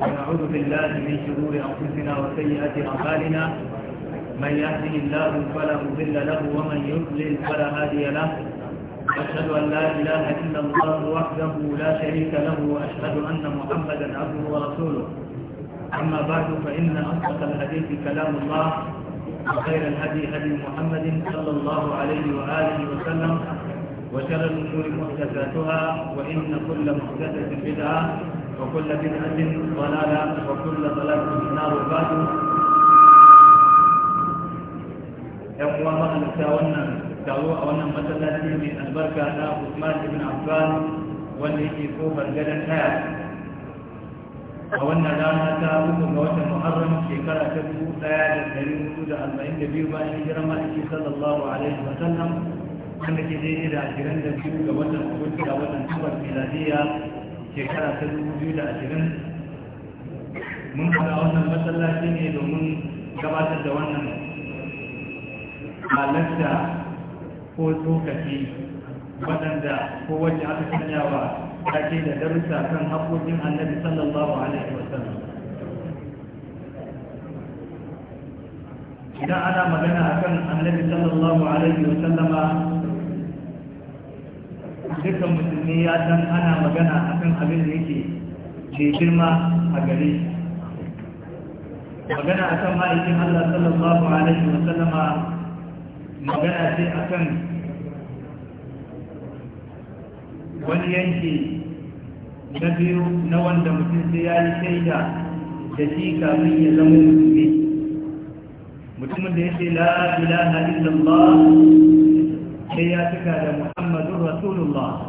ونعوذ بالله من شرور أنفسنا وسيئات أعمالنا من يهده الله فلا مضل له ومن يضلل فلا هادي له أشهد أن لا إله إلا الله وحده لا شريك له وأشهد أن محمدا عبده ورسوله أما بعد فإن أصدق الحديث كلام الله وخير الهدي هدي محمد صلى الله عليه وآله وسلم وشر الأمور محدثاتها وإن كل محدثة بدعة وكل بدعة ضلالة وكل ضلالة في النار وبعد يقوى مغلسة ونن تروى ونن مسلسة من البركة لا عثمان بن عفان واللي في كوفة الجنة الحياة وأن رانا تابوك موت محرم شكرا تبو آيات الكريم سود أربعين دبيو بأن هجرم صلى الله عليه وسلم أنك دي إلى عشرين دبيو كوتا كوتا كوتا كوتا ميلادية shekara ta dubu biyu da ashirin mun fara wannan matsalaci ne domin gabatar da wannan halatta ko tsokaci waɗanda ko wacce aka sanya wa take da darussa kan haƙoƙin annabi sallallahu alaihi wasallam idan ana magana akan annabi sallallahu alaihi wasallama dukkan musulmi ya san ana magana a kan abin da yake mai girma a gare shi magana kan ma'aikin Allah sallallahu alaihi wa sallama magana ce kan wani yanki na biyu na wanda mutum sai ya yi shaida da shi kafin ya zama musulmi mutumin da ya ce la ilaha illallah sai ya cika da muhammadun rasulullah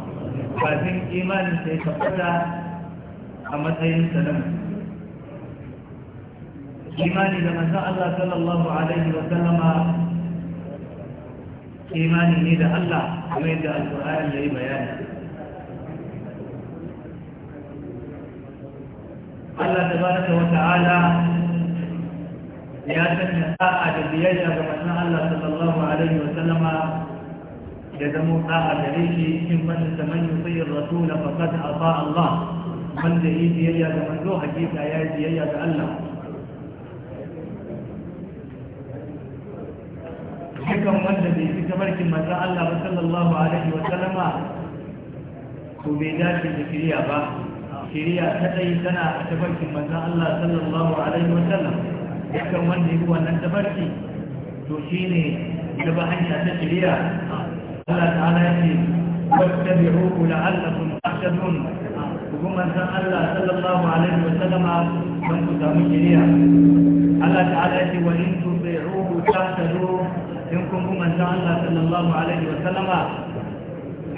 kafin imanin sai tabbata a matsayin sanan imani da manzan Allah sallallahu alaihi wa sallama imani ne da Allah kuma yadda alƙur'ani ya yi bayani Allah tabaraka wa ta'ala ya sanya sa'a da biyayya ga manzan Allah sallallahu alaihi wa sallama ya zama da'a gare shi in man man yusi rasul faqad ata Allah wanda yi biyayya ga manzo hakika ya yi biyayya ga Allah dukan wanda bai fi tabarkin manzo Allah ba sallallahu alaihi wa sallama to bai dace da kiriya ba kiriya ta dai tana a tabarkin manzo Allah sallallahu alaihi wa sallam dukan wanda yi wannan tabarki to shine da ba hanya ta kiriya Allah ta'ala yake wattabi'uhu la'allakum tahtadun kuma manzon Allah sallallahu alaihi wa sallama don ku samu shiriya Allah ta'ala yake wa in tubi'uhu tahtadu in kun bi Allah sallallahu alaihi wa sallama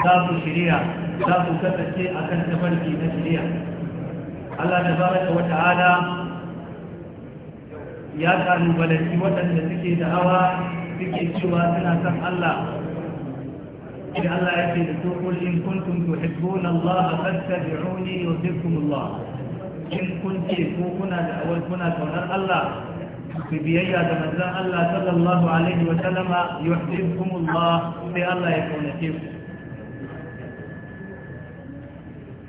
za ku shiriya za ku kasance akan tafarki na shiriya Allah tabaraka wa ta'ala ya kalubalanci waɗanda suke da hawa suke cewa suna san Allah إذا الله يقول قل إن كنتم تحبون الله فاتبعوني يحبكم الله إن كنت كنا أول كنا كنا الله في بيئة مزان الله صلى الله عليه وسلم يحبكم الله في الله يكون كيف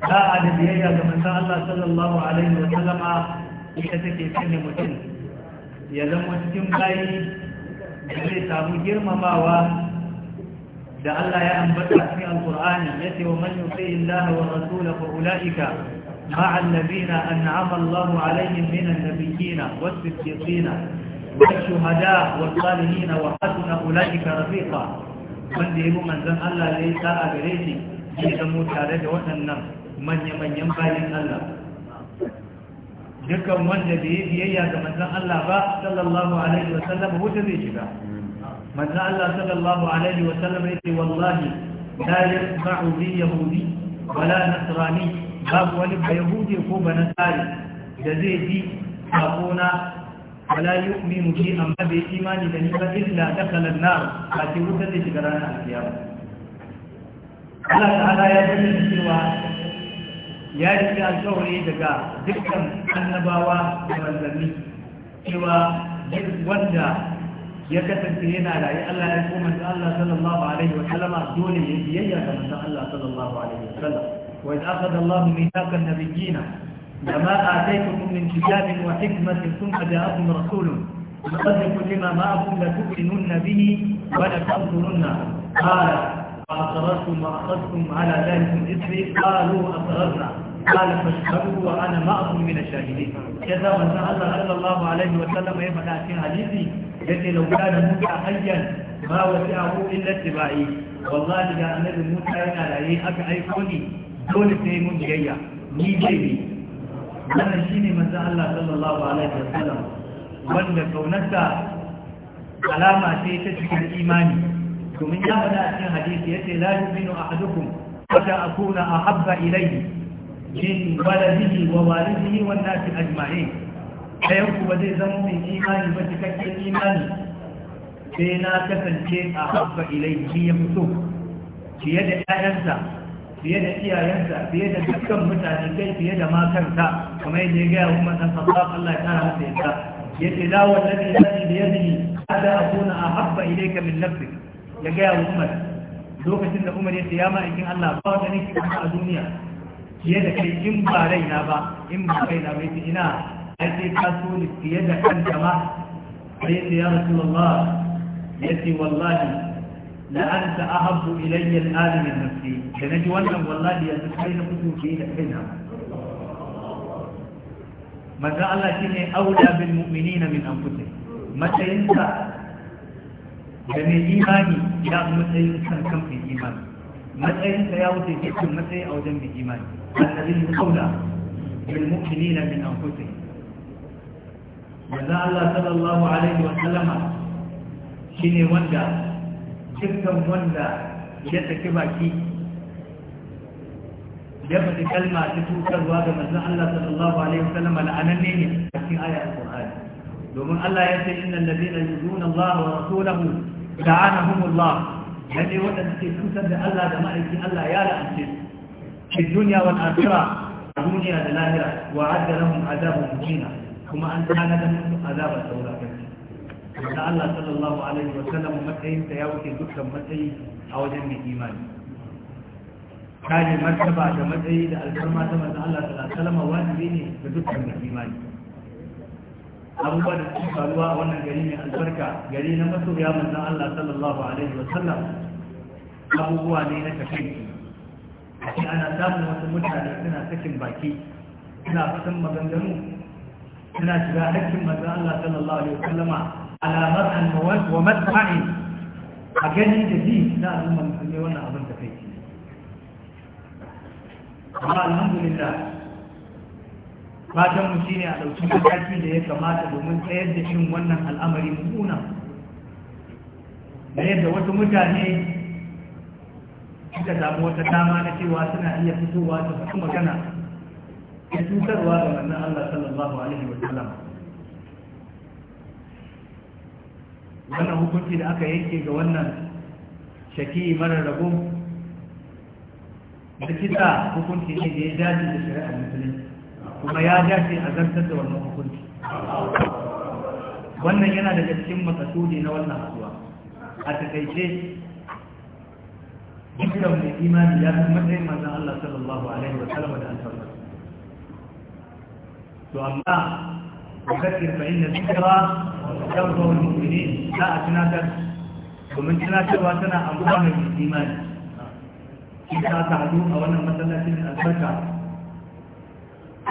لا أعد بيئة مزان الله صلى الله عليه وسلم يشتكي سن متن يلم متن باي zai samu girmamawa da Allah ya ambata a al alqur'ani yace wa man yuti Allah wa rasulahu ulaika مع الذين أنعم الله عليهم من النبيين والصديقين والشهداء والصالحين وحسن أولئك رفيقا من ذي من زن الله ليس أبريسي يدمو تارد وأنم من manyan bayan allah dukkan wanda da ya biyayya ga manzon Allah ba sallallahu alaihi wasallam hujja zai shiga manzo Allah sallallahu alaihi wa sallam yace wallahi la yasma'u bi yahudi wala nasrani babu wani yahudi ko bana nasari da zai ji sakona wala yu'minu bi amma bai imani da ni ba illa dakala an-nar wuta da shiga ranar akiyar Allah ta'ala ya ji cewa ya ji alƙawari daga dukkan annabawa da manzanni cewa duk wanda يكتبني هنا على الله يقوم أن الله صلى الله عليه وسلم دون الهدية كما الله صلى الله عليه وسلم وإذ أخذ الله ميثاق النبيين لما آتيتكم من كتاب وحكمة ثم جاءكم رسول يقدم لما معكم لتؤمنن به ولتنصرن قال فأقررتم وأخذتم على ذلك الإثم قالوا أقررنا قال فاشهدوا وأنا معكم من الشاهدين كذا وسأل الله عليه وسلم يبقى في حديثي yace lau kana musa hayyan ma wasi'ahu illa tibai wallahi da annabi musa yana raye aka aiko ni dole sai mun biyayya ni dai ne wannan shine manzon Allah sallallahu alaihi wasallam wanda kaunarsa alama ce ta cikin imani domin ya faɗa a cikin hadisi yace la yu'minu ahadukum hatta akuna ahabba ilayhi min waladihi wa walidihi wan nasi ajma'in ɗayan ba zai zama mai imani ba cikakken imani sai na kasance a haɓɓa ilai shi ya fito fiye da ƴaƴansa fiye da iyayensa fiye da dukkan mutane kai fiye da makarta kamar yadda ya gaya wa matan sabab Allah ya kara masa yadda yace la wallahi alladhi bi yadihi hada akuna ahabba ilayka min nafsik ya gaya wa Umar lokacin da Umar ya ce ya ma'aikin Allah ba wanda nake a duniya fiye da kai in ba raina ba in ba kai na yace ina ake taso fiye da kanta ma sai ta ya rasulullah ya ce wallahi la anta ahabbu ilayya al-alim min nafsi da ji wannan wallahi yanzu kai na fito ke da kaina manzo Allah shine aula bil mu'minina min anfusihim matsayinsa da mai imani ya matsayin san kan mai imani matsayinsa ya wuce cikin matsayi a wajen mai imani annabi kaula bil mu'minina min anfusihim manzo Allah sallallahu alaihi wa sallama shine wanda dukkan wanda ya tafi baki ya faɗi kalma ta tukarwa ga manzo Allah sallallahu alaihi wa sallama la'ananne ne a cikin ayar Qur'ani domin Allah ya ce innal yi yuzuna Allah wa rasulahu la'anahumullah lalle waɗanda ke tutar da Allah da ma'aiki Allah ya la'ance su fi duniya wal a duniya da lahira wa wa'adda lahum adabun muhina kuma an tanadar musu azabar saurakarci da Allah sallallahu alaihi wa sallam matsayinsa ya wuce dukkan matsayi a wajen mai imani kare martaba da matsayi da alfarma ta manzo Allah sallallahu alaihi wa sallam wajibi ne da dukkan mai imani abubuwa da suke faruwa a wannan gari mai albarka gari na masoya manzo Allah sallallahu alaihi wa sallam abubuwa ne na tafiya a ana samun wasu mutane suna sakin baki suna fitan maganganu suna shiga hakkin manzon Allah sallallahu alaihi wasallama alamar annawan wa matma'i a gani da ji na al'umma musulmi wannan abin da kai amma alhamdulillah fatanmu shi ne a ɗauki mataki da ya kamata domin tsayar da shin wannan al'amari mummuna da yadda wasu mutane suka samu wata dama na cewa suna iya fitowa da su magana ya cutarwa ga wannan Allah sallallahu alaihi wa sallam wannan hukunci da aka yanke ga wannan shaki mara rabo da kisa hukunci ne da ya dace da shari'ar musulunci kuma ya dace a zartar da wannan hukunci wannan yana daga cikin matsasudi na wannan haduwa a takaice dukkan mai imani ya fi matsayin manzan Allah sallallahu alaihi wa sallam da alfarma to amma وذكر فإن الذكرى تنفع المؤمنين لا أتناكر ومن تناكر واتنا أمرها من الإيمان إذا تعدو أولا مثلا في البكر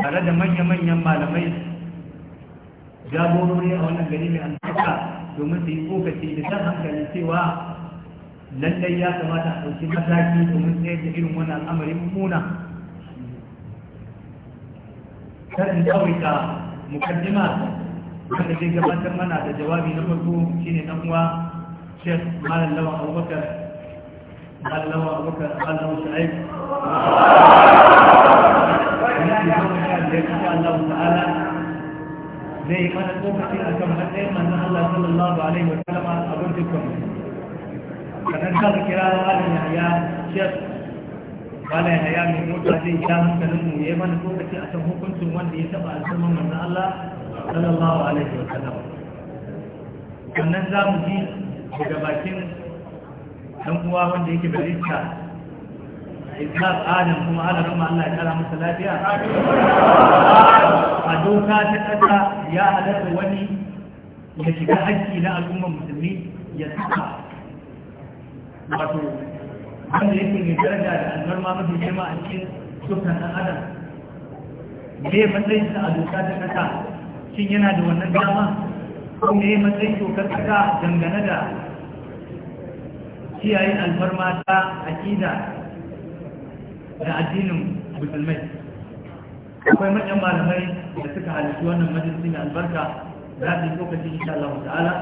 فرد من يمن يما لمي جابوا لي أولا قريب أن تكا ومن تيبوك تيبتها كالسوا لن يا كما تحوشي مساكي ومن سيد علم الأمر مؤمنة kar in tsawaita mukaddima wanda zai gabatar mana da jawabi na farko shine dan uwa Sheikh Malam Lawan Abubakar Malam Lawan Abubakar Malam Shu'aib zai mana tsokaci a kan matsayin manzon Allah sallallahu alaihi wa sallam abin dukkan kanan za ka kira malam Yahya Sheikh bala ya haya mai mota zai ja hankalin mu ya mana lokaci a kan hukuncin wanda ya taba alfarman manzo Allah sallallahu alaihi wa sallam sannan za mu ji daga bakin dan uwa wanda yake barista Isaac Adam kuma ana rama Allah ya kara masa lafiya a doka ta kasa ya halatta wani ya shiga hakki na al'ummar musulmi ya saka wato wanda yake mai daraja da ma mafi girma a cikin sukan ɗan adam ya matsayin sa a doka ta kasa shin yana da wannan dama ko ya matsayin dokar kasa dangane da kiyaye alfarma ta aƙida da addinin musulmai akwai manyan malamai da suka halittu wannan majalisi mai albarka za su yi lokacin insha Allah ta'ala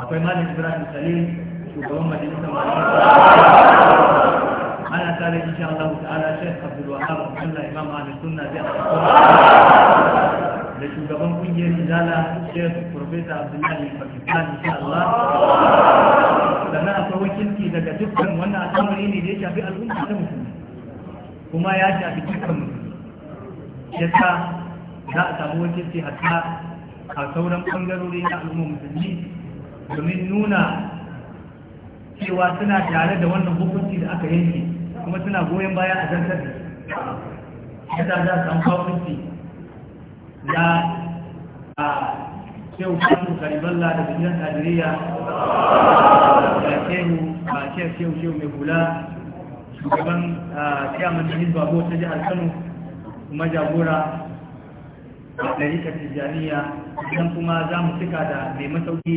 akwai malam Ibrahim Khalil shugaban majalisar malamai ana tare insha Allah ta'ala Sheikh Abdul Wahab Allah Imam Ahlus Sunna bi da shugaban kungiyar Izala Sheikh Professor Abdullahi Pakistan insha Allah sannan akwai wakilci daga dukkan wannan al'amari ne da ya shafi al'umma ta musulmi kuma ya shafi dukkan musulmi yasa za a samu wakilci hatta a sauran bangarori na al'umma musulmi domin nuna cewa suna tare da wannan hukunci da aka yanke kuma suna goyon baya a zartar da ta za su amfa hukunci na a shehu kanu kariballa da bijiyar tajiriya da shehu a shehu shehu mai hula shugaban chairman da hizba ko ta jihar kano kuma jagora a ɗarikar tijjaniya idan kuma za mu cika da mai masauki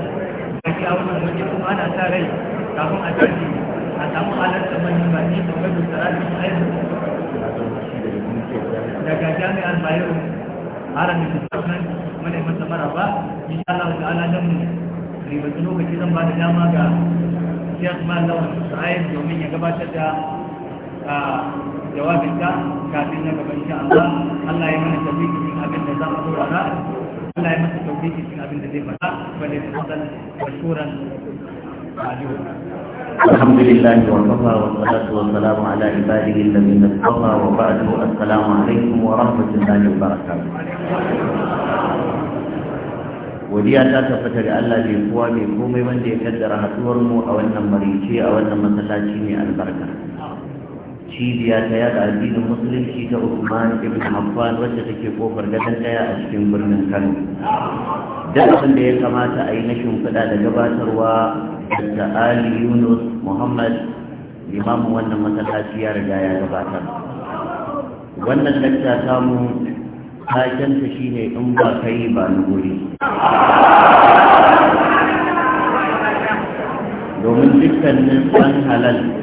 shi a wannan waje kuma ana sa rai kafin a tashi a samu halarta manyan baki da wani sarari aiki daga jami'ar bayero haramin department mana yi masa maraba insha Allah ta'ala dan mu tuno lokaci zan ba da dama ga Sheikh Malawan Sa'id domin ya gabatar da jawabinka kafin na gaba insha Allah Allah ya mana tabbiki abin da za mu saurara Allah ya masa tauhidi cikin abin da zai faɗa wal yatafadal mashhuran الحمد لله وكفى والصلاة والسلام على عباده الذين اصطفى وبعد السلام عليكم ورحمة الله وبركاته godiya ta tabbata da Allah bai kowa mai komai wanda ya kaddara haduwar mu a wannan marice a wannan masallaci ne albarka cibiya ta yada addinin musulunci ta Usman ibn Affan wacce take kofar gadon daya a cikin birnin Kano duk abin da ya kamata a yi na shimfiɗa da gabatarwa da Ali Yunus Muhammad limamin wannan masallaci ya riga ya gabatar wannan lakta samu takenta shine in ba kai ba ni domin dukkanin san halal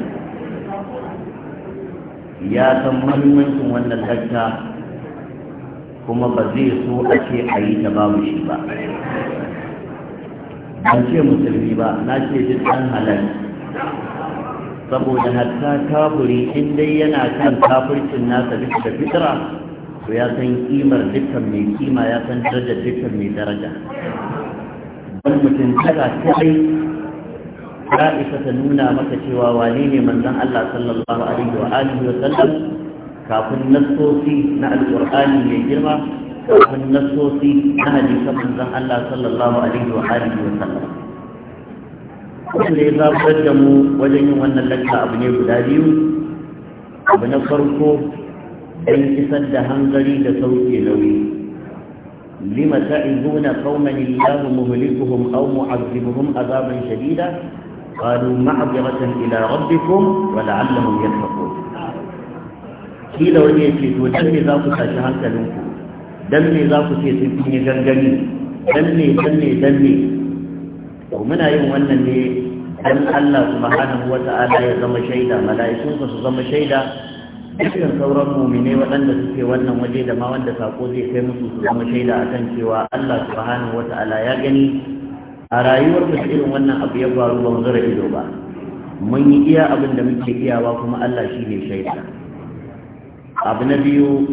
ya san mahimmancin wannan lacca kuma ba zai so a ce a yi ta babu shi ba ban ce musulmi ba na ce duk ɗan halal saboda hatta kafuri in dai yana kan kafircin nasa duk da fitra to ya san kimar dukkan mai kima ya san darajar dukkan mai daraja wani mutum tara kadai ta isa ta nuna maka cewa wane ne manzon Allah sallallahu alaihi wa alihi wa sallam kafin nassosi na alqur'ani mai girma kafin nassosi na hadisan manzon Allah sallallahu alaihi wa alihi wa sallam wanda ya zabar da mu wajen yin wannan lakka abu ne guda biyu abu na farko don isar da hangari da sauke nauyi لم تعظون قوما الله مهلكهم أو معذبهم عذابا شديدا قالوا معذرة إلى ربكم ولعلهم يتقون قيل وني يجي دم ne za ku tashi hankalinku dan ne za ku ce sun gangani dan ne dan ne dan ne to muna yin wannan ne dan Allah ya shaida mala'ikun su zama shaida dukkan sauran mumine waɗanda suke wannan waje da ma wanda sako zai kai musu su zama shaida kan cewa Allah subhanahu ta'ala ya gani a rayuwar mu irin wannan abu ya faru ban zura ido ba mun yi iya abin da muke iyawa kuma Allah shi ne shaida abu na biyu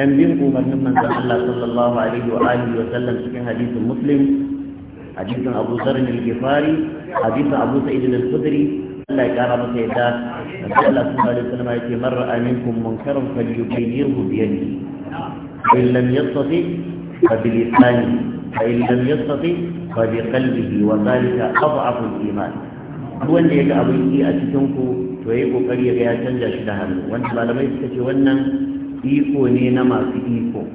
dan bin umarnin manzon Allah sallallahu alaihi wa alihi wa sallam cikin hadisin muslim hadisin Abu Dharr al-Ghifari hadisin Abu Sa'id al-Khudri Allah ya kara masa yadda Nabi Allah sallallahu alaihi wa sallam yake man ra'a minkum munkaran falyughayyirhu bi yadihi fa in lam yastati fa bi lisanihi fa in lam yastati fa kalbihi wa zalika adhafu al-iman duk wanda yaga abin yi a cikin ku to yayi kokari ya ya canja shi da hannu wanda malamai suka ce wannan iko ne na masu iko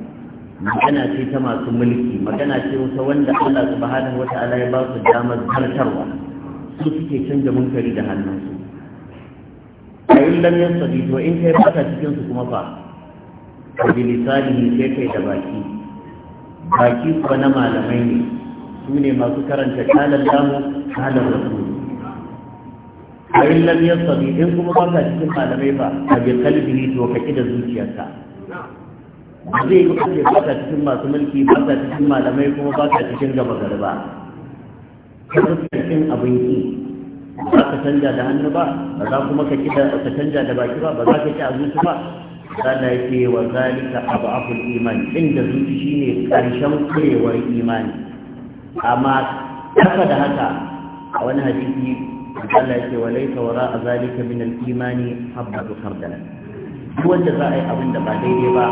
magana ce ta masu mulki magana ce wata wanda Allah subhanahu wata'ala ya ba su damar zartarwa su suke canja munkari da hannunsu ayin lam sabi to in kai baka cikin su kuma fa bi lisanihi sai kai da baki baki kuma na malamai ne su ne masu karanta kalan damu kalan rasul a yin lamiyar yasabi in kuma ba ka cikin malamai ba a bi kalbi to ka ki da zuciyarka ba zai yi kace ba ka cikin masu mulki ba ka cikin malamai kuma ba ka cikin gaba gari ba ka cikin abinci ba ka canja da hannu ba ba za kuma ka kida ka canja da baki ba ba za ka ki a zuci ba sana ke wa zalika abu aful iman inda zuci shine karshen kurewar imani amma kasa da haka a wani hadisi Allah ya ce wa laita wara a zalika min al-imani habbatu khardal duk wanda za a yi abin da ba daidai ba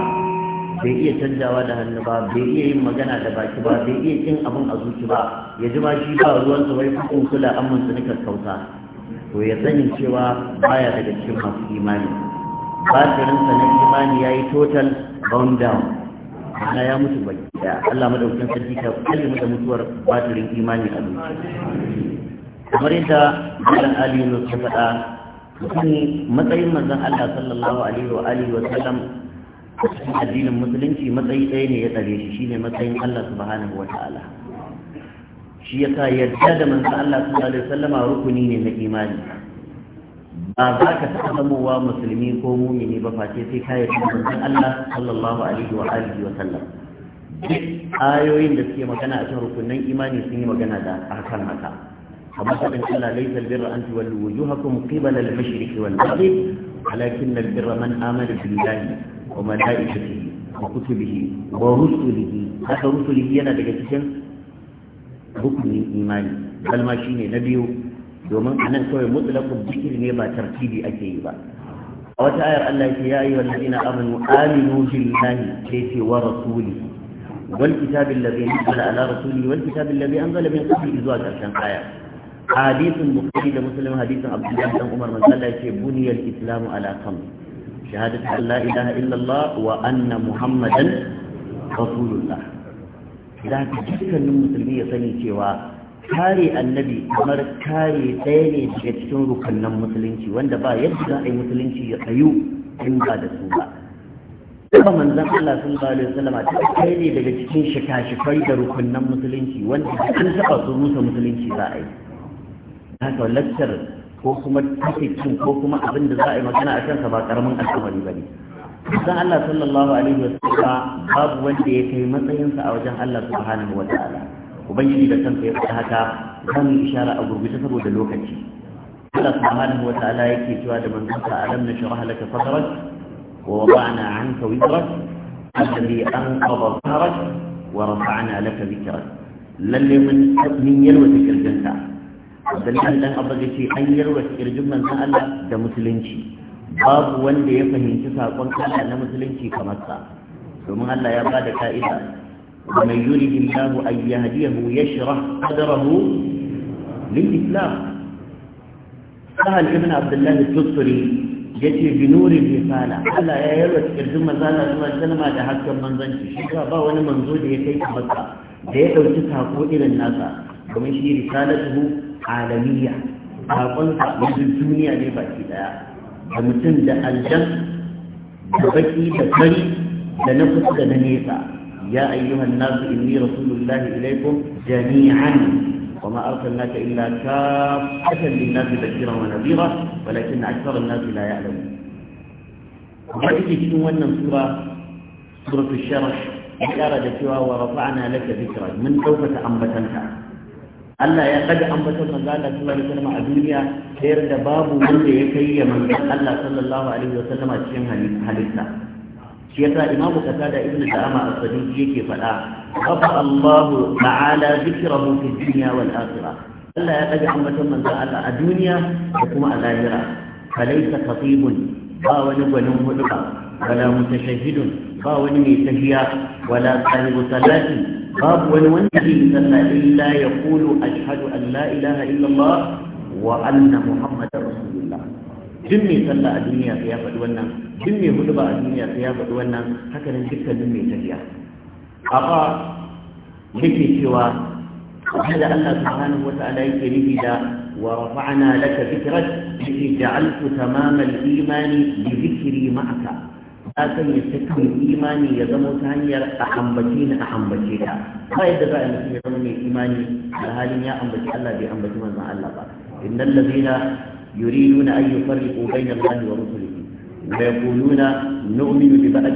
bai iya canjawa da hannu ba bai iya yin magana da baki ba bai iya cin abin a zuci ba ya ji ba shi ba ruwan sa bai kun kula amman su nika kauta to ya sani cewa baya daga cikin masu imani batirin sa na imani yayi total bound down na ya mutu bai da Allah madaukakin sarki ta kalli mu da mutuwar batirin imani a duniya kamar yadda malam Ali ne ya faɗa kuma matsayin manzon Allah sallallahu alaihi wa alihi wa sallam addinin musulunci matsayi ɗaya ne ya tsare shi shine matsayin Allah subhanahu wa ta'ala shi yasa yarda da manzon Allah sallallahu alaihi wa sallama rukuni ne na imani ba za ka taɓa zamowa musulmi ko mumini ba face sai ka yi manzon Allah sallallahu alaihi wa alihi wa sallam duk ayoyin da suke magana a cikin rukunin imani sun yi magana da akan haka kamar sabin Allah laysa albirra an tuwallu wujuhakum qibala al-mashriq wal maghrib walakin albirra man amana billahi wa malaikatihi wa kutubihi wa rusulihi haka rusulihi yana daga cikin rukunin imani kalma shine na biyu domin a nan kawai mutlaqul zikr ne ba tartibi ake yi ba a wata ayar Allah ce ya wa ladina amanu aminu billahi sai ce wa rasulihi wal kitabil ladzi anzala ala rasulihi wal kitabil ladzi anzala min qablihi zuwa karshen aya hadisin bukhari da muslim hadisin abdullahi dan umar manzo Allah yace buniyal islamu ala khams shahadatu an la ilaha illa wa anna muhammadan rasulullah da dukkanin musulmi ya sani cewa kare annabi kamar kare ɗaya ne daga cikin rukunan musulunci wanda ba yadda za a yi musulunci ya tsayu in ba da su ba kuma manzon Allah sallallahu alaihi wasallam ta kai ne daga cikin shika-shikai da rukunan musulunci wanda an taɓa su rusa musulunci za a yi haka lakcar ko kuma tafikin ko kuma abin da za a yi magana a kansa ba karamin al'amari ba ne dan Allah sallallahu alaihi wasallam babu wanda ya kai matsayinsa a wajen Allah subhanahu wa ta'ala ubangiji da kanka ya faɗa haka za mu ishara a gurguje saboda lokaci Allah subhanahu wa ta'ala yake cewa da manzon sa alam na sharaha laka sadrak wa wada'na 'anka wizrak alladhi anqadha dhahrak wa rafa'na laka dhikrak lalle mun min ta kirjinka Abdullahi dan Abba ya ce an yalwata kirjin manzan Allah da musulunci babu wanda ya fahimci saƙon Allah na musulunci kamar sa domin Allah ya bada ka'ida ومن يريد الله أن يهديه يشرح قدره للإسلام قال ابن عبد الله التطري جتي بنور الرسالة ألا يا يلوك ارجو مزالة الله عليه وسلم هذا حق من ذنك شكرا با وانا منزود يتيك بكا ديك وتسها قوئ إلى الناس ومشي رسالته عالمية فقلت من الدنيا لبكتا فمتم دخل جنس بكتي بكري لنفس لنيسا يا أيها الناس إني رسول الله إليكم جميعا وما أرسلناك إلا كافة للناس بشيرا ونذيرا ولكن أكثر الناس لا يعلمون وبعد شنو أن سورة سورة الشرح إشارة سوى ورفعنا لك ذكرا من سوف تأنبتنك Allah ya kada ambaton manzo Allah sallallahu alaihi wasallam a duniya da babu wanda ya kai ya manzo Allah sallallahu alaihi wasallam a cikin halitta shi yasa imamu qatada ibnu da'ama as-sadusi yake fada rafa Allahu ta'ala zikrahu fi dunya wal akhirah Allah ya daga ambaton da Allah a duniya da kuma a lahira falaysa khatibun ba wani gwanin hudu wala mutashahhidun ba wani mai tahiya wala sahibu salati باب والونبي سنة إلا يقول أشهد أن لا إله إلا الله وأن محمد رسول الله duk mai sallah a duniya sai ya faɗi wannan duk mai huduba a duniya sai ya faɗi wannan haka nan dukkanin mai tafiya amma yake cewa hada Allah subhanahu wa ta'ala yake nufi da wa rafa'na laka dhikrak yake ja'altu tamamal imani bi dhikri ma'aka ta sanya cikin imani ya zama ta hanyar a ambace a ambace ta ba yadda za a yi mutum ya zama mai imani da halin ya ambaci Allah bai ambaci manzon Allah ba innal ladina يريدون أن يفرقوا بين الله ورسله ويقولون نؤمن ببعض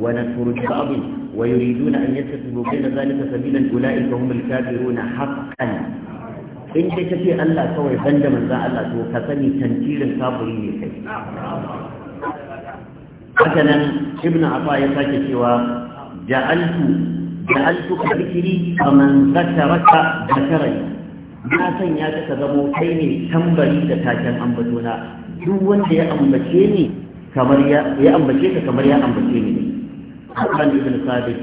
ونكفر ببعض ويريدون أن يتخذوا بين ذلك سبيلا أولئك هم الكافرون حقا in dai ka ce Allah kawai banda manzan Allah to ka sani tantirin kafiri ne kai haka nan ibn afa ya sake cewa ja'altu ja'altu ka zikiri faman zakaraka na sanya ta ka zamo kai ne tambari da taken ambatona duk wanda ya ambace ni kamar ya ambace ka kamar ya ambace ni Hassan ibn Sabit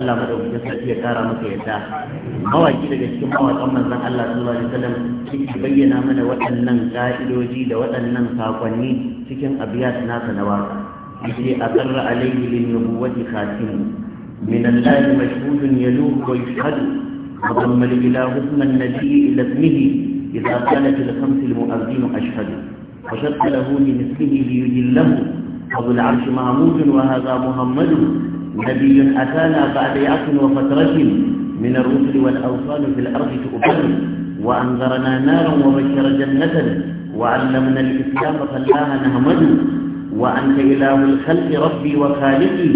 Allah madaukakin sarki ya kara maka yadda mawaki daga cikin mawakan manzon Allah sallallahu alaihi wasallam yake bayyana mana waɗannan ka'idoji da waɗannan sakonni cikin abiyat nasa na waka yace aqarra alayhi lin nubuwwati khatim min Allah mashhudun yaluhu wa yashhadu وضم الإله اسم النبي إلى اسمه إذا كانت الخمس المؤذن أشهد وشق له من اسمه ليجله أبو العرش محمود وهذا محمد نبي أتانا بعد يأس وفترة من الرسل والأوصال في الأرض تؤبر وأنذرنا نارا وبشر جنة وعلمنا الإسلام فالله نهمد وأنت إله الخلق ربي وخالقي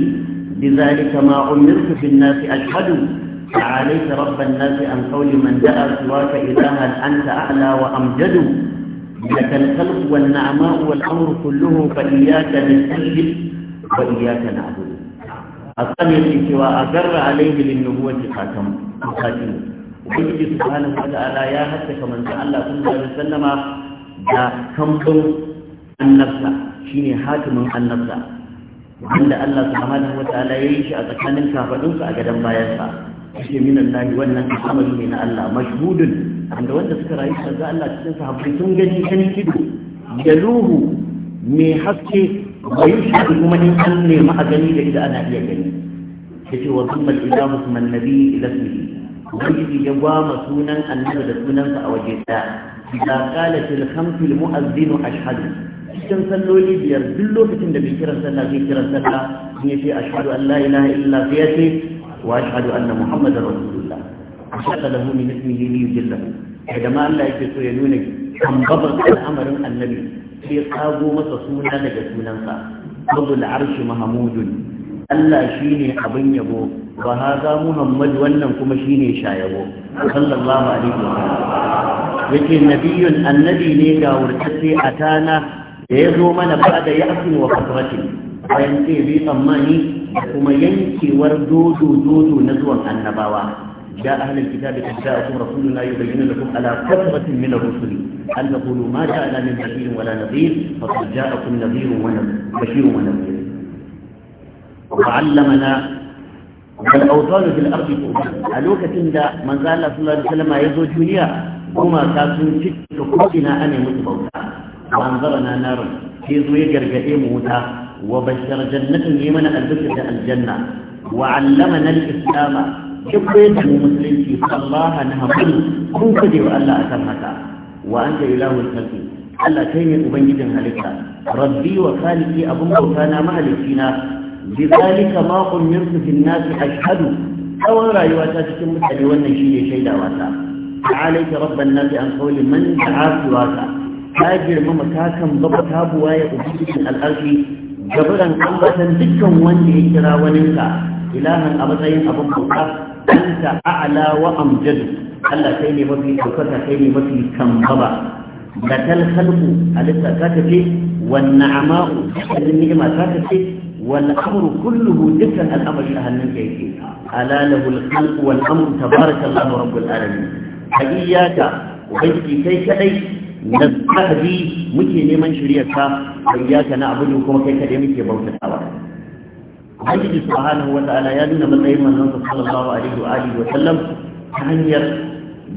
بذلك ما أمرت في الناس أشهد فعليك رب الناس عن قول من دعا سواك إلها أنت أعلى وأمجد لك الخلق والنعماء والأمر كله فإياك نستجب وإياك نعبد الثاني سوى أقر عليه للنبوة خاتم خاتم وبيجي سبحانه وتعالى يا حتى كمن سأل الله صلى الله عليه وسلم دا كمبن النفس شيني حاتم النفس wanda Allah subhanahu wataala ya yi shi a tsakanin kafadunsa a gadon bayansa yake minan Allah wannan al'amari ne na Allah mashhudun wanda wanda suka rayu da Allah cikin sahabbai sun gani kan kido Ya ruhu mai haske bai shi kuma ni an nemi a gani da ida ana iya gani yace wa kuma ilahu kuma nabi ila sunni ubangiji ya gwama sunan annabi da sunansa a waje ɗaya da kala til khamsul mu'azzinu ashhadu cikin salloli biyar duk lokacin da bai kiran sallah zai kiran sallah in yace ashhadu an la ilaha illa sai وأشهد أن محمد رسول الله أشهد له من اسمه ليجله عندما الله يكسو al'amarin annabi. قبر الأمر النبي في قابو متصونا لجسونا رب العرش محمود Allah shine ne abin yabo ba haza Muhammad wannan kuma shine ne shayabo sallallahu alaihi wa yake nabiyun annabi ne ga wurtacce a tana da ya zo mana ba da wa bayan sai bi tsammani da kuma yankewar dodo dodo na zuwan annabawa ya ahlul kitabi qad ja'akum rasuluna yubayyinu lakum ala katbatin min ar-rusul an taqulu ma ja'ana min bashirin wala nadhir faqad ja'akum nadhirun wa bashirun wa nadhir وعلمنا والأوطان في الأرض كلها ألوكة إن من قال صلى الله عليه وسلم يزوج دنيا وما كاتون شك كلنا أنا متبوتا وأنظرنا نارا في زوية قرقائي موتا وبشر جنة لمن البشر الجنة وعلمنا الإسلام شكرا المسلمين الله نهبل كن كدي وألا أكرهك وأنت إله الخلق ألا كيني أبنجد هلك ربي وخالقي أبو موتانا مهلكينا بذلك ما أمرت في الناس أشهد أو رأيواتا تتم تليوانا شيء شيء واتا عليك رب الناس عن قول من دعاك واتا تاجر ممكاكا ضبطها بوايا أبنجد الأرض gaburan ambatan dukkan wanda ya kira waninka ilahan a matsayin abin bauta anta a'la wa amjadu Allah kai ne mafi ɗaukaka kai ne mafi kambaba da tal khalqu halitta ta ce wan na'ama'u dukkanin ni'ima ta ce wal amru kulluhu dukkan al'amari a ka yake ala lahul khalqu wal amru tabarakallahu rabbul alamin hadiyaka ubangiji kai kadai nastahdi muke neman ta. wa iyyaka na'budu kuma kai kadai muke bautatawa Ubangiji subhanahu wa ta'ala ya nuna matsayin manzon sa sallallahu alaihi wa alihi wa sallam ta hanyar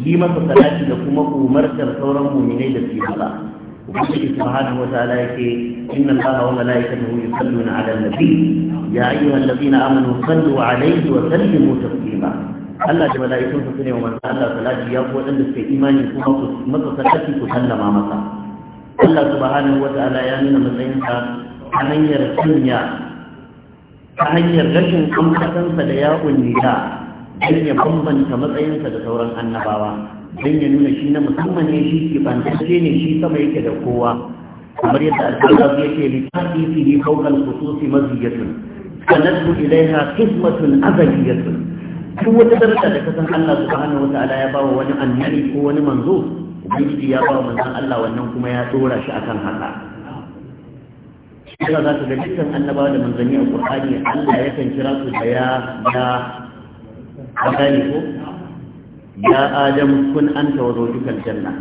yi masa salati da kuma umartar sauran mu'minai da su yi haka ubangiji subhanahu wataala yake inna allaha wa malaikatahu yusalluna ala nabi ya ayyuhal ladina amanu sallu alayhi wa sallimu taslima Allah da malaikun su ne wa manzo Allah salati ya ku wadanda suke imani kuma ku masa salati ku sallama masa Allah subhanahu wata'ala ya nuna matsayinsa ta hanyar sanya ta hanyar rashin amsatansa da yawon nida don ya bambanta matsayinsa da sauran annabawa don ya nuna shi na musamman ne shi ke bantacce ne shi sama yake da kowa kamar yadda al'adar yake ta fi ne faukan kususi maziyatun sanatu ilaiha qismatun azaliyatun duk wata daraja da kasan Allah subhanahu wata'ala ya bawa wani annabi ko wani manzo ubangiji ya ba manzon Allah wannan kuma ya tsora shi akan haka Allah za ka ga dukkan annabawa da manzanni a Qur'ani Allah yakan kira su da ya ya magani ko ya adam kun anta wa zawjukal janna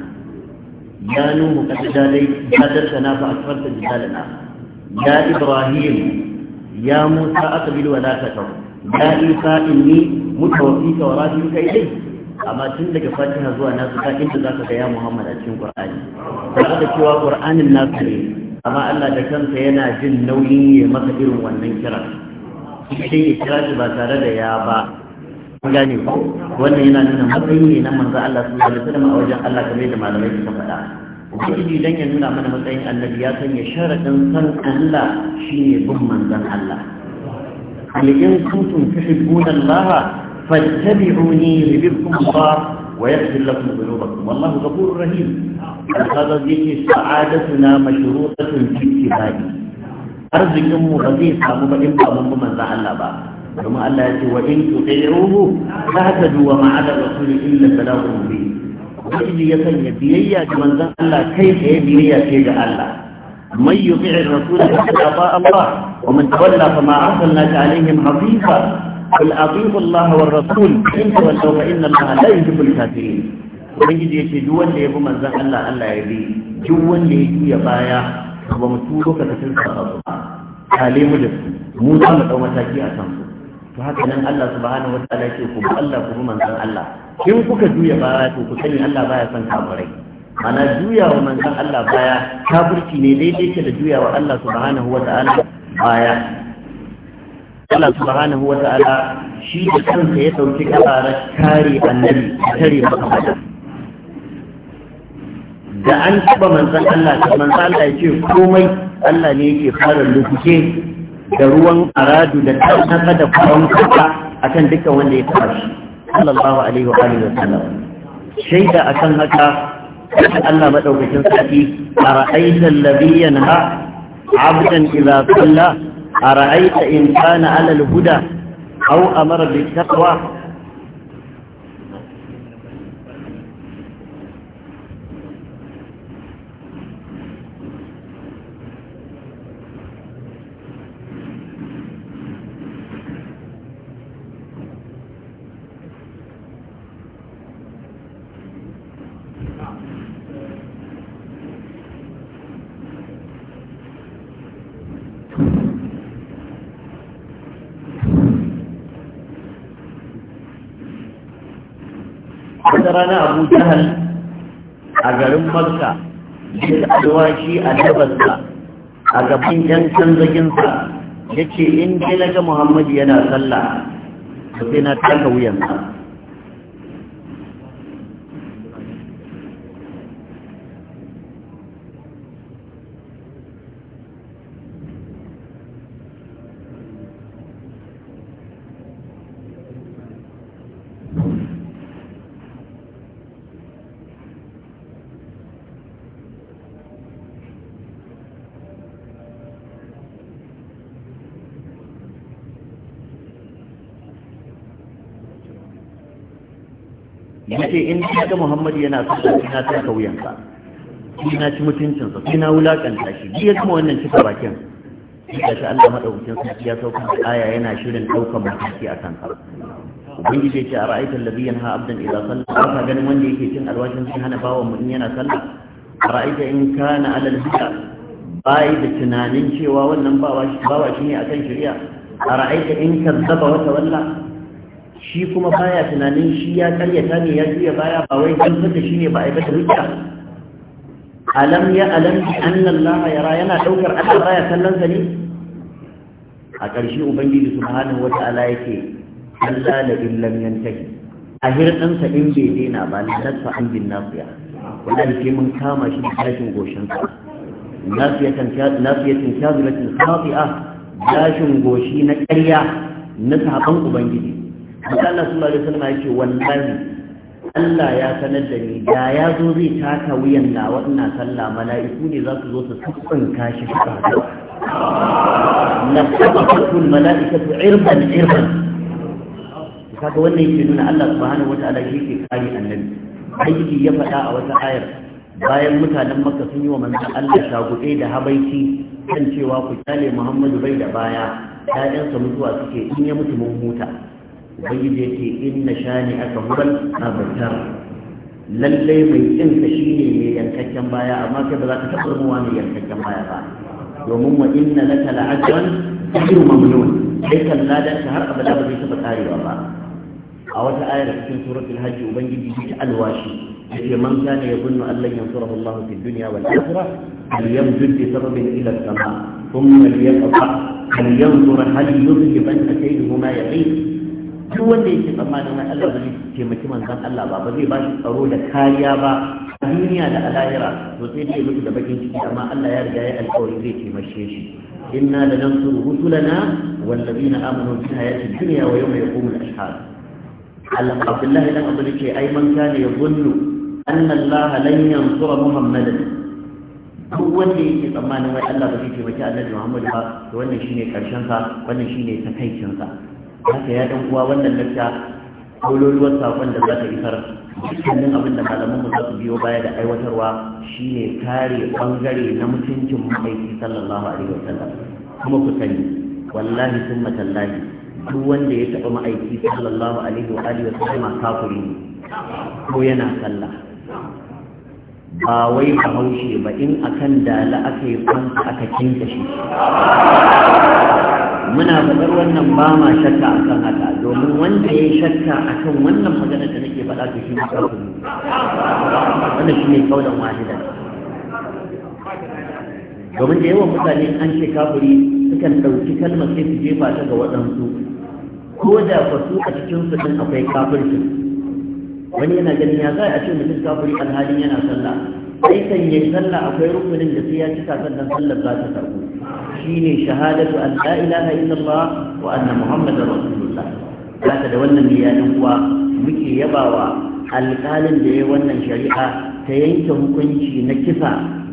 ya nuhu qad jalai jadatana fa asfarta jidalana ya ibrahim ya musa aqbil wa la takaw ya isa inni mutawaffika wa radiyuka ilayhi amma tun daga fatiha zuwa nasu ka inda za ka ga ya muhammad a cikin qur'ani ba da cewa qur'anin nasu ne amma allah da kansa yana jin nauyin ya masa irin wannan kiran shi ya kira shi ba tare da ya ba an gane ko wannan yana nuna matsayi ne na manzo allah sallallahu alaihi wasallam a wajen allah kamar da malamai suka faɗa ubangiji dan ya nuna mana matsayin annabi ya sanya sharadin san allah shine bin manzon allah hal in kuntum tuhibbuna Allah فاتبعوني يجبكم الله ويغفر لكم ذنوبكم والله غفور رحيم هذا ذيك سعادتنا مشروطة في اتباعي أرزقكم وغزي صاحب بإن بابكم من ذا الله با كما الله يقول وإن تطيعوه تهتدوا وما على الرسول إلا بلاغ مبين وإذ يسني بيئة كمن ذا الله كيف بيئة كيف الله من يطيع الرسول فقد أطاع الله ومن تولى فما أرسلناك عليهم حفيظا قل أطيعوا in والرسول إن تولوا فإن الله لا يحب الكافرين ubangiji ya ce duk wanda ya bi manzon Allah Allah ya bi duk wanda ya juya baya ba mu turo ka cikin sababa kale mu da su mu za mu dau mataki a kan su to haka nan Allah subhanahu wataala ya ce ku bi Allah ku bi manzon Allah in kuka juya baya to ku sani Allah baya son kafirai mana juya wa manzon Allah baya kafirci ne daidai ke da juya wa Allah subhanahu wataala baya Allah subhanahu wa ta'ala shi da kansa ya dauki kabarar kare annabi kare maka da an taba manzon Allah ta manzon Allah ya ce komai Allah ne yake fara lukuke da ruwan aradu da tsaka da kwaron a kan dukkan wanda ya fara shi sallallahu alaihi wa alihi wa sallam shaida akan haka Allah madaukakin sarki a ra'ayta alladhi yanha abdan idza salla a ra'aita in kana alal huda au amara bi rana abu jahal a garin makka ya alwashi a dabarsa a gaban yan canzaginsa ya ce in dai na ga muhammadu yana sallah to sai na taka wuyansa ga Muhammad yana sallah sai na taka wuyansa Shi na ci mutuncinsa sai na wulakanta shi duk ya wannan cika bakin da shi Allah madaukakin sarki ya sauka da aya yana shirin ɗaukar mataki a kansa ubangiji ya ce a ra'aitar labi yana abdan idan sallah ba ganin wanda yake cin alwashin sai hana bawan mu in yana sallah a ra'aita in kana alal bid'a bai da tunanin cewa wannan bawa shi ne akan shari'a a ra'aita in kazzaba wata walla shi kuma baya tunanin shi ya karyata ne ya juya baya ba wai gamsar fata shi ne ba a yi bata hujja alam ya alam bi anna Allah yara yana daukar Allah baya kallon sa ne a ƙarshe ubangiji subhanahu wata'ala yake Allah la in lam yantahi a hirɗin sa in bai daina ba lantarsa an bin nafiya wannan sai mun kama shi da tashin goshin sa nafiyatin nafiyatin kazilatin khati'a tashin goshi na ƙarya na sabon ubangiji Allah sallallahu sun wasallam yake wallahi Allah ya sanar da ni da ya zo zai taka wuyan na wannan sallah mala'iku ne za su zo su tsitsin kashi haka na tabatul mala'ikatu irban irban kaga wannan yake nuna Allah subhanahu wataala shi ke kare annabi aiki ya faɗa a wata ayar bayan mutanen Makka sun yi wa manzon Allah shaguɗe da habaici kan cewa ku kyale Muhammadu bai da baya yansa mutuwa suke in ya mutu mun huta ubangiji yake inna shani aka huwal abatar lallai mai kin ka shine mai yankakken baya amma kai ba za ka taɓa ruwa mai yankakken baya ba domin wa inna laka la'ajran ajru mamnun sai kan ladan ka har abada ba zai taɓa karewa ba a wata ayar cikin suratul hajji ubangiji ta alwashi yake man kana yadhunnu an lan yansurahu Allah fi duniya wal akhirah falyamdud bi sababin ila as-sama thumma liyaqta falyanzur hal yudhiban kaydahu ma yaqin duk wanda yake tsammanin wai Allah zai taimaki manzon Allah ba ba zai ba shi tsaro da kariya ba a duniya da a lahira to sai dai mutu da bakin ciki amma Allah ya riga ya alƙawari zai taimake shi inna lanansuru rusulana wallazina amanu fil hayati dunya wa yawma yaqumul ashhad Allah Abdullah dan Abu Bakr ai man kana yazunnu anna Allah lan yansura Muhammadan duk wanda yake tsammanin wai Allah ba zai taimaki Annabi Muhammad ba to wannan shine karshen sa wannan shine takaicin sa haka ya ɗan uwa wannan lakta kololuwar saƙon da za ta isar dukkanin abin da malaman mu za su biyo baya da aiwatarwa shine kare ɓangare na mutuncin ma'aiki sallallahu alaihi wasallam kuma ku sani wallahi sun matallahi duk wanda ya taɓa ma'aiki sallallahu alaihi wa alihi wasallam kafiri ne ko yana sallah ba wai bahaushe ba in akan dala aka yi kwanta aka kinta shi muna faɗar wannan ba ma shakka akan haka domin wanda ya yi shakka akan wannan magana da nake faɗa ta shi maka kudu wanda shi ne kaunan wahida domin da yawan mutane an ce kafuri sukan ɗauki kalmar sai su jefa ta ga waɗansu ko da fasu a cikinsu su akwai kafircin wani yana ganin ya za a ce mutum kafiri alhalin yana sallah sai kan yi sallah akwai rukunin da sai ya cika sannan sallar za ta Shi shine shahadatu an la ilaha illallah wa anna muhammadar rasulullah haka da wannan bayanin kuwa muke yabawa alƙalin da ya wannan shari'a ta yanke hukunci na kisa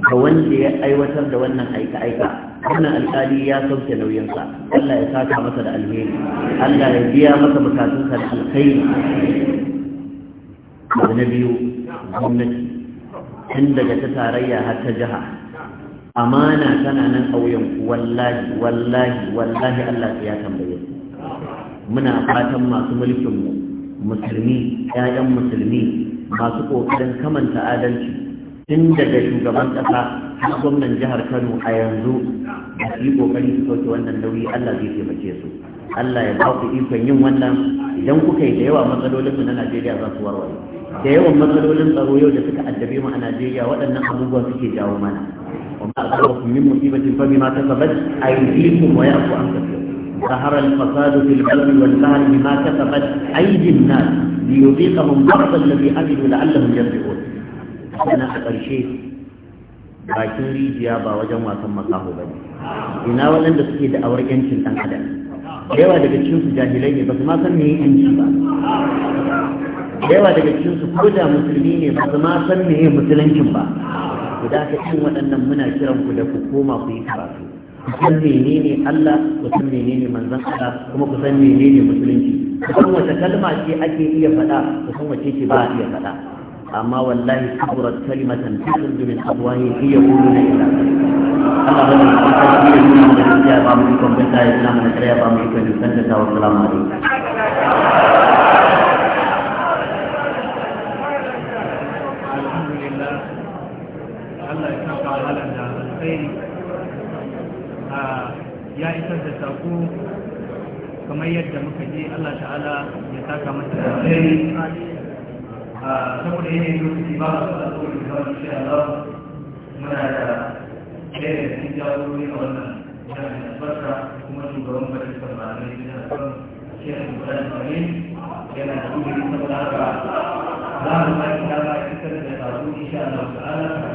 ga wanda ya aiwatar da wannan aika-aika wannan alƙali ya sauke nauyinsa Allah ya saka masa da alheri Allah ya biya masa bukatunsa da alkhairi abu na biyu gwamnati tun daga ta tarayya har ta jiha amana tana nan ƙauyen wallahi wallahi wallahi Allah ya tambaye muna fatan masu mulkin mu musulmi ƴaƴan musulmi masu ƙoƙarin kamanta adalci tun daga shugaban ƙasa har gwamnan jihar Kano a yanzu da su yi ƙoƙari su sauke wannan nauyi Allah zai taimake su Allah ya ba ku ikon yin wannan idan kuka yi da yawa matsalolinmu na Najeriya za su warware da yawan matsalolin tsaro yau da suka addabe mu a Najeriya waɗannan abubuwa suke jawo mana wa ma asabakum min musibatin fa bima kasabat aydikum wa ya'fu an kathir ظهر الفساد في البر والبحر بما كسبت ايدي الناس ليذيقهم بعض الذي عملوا لعلهم يرجعون. انا قرشي bakin rijiya ba wajen wasan makaho ba ne ina waɗanda suke da awar yancin ɗan adam yawa daga cikin su jahilai ne ba su ma san me yanci ba yawa daga cikin su ko da musulmi ne ba su ma san meye musuluncin ba ku da ka cin waɗannan muna kiran ku da ku koma ku yi karatu ku san menene Allah ku san menene manzon Allah kuma ku san menene musulunci ku san wace kalma ce ake iya faɗa ku san wace ce ba a iya faɗa amma wallahi kaburat kalimatan takhruju min afwahi fi yaquluna ila Allah bada ku ta shi ne mu da ya ba mu ikon bin da ya na mu da ya ba mu ikon bin da ta wa salamu alaikum da ya isar da kamar yadda muka je Allah ta'ala ya taka mata da alkhairi saboda yanayin lokaci ba a da da shi Allah muna da ɗaya da cikin jagorori a wannan jihar albarka kuma shugaban majalisar da kan shi a yana da kuma saboda haka za mu ba shi dama da sako insha Allah ta'ala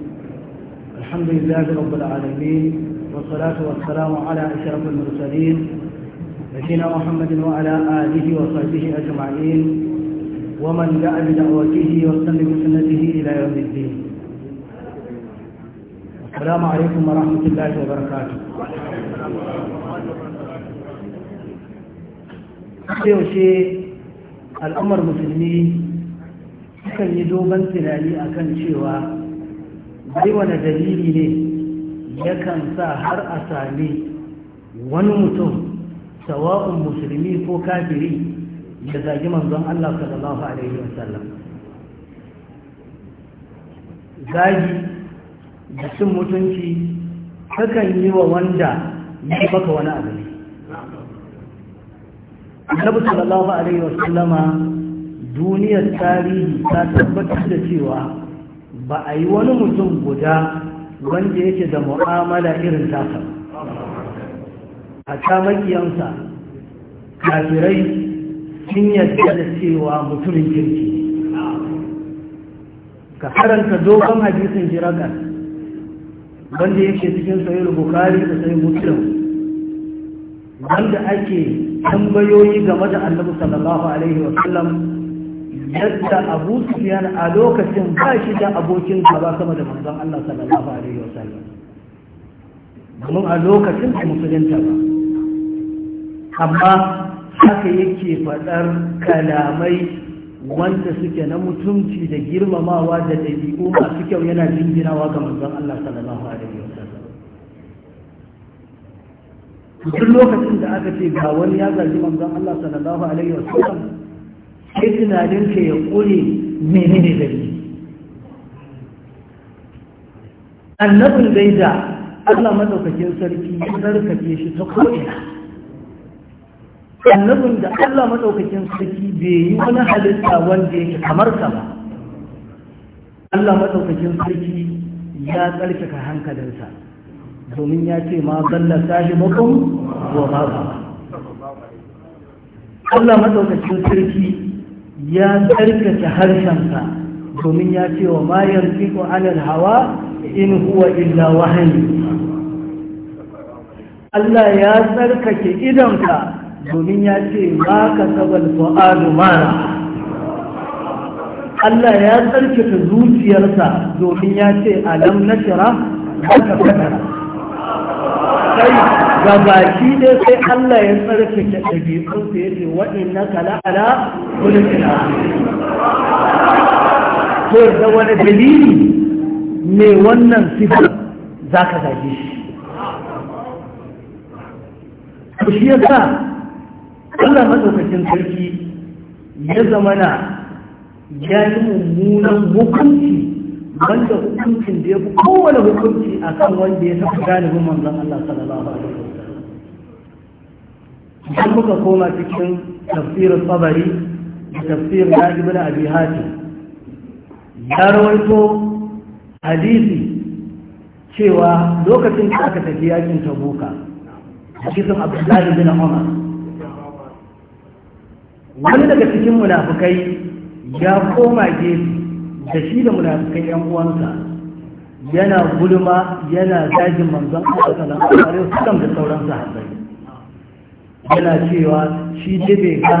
الحمد لله رب العالمين والصلاة والسلام على أشرف المرسلين نبينا محمد وعلى آله وصحبه أجمعين ومن دعا بدعوته واستنى بسنته إلى يوم الدين السلام عليكم ورحمة الله وبركاته أخي وشيء الأمر sukan كان يدوبا tunani أكن cewa bai wani dalili ne yakan sa har a sami wani mutum sawa'un musulmi ko kafiri ya zagi manzon Allah sallallahu alaihi wasallam zagi da cin mutunci kakan yi wa wanda ya baka wani abu ne annabi sallallahu alaihi wasallama duniyar tarihi ta tabbatar da cewa ba a yi wani mutum guda wanda yake da mu'amala irin tasa a ta makiyansa kafirai sun yadda da cewa mutumin kirki ka karanta dogon hadisin jiragar wanda yake cikin sayar bukari da sayar mutum wanda ake tambayoyi game da annabi sallallahu alaihi wasallam yadda abu sufiyan a lokacin ba shi da abokin gaba sama da manzon Allah sallallahu alaihi wasallam domin a lokacin da musulunta ba amma haka yake faɗar kalamai wanda suke na mutunci da girmamawa da ɗabi'u masu kyau yana jinginawa ga manzon Allah sallallahu alaihi wasallam duk lokacin da aka ce ga wani ya zargi manzon Allah sallallahu alaihi wasallam sai tunaninka ya ne menene dalili annabin dai da Allah madaukakin sarki ya tsarkake shi ta ko'ina annabin da Allah madaukakin sarki bai yi wani halitta wanda yake kamar ka ba Allah madaukakin sarki ya tsarkaka hankalinsa domin ya ce ma zalla sahibakum wa ma ba Allah madaukakin sarki ya tsarkake harshenka domin ya ce wa ma yarfiqu anil hawa in huwa illa wahayi Allah ya tsarkake idonka domin ya ce ma ka sabal fa'adu mara Allah ya tsarkake zuciyarsa domin ya ce alam ba ka fata sai ga baki dai sai Allah ya tsarkake ɗabi'un sa na kala kala wani khuluqin to da wani dalili ne wannan sifar zaka zage shi to shi sa Allah madaukakin sarki ya zamana ya yi mummunan hukunci wanda hukuncin da ya fi kowane hukunci a kan wanda ya tafi galibin manzan Allah sallallahu alaihi wasallam idan muka koma cikin tafsirin tsabari da tafsirin na ibn abi hatim ya rawaito hadisi cewa lokacin da aka tafi yakin tabuka hadisin abdullahi bin umar wani daga cikin munafukai ya koma gefe da shi da munafikai yan uwansa yana gulma yana dajin manzon Allah sallallahu alaihi wasallam da sauran sahabbai yana cewa shi bai ka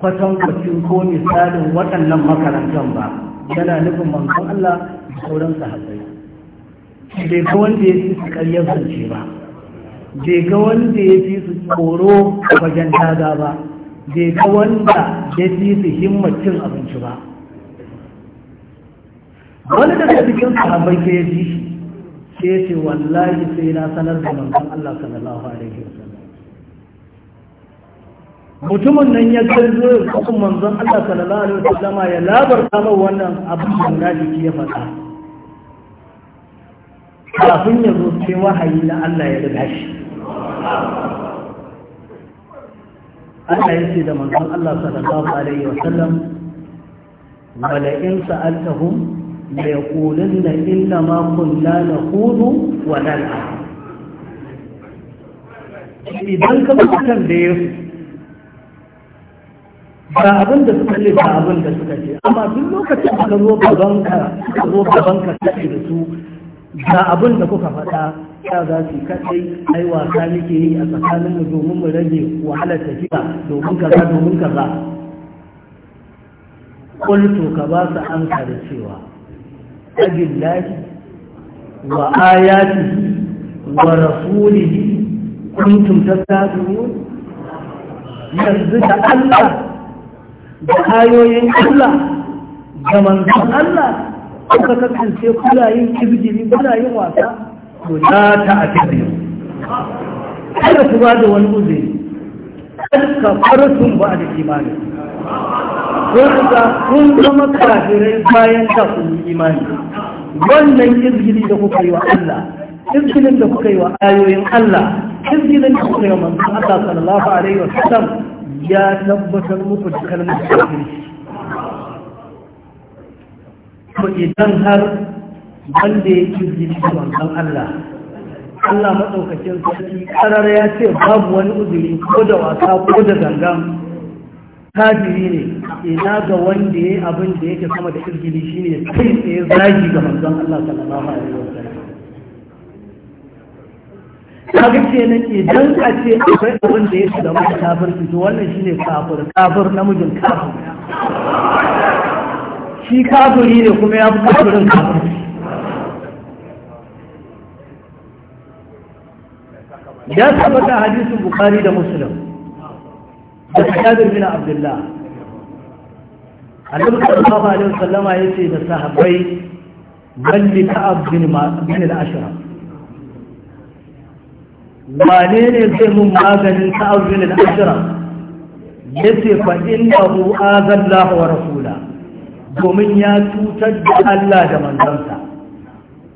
kwatan kwacin ko misalin waɗannan makarantan ba yana nufin manzon Allah da sauran sahabbai bai ga wanda ya fi su ƙaryar zance ba bai ga wanda ya fi su tsoro wajen daga ba bai ga wanda ya fi su himmacin abinci ba wani da ke cikin sahabai ke ya ji sai ce wallahi sai na sanar da manzon Allah sallallahu alaihi wasallam mutumin nan ya kallo ya kuma manzon Allah sallallahu alaihi wasallam ya labar kama wannan abin da ke ya faɗa kafin ya zo sai wahayi na Allah ya daga shi Allah ya ce da manzon Allah sallallahu alaihi wasallam mala'in sa'altahum da ya kulun da inda ma kunna na hudu wa nal'a idan ka mutan da ya ba abin da suka ce ba abin da suka ce amma duk lokacin da ka zo gaban ka ka zo gaban ka da su ga abin da kuka faɗa ya za su kaɗai ai wasa muke yi a tsakaninmu domin mu rage wahalar tafiya domin kaza domin kaza kultu ka ba su an da cewa abillahi wa ayatihi wa rasulihi kuntum tattabi'un yanzu da Allah da ayoyin Allah da manzon Allah kuka kasance kuna yin kirgiri kuna yin wasa to la ta'tabiru kada ku ba da wani uzuri ka farsun ba da imani kun ga kun zama kafirai bayan da kun imani wannan izgili da kuka yi wa Allah izgilin da kuka yi wa ayoyin Allah izgilin da kuka yi wa manzon Allah sallallahu alaihi wa sallam ya tabbatar muku da kalmar kafirci ko idan har wanda ya izgili da manzon Allah Allah madaukakin sarki karar ya ce babu wani uzuri ko da wasa ko da gangan kafiri ne ina ga wanda ya abin da yake sama da irgili shine kai tsaye zagi ga manzon Allah sallallahu alaihi ce kaga ke idan a ce akwai abin da ya shiga kafir su to wannan shine kafir kafir namijin kafir shi kafiri ne kuma ya fi kafirin kafir ya tabbata hadisin bukari da muslim daga jabir bin abdullah annabi sallallahu alaihi wasallama yace da sahabbai balli ka'ab bin bin al-ashraf wane ne zai mun maganin ka'ab bin al-ashraf yace fa innahu azallahu wa rasula domin ya cutar da Allah da manzansa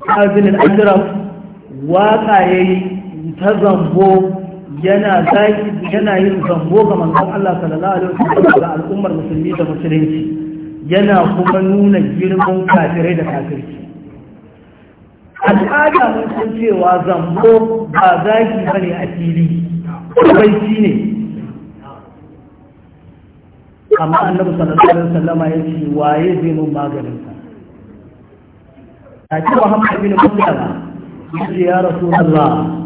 ka'ab bin al-ashraf waka yayi ta zambo yana zaki yana yin zambo ga manzon Allah sallallahu alaihi wasallam da al'ummar musulmi da musulunci yana kuma nuna girman kafirai da kafirci al'ada mun san cewa zambo ba zaki bane a fili baici ne amma annabi sallallahu alaihi ya ce waye zai mun maganin sa ta ce Muhammad bin Abdullah ya Rasulullah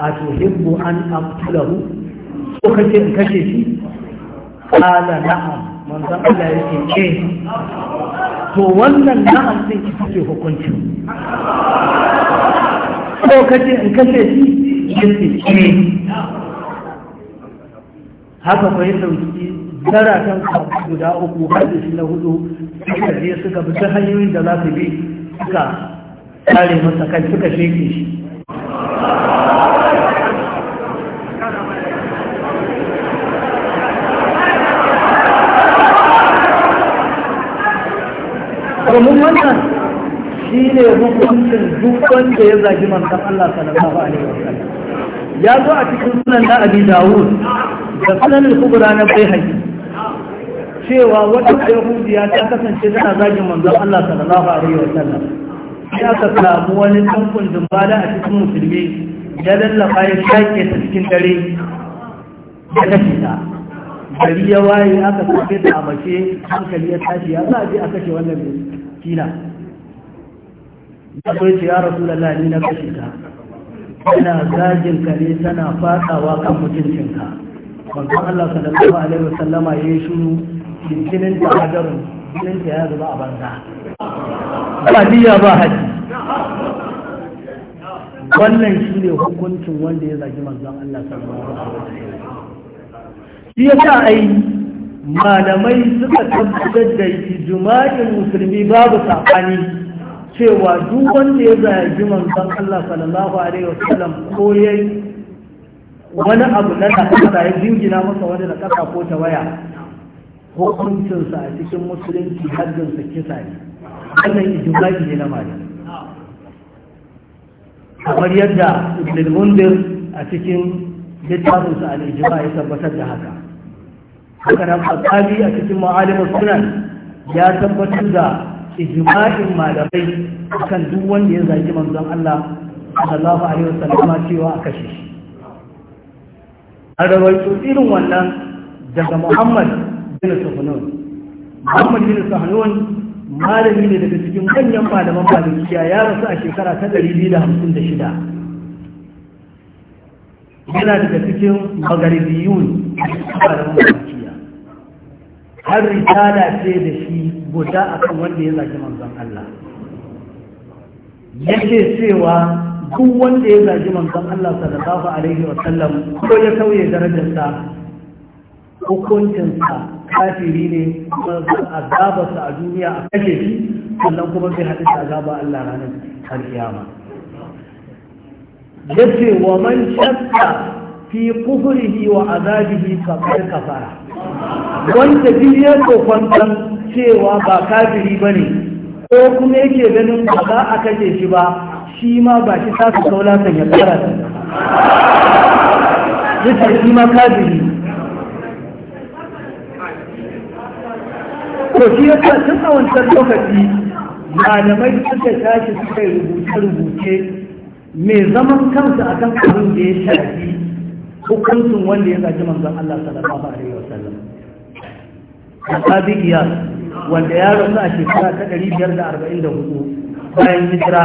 a tuhibbu an aqtulahu ko kace in kace shi Ala na'am manzon Allah yake eh to wannan na'am din ki ce hukunci ko kace in kace shi yake eh haka ko ya sauki zaratan guda uku har da shi na hudu suka je suka bi ta hanyoyin da za su bi suka kare masa kai suka sheke shi domin wannan shi ne hukuncin duk wanda ya zagi manzon Allah sallallahu alaihi wasallam ya zo a cikin sunan na Abi Dawud da sunan al-Kubra na Baihaqi cewa wata yahudiya ta kasance tana zagin manzon Allah sallallahu alaihi wasallam ya ka samu wani tankun zumbada a cikin musulmi ya lallafa ya shaƙe ta cikin dare ya kashe ta gari ya waye aka sake ta a mace hankali ya tashi ya za a je a kashe wannan kila ya kai ya rasu da ni na kashe ta yana zagin kare tana fasawa kan mutuncinka wanzan Allah sallallahu alaihi wasallama ya yi shuru jinin ta hadarin jinin ta ya zuba a banza ba ba haji wannan shi ne hukuncin wanda ya zagi manzon Allah sallallahu alaihi wasallam shi yasa ai malamai suka tabbatar da ijma'in musulmi babu sakani cewa duk wanda ya zagi manzon Allah sallallahu alaihi wasallam ko yayi wani abu na da ya jingina masa wani da kasa ko ta waya hukuncinsa a cikin musulunci haddinsa kisa ne wannan ijimaki ne na malami kamar yadda ibn mundir a cikin littafinsa a ijma ya tabbatar da haka haka nan fasali a cikin ma'alimus sunan ya tabbatar da ijma'in malamai kan duk wanda ya zaki manzon Allah sallallahu alaihi wasallama cewa a kashe shi an rawaito irin wannan daga Muhammad bin Sufyan Muhammad bin Sufyan malami ne daga cikin manyan malaman malikiya ya rasu a shekara ta biyu da 256 yana daga cikin magaribiyun malaman malikiya har risala ce da shi guda akan wanda ya zaki manzon Allah yake cewa duk wanda ya zaki manzon Allah sallallahu alaihi wa sallam ko ya sauye darajarsa hukuncinsa kafiri ne azabarsa a duniya a kashe shi sannan kuma sai haɗu da azaba Allah ranar har kiyama yace wa man shakka fi kufrihi wa azabihi faqad kafara wanda duk ya kwantan cewa ba kafiri bane ko kuma yake ganin ba za a kashe shi ba shi ma ba shi ta su kaula kan ya fara yace shi ma kafiri to shi yasa tun a wancan lokaci malamai suka tashi suka yi rubuce-rubuce mai zaman kansu kan abin da ya shafi hukuncin wanda ya zaki manzon Allah sallallahu alaihi wasallam Asabi Iyas wanda ya rasu a shekara ta 544 bayan hijira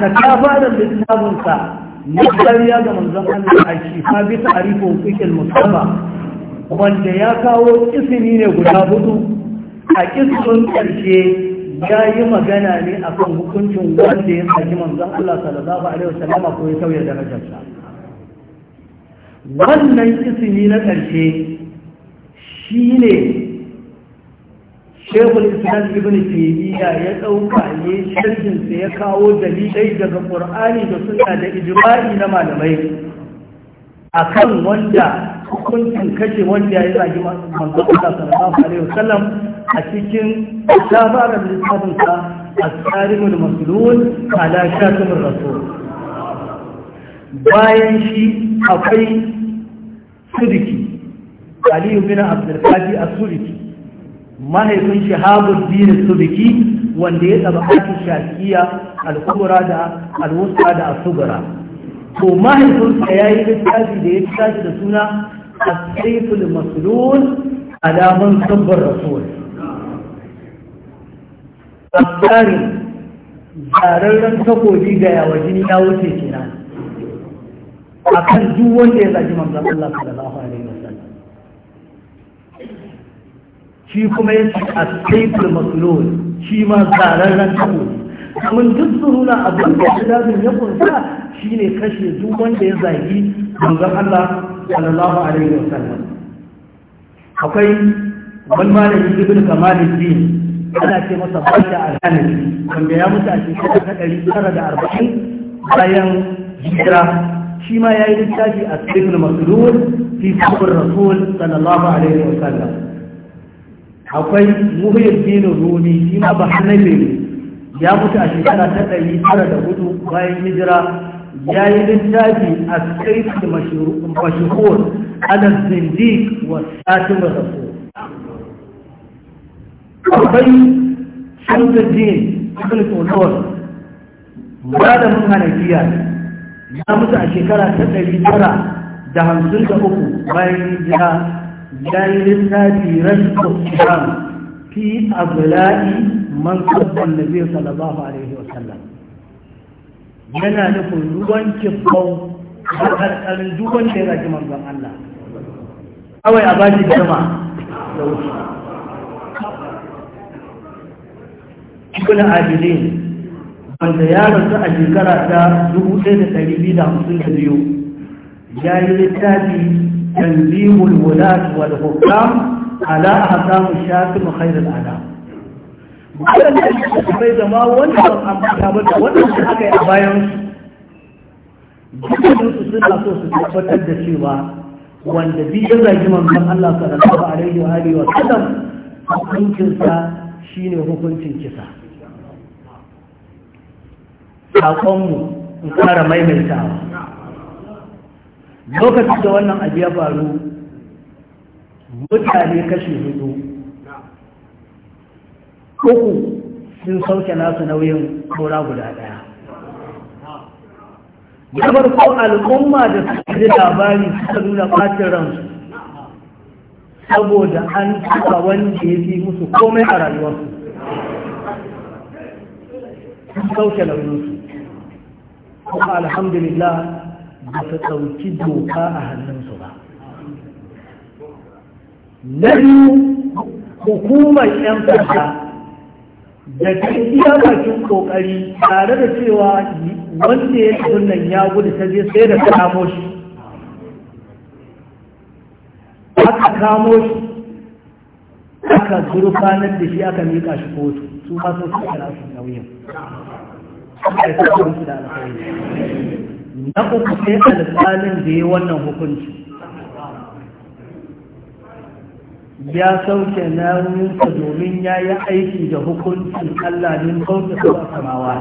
ka kafa da littafinsa na kariya ga manzon Allah a shi fa bisa arifin kukin musamman wanda ya kawo kisimi ne guda hudu a kisimin ƙarshe ya yi magana ne a kan hukuncin wanda ya saki manzan Allah sallallahu Alaihi wasallama ko ya sauya darajarsa wannan kisimi na ƙarshe shi ne shekul islam ibn taymiya ya ɗauka ne sharhinsa ya kawo dalilai daga ƙur'ani da suna da ijma'i na malamai a kan wanda hukuncin kashe wanda ya yi zagi manzon Allah sallallahu alaihi wasallam a cikin labarin littafin sa as-sarimul maslul ala shatimur rasul bayan shi akwai sudiki Ali bin Abdul Qadi as-Sudiki mahaifin Shahabuddin as-Sudiki wanda ya tsaba ake shakiya al-kubra da al-wusta da as-sugra to mahaifinsa ya yi littafi da ya tashi da suna السيف المسلول على منصب الرسول الثاني zararren takobi تقو yawajini ya wuce kenan a kan duk wanda ya zaji manzan Allah sallallahu alaihi shi kuma ya ce a saifin maslol shi ma zararren kamun duk su abin da ya dafin ya kunsa shi ne kashe duk wanda ya zagi manzon Allah sallallahu alaihi wasallam akwai wani malami ibn kamaluddin ana ce masa bada alhanafi wanda ya mutu a shekara ta ɗari tara da arba'in bayan hijira shi ma ya yi littafi a sirrin masulun fi sabon rasul sallallahu alaihi wa wasallam akwai muhyiddin rumi shi ma ba hanafi ya mutu a shekara ta ɗari tara da hudu bayan hijira ya yi littafi a kaifin mashahur ala zindik wa satin rasu akwai shamsuddin ibn tsoron malamin hanafiya ya mutu a shekara ta ɗari tara da hamsin da uku bayan hijira ya yi littafi rashin fi abula'i man da nabi sallallahu alaihi wasallam yana nufin ruwan kibbau da karkarin duk wanda ya zaki manzon Allah kawai a bashi dama da wuce ibn abidin wanda ya rasu a shekara ta biyu, ya yi littafi tanzimul wulat wal hukam ala ahkam shafi khairul adam waɗanda suka bai zama wanda ban ambata ba da waɗanda aka yi a bayan su suna so su tabbatar da cewa wanda bi ya zagi manzon Allah sallallahu alaihi wa alihi wa sallam hukuncin sa shine hukuncin kisa sakon mu in fara maimaitawa lokacin da wannan abu ya faru mutane kashi hudu uku sun sauke nasu nauyin kora guda ɗaya bar farko al'umma da suka ji labari suka nuna ɓacin ransu saboda an taɓa wanda ya fi musu komai a rayuwarsu sun sauke nauyinsu kuma alhamdulillah ba su ɗauki doka a hannunsu ba na biyu hukumar 'yan fata da ta iya bakin kokari tare da cewa wanda ya tafi nan ya gudu ta je sai da kamo shi aka kamo shi aka gurfanar da shi aka miƙa shi kotu su ma sun suka rasu nauyin na uku sai alƙalin da ya wannan hukunci ya sauke nauyinsa domin ya yi aiki da hukuncin Allah ne kauta a samawa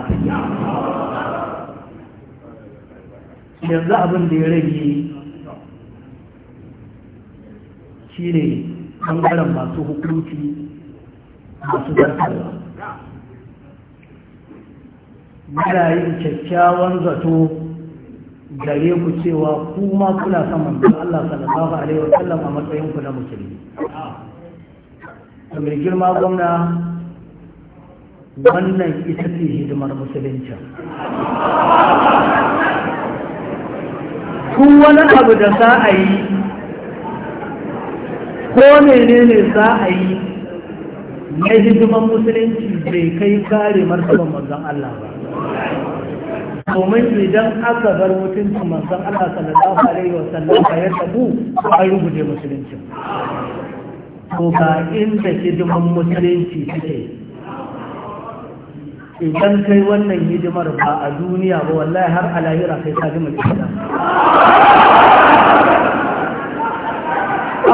yanzu abin da ya rage shi ne ɓangaren masu hukunci masu zartarwa muna yin kyakkyawan zato gare ku cewa kuma kula kuna son Allah sallallahu alaihi wasallam a matsayin ku na musulmi mai girma gwamna wannan ita ce hidimar musulunci ku wani abu da za a yi ko menene za a yi na hidimar musulunci bai kai kare martaban manzon Allah ba domin idan aka bar mutuncin manzon Allah sallallahu alaihi wa sallam ya tabu an rubuce musulunci to ba inda hidiman musulunci take idan kai wannan hidimar ba a duniya ba wallahi har a lahira kai ka jima islam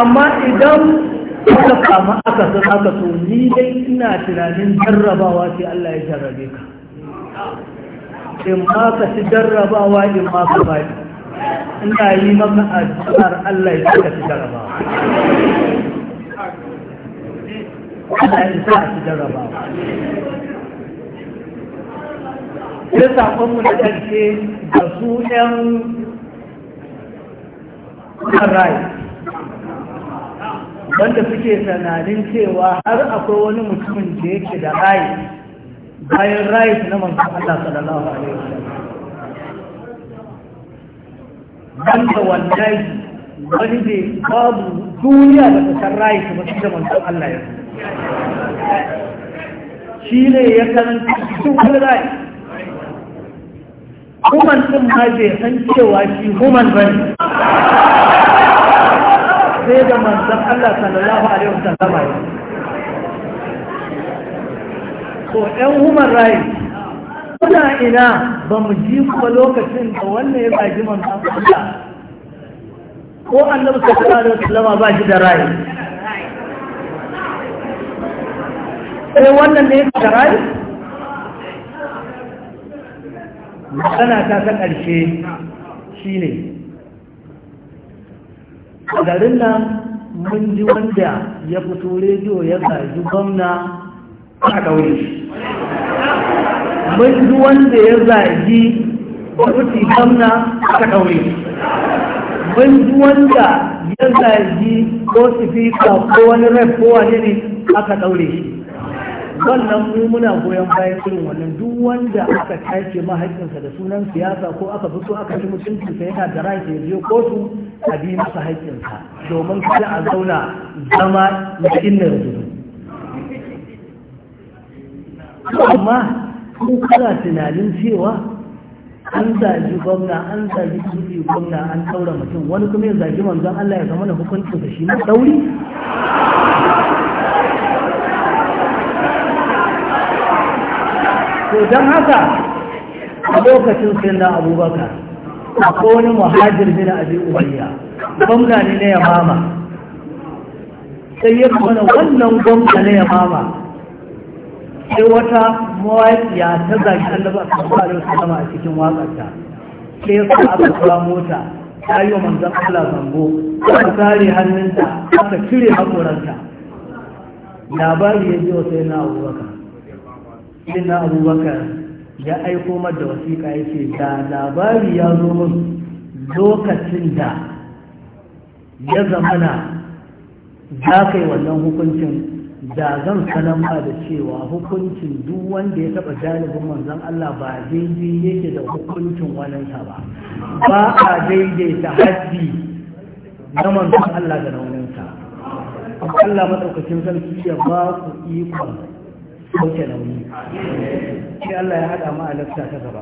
amma idan aka kama aka san aka so ni dai ina tunanin jarrabawa sai Allah ya jarrabe ka in ma ka ci jarrabawa in ma ka faɗi ina yi maka addu'ar Allah ya ka ci jarrabawa Ina ya sa ci jarrabawa sai saƙonmu na ƙarshe da su ɗan rai wanda suke sananin cewa har akwai wani mutumin da yake da rai bayan rayis na manzon Allah sallallahu alaihi wasallam banda wallahi wani bai babu duniya da kasar rayis ba da manzon Allah ya shi ne ya karanta cikin wani rayis human din ma bai san cewa shi human ba ne sai da manzan Allah sallallahu alaihi wasallam ya ko ɗan human rights kuna ina ba mu ji kuma lokacin da wannan ya zagi manzan Allah ko annabi sallallahu alaihi wasallam ba shi da rai sai wannan ne yake da rai magana ta ta ƙarshe shine garin nan mun ji wanda ya fito rediyo ya gaji gwamna a ɗaure shi mun ji wanda ya zagi gwamnati gwamna aka ɗaure shi mun ji wanda ya zagi ko sifika ko wani rep ko wani ne aka ɗaure shi wannan mu muna goyon bayan irin wannan duk wanda aka tace mahaifinsa da sunan siyasa ko aka fito aka ci mutuncinsa yana da rai ya je kotu a bi masa haƙƙinsa domin kada a zauna zama na inna yanzu amma ko kana tunanin cewa an zagi gwamna an zagi kudi gwamna an taura mutum wani kuma ya zagi manzon Allah ya zama na hukuncin da shi na dauri to dan haka a lokacin sai na abubakar a wani muhajir bin abi ubayya gwamna ne na yamama sai ya kuma wannan gwamna na yamama sai wata mawaƙiya ta zaki annabi sallallahu alaihi wasallam a cikin waƙarta sai su aka kula mota ta yi wa manzon Allah zango aka tare hannunta aka cire haƙoranta. labari ya ji wa sai na abubakar sai na abubakar ya aiko mata wasiƙa ya ce da labari ya zo min lokacin da ya zamana za ka yi wannan hukuncin da zan sanan ba da cewa hukuncin duk wanda ya taɓa jalibin manzon Allah ba daidai yake da hukuncin waninsa ba ba a daidaita haddi na manzon Allah da rauninsa Allah madaukakin sarki ya ba ku ikon sauke nauyi sai Allah ya haɗa ma a ta gaba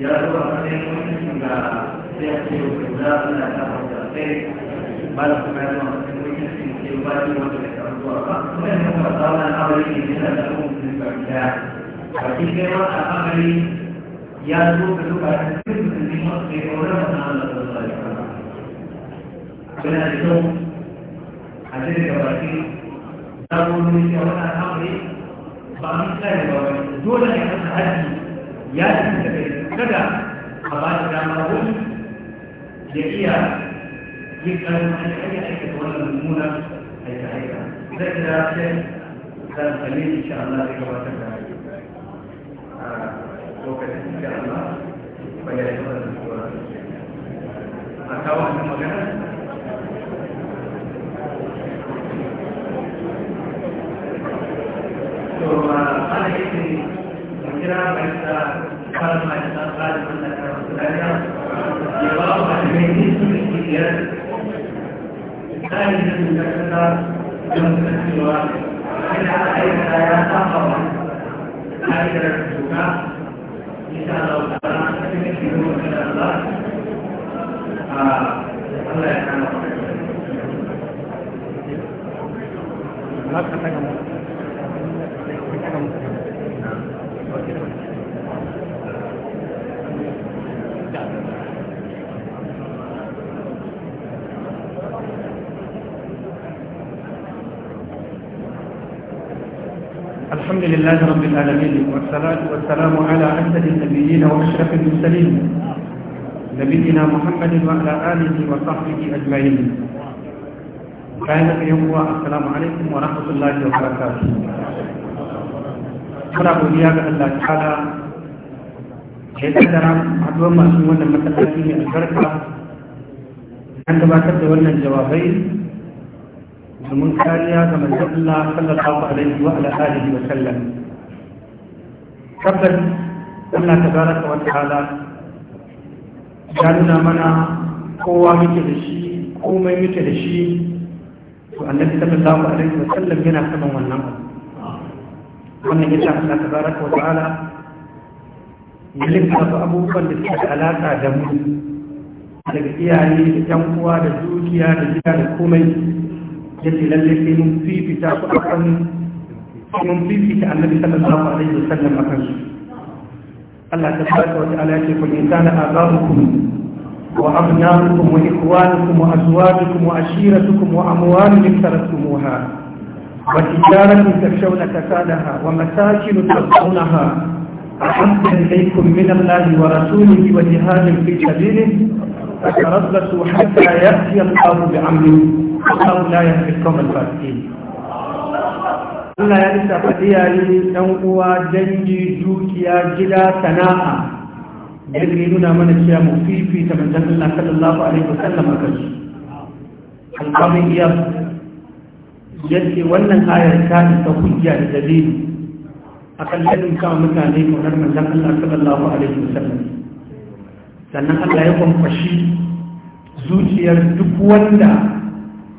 ya zuwa matsayin mutum ga sai a ce yau da ana ta hauka sai ba da kuma ya zuwa matsayin mutum sun ce ba shi wanda da kan zuwa ba kuma yana kuma tsawon amari ne yana da kuma mutum ba daya a cikin ma a amari ya zo ga duka da cikin mutum ne masu ne kawai da wani ala da zuwa ya kama. Kuna da kyau a cikin gabatin zaɓo ne ya wani amari ba a mutane ba wani dole ne a haɗi ya ci da kai kada a ba shi damar wani ya iya yin ƙarfin aiki aiki da wannan mummunan aiki aika zai kira sai zan kalli insha Allah zai gabatar da lokacin insha Allah bayan wannan tsoron a kawo wannan magana ثم قال ابني لله رب العالمين والصلاة والسلام على أسد النبيين وأشرف المرسلين نبينا محمد وعلى آله وصحبه أجمعين كانت يوم السلام عليكم ورحمة الله وبركاته muna godiya الله تعالى ta'ala ya kaddara haduwar masu wannan matsalaci mai albarka an gabatar da domin kariya ga manzon Allah sallallahu alaihi wa ala alihi wa sallam tabbas Allah tabaraka wa ta'ala ya nuna mana kowa muke da shi komai muke da shi to annabi sallallahu alaihi wa sallam yana saman wannan wannan yasa Allah tabaraka wa ta'ala ya lissafa abubuwan da suke da alaƙa da mu daga iyaye da ƴan uwa da dukiya da gida da komai يجي للذي ممتي في تعب أكثر ممتي في تعب النبي صلى الله عليه وسلم أكثر الله تبارك وتعالى يقول الإنسان آباؤكم وأبناؤكم وإخوانكم وأزواجكم وأشيرتكم وأموال اقترفتموها وتجارة تخشون كسادها ومساكن ترضونها أحب إليكم من الله ورسوله وجهاد في سبيله فتربصوا حتى يأتي الله بأمره Allah la yahdi al-qawmal fasiqin Allah ya lissafa ne dan uwa dangi dukiya gida sana'a da yake nuna mana cewa mu fifita manzon Allah sallallahu alaihi wa sallam a al-qawmi iyas yace wannan ayar ta isa hujja da dalili akan ladin kawo mutane kaunar manzan Allah sallallahu alaihi wa sallam. sannan Allah ya kwamfashi zuciyar duk wanda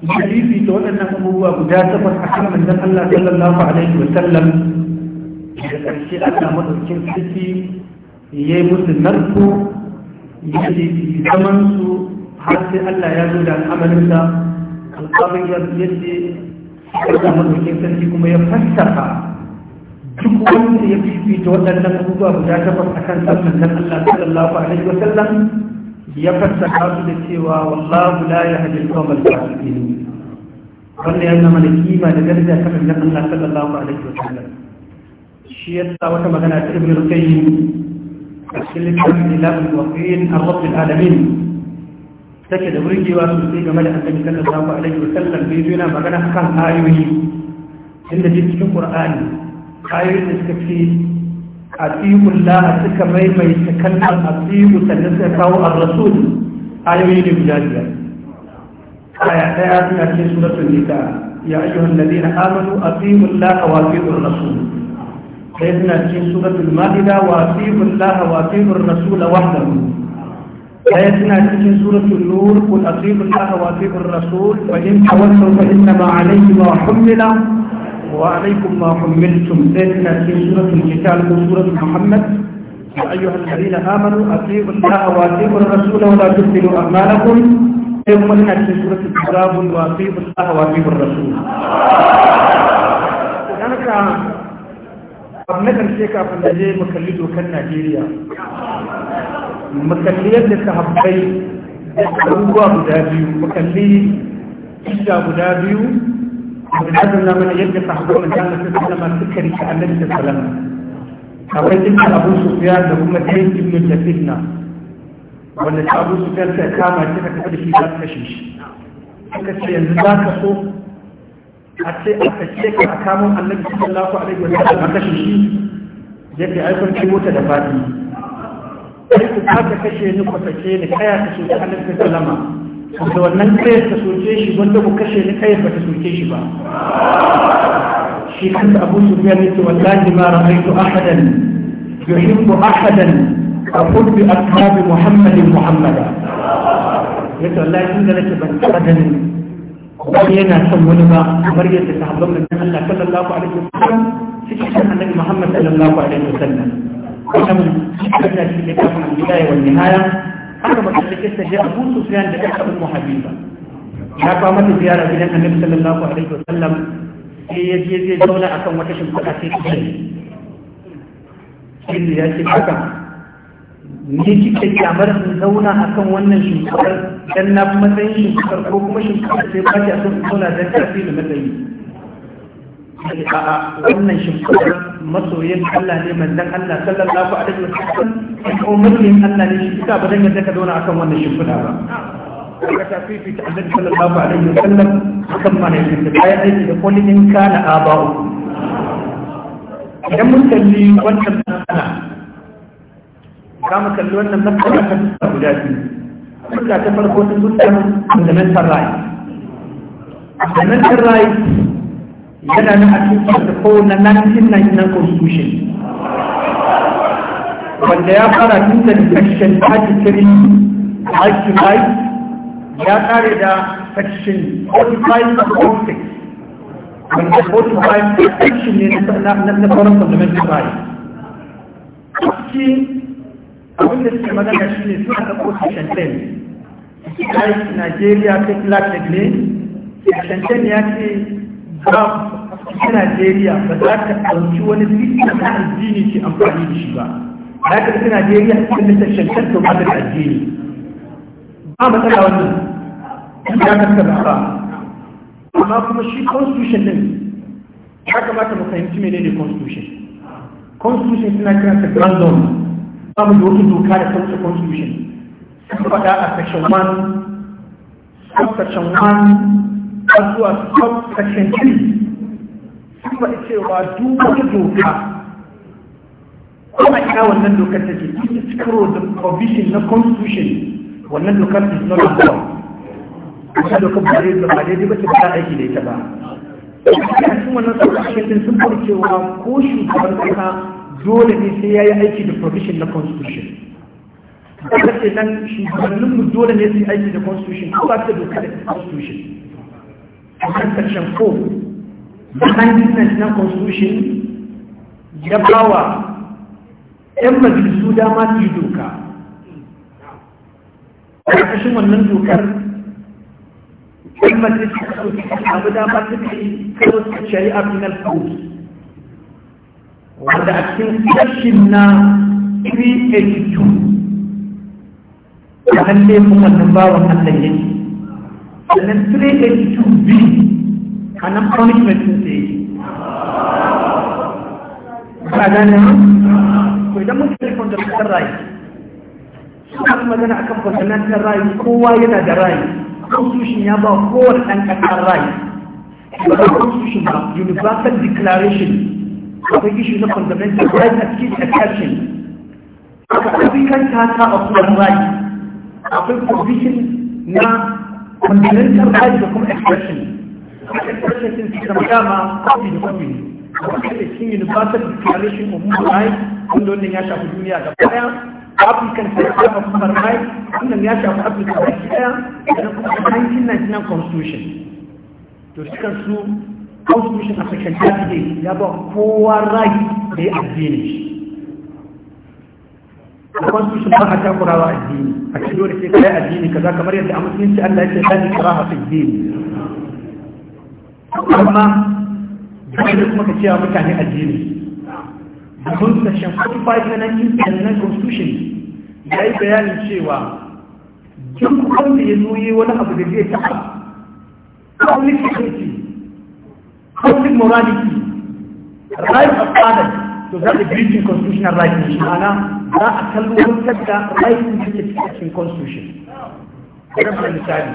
hadisi ta waɗannan abubuwa guda takwas a kan manzon Allah sallallahu alaihi wa sallam da ƙarshe Allah madaukin ya yi musu narko ya ce zaman su har sai Allah ya zo da al'amarin da alƙawarin yadda Allah madaukin sarki kuma ya fassara duk wanda ya fifita waɗannan abubuwa guda takwas a kan sabon Allah sallallahu alaihi wa sallam ya fassara su da cewa wallahu la yahdi al-qawm al-fasiqin wannan yana mana kima da daraja ta manzon Allah sallallahu alaihi wasallam shi ya sa wata magana ta Ibn al-Qayyim a cikin littafin Ilal al-Waqi'in ar-Rabb al-Alamin take da burgewa sosai game da annabi sallallahu alaihi wasallam bai zo yana magana kan ayoyi inda cikin Qur'ani ayoyin da suka ce Laha suka maimaita kalmar atiyu sannan suka kawo ar-rasul ayoyi ne guda biyar aya daya suna ce suratul nisa ya ayyuhan ladina amanu atiyullah wa atiyur rasul sai suna ce suratul ma'ida wa atiyullah wa atiyur rasul wahdahu sai suna cikin suratul nur qul atiyullah wa atiyur rasul fa in fa inna ma alayhi وعليكم ما حملتم ذلك في سورة القتال وسورة محمد يا أيها الذين آمنوا أطيعوا الله وأطيعوا الرسول ولا تبطلوا أعمالكم ثم إن في سورة الكتاب وأطيعوا الله وأطيعوا الرسول لأنك أبنك الشيخ أبن نجيب مكلد وكان نيجيريا مكلية لتهبي abubuwa guda biyu makalli isha guda biyu azumna mana yadda sahabban manzon Allah sallama suka rike annabi sallama akwai dukkan abu sufiya da kuma tayin da fitna, wanda ta abu sufiya ta kama ta ka tafi da shi za ta kashe shi suka ce yanzu za ka so a ce a kashe ka a kamun annabi sallallahu alaihi wa sallam a kashe shi yadda aikon ce mota da fadi sai ku ka kashe ni kwatace ni kaya kashe ta annabi sallama da wannan kayar ta soke shi wanda ku kashe ni kayar ba ta soke shi ba shi kanta abu su biya ne ce wallahi ma ra'aitu ahadan yuhibbu ahadan aqul bi ashabi muhammadin muhammada yace wallahi tun da nake ban taba ganin wani yana son wani ba kamar yadda sahabban manzon Allah sallallahu alaihi wasallam suke son annabi Muhammad sallallahu alaihi wasallam wannan shi ne kafin bidaya wal nihaya haka matsalin ta je abu sufiyan da aka abin muhabiba ya kawo mata ziyara gidan annab sallallahu alaihi wa sallam sai ya je zai zauna akan wata shimfiɗa sai ta ce shi ya ce haka ni kike kyamar in zauna akan wannan shimfiɗar dan na matsayin shimfiɗar ko kuma shimfiɗar sai ba ta so in zauna dan tafi da matsayi a'a wannan shimfidar masoyin Allah ne manzan Allah sallallahu alaihi wa sallam ko mulkin Allah ne shi ba dan yadda ka zauna akan wannan shimfida ba ka ta fifita annabi sallallahu alaihi wa sallam akan mana shimfida bayan aiki da kullin in kana aba'u idan mun kalli wannan matsala za mu kalli wannan matsala ta fuska guda biyu fuska ta farko ta fuskar fundamental right fundamental right yana na a cikin da article na 1999 na constitution wanda ya fara tun da section 33 article ya kare da section 45 of the wanda 45 section ne na foreign fundamental rights kuki abin da suke magana shi ne suna da ko section 10 Nigeria take latin ne section 10 ya ce ba a najeriya ba za ka ɗauki wani fitna na addini ke amfani da shi ba za ka najeriya cikin shankar addini ba matsala wannan ya kasa ba amma kuma shi constitution din ya kamata mu fahimci menene constitution constitution suna kiran ta grand ba mu da wata doka da ta wuce constitution faɗa a section har zuwa kashin section 3 sun ba cewa duka wata doka kuma ina wannan dokar ta it is karo da provision na constitution wannan dokar is not law wannan dokar ba zai zama daidai ba ta ba aiki da ita ba a cikin wannan a din sun fara cewa ko shugaban kasa dole ne sai ya yi aiki da provision na constitution kaga ce nan shugabanninmu dole ne sai aiki da constitution ko ba ta da dokar da constitution a harkar ko da hannun 1999 constitution ya bawa 'yan majalisu dama su yi doka a ƙarƙashin wannan dokar yan majalisu kaso abu dama su ka yi kaso su shari'a penal code wanda a cikin ƙarshen na 382 a hannun kuma wannan bawan allah sannan 382b a nan punishment sun ta yi ba ko idan mun kalli fundamental rights suna magana akan fundamental rights kowa yana da rights constitution ya ba kowane ɗan ƙasar rights ba constitution ba universal declaration akwai issue na fundamental rights a cikin exception akwai kan tata a kuwan rights akwai provision na continental hajji da kuma expression expression sun fi zama dama kofi da kofi da kuma cikin universal declaration of human rights wanda wannan ya shafi duniya gaba daya African of Human Rights wannan ya shafi Africa baki daya da kuma 1999 constitution to su constitution a ya ba kowa rai da ya addini shi a constitution ba a takurawa addini a cikin dole sai kai addini kaza kamar yadda a musulunci Allah ya ce la ikraha fi din amma dole kuma ka ce mutane addini domin section 45 na 19 constitution ya yi bayanin cewa duk wanda ya zo yi wani abu da zai taɓa public security public morality right of father to that the breaching constitutional right ne ma'ana za a kallon da rayin da ke cikin constitution idan ba misali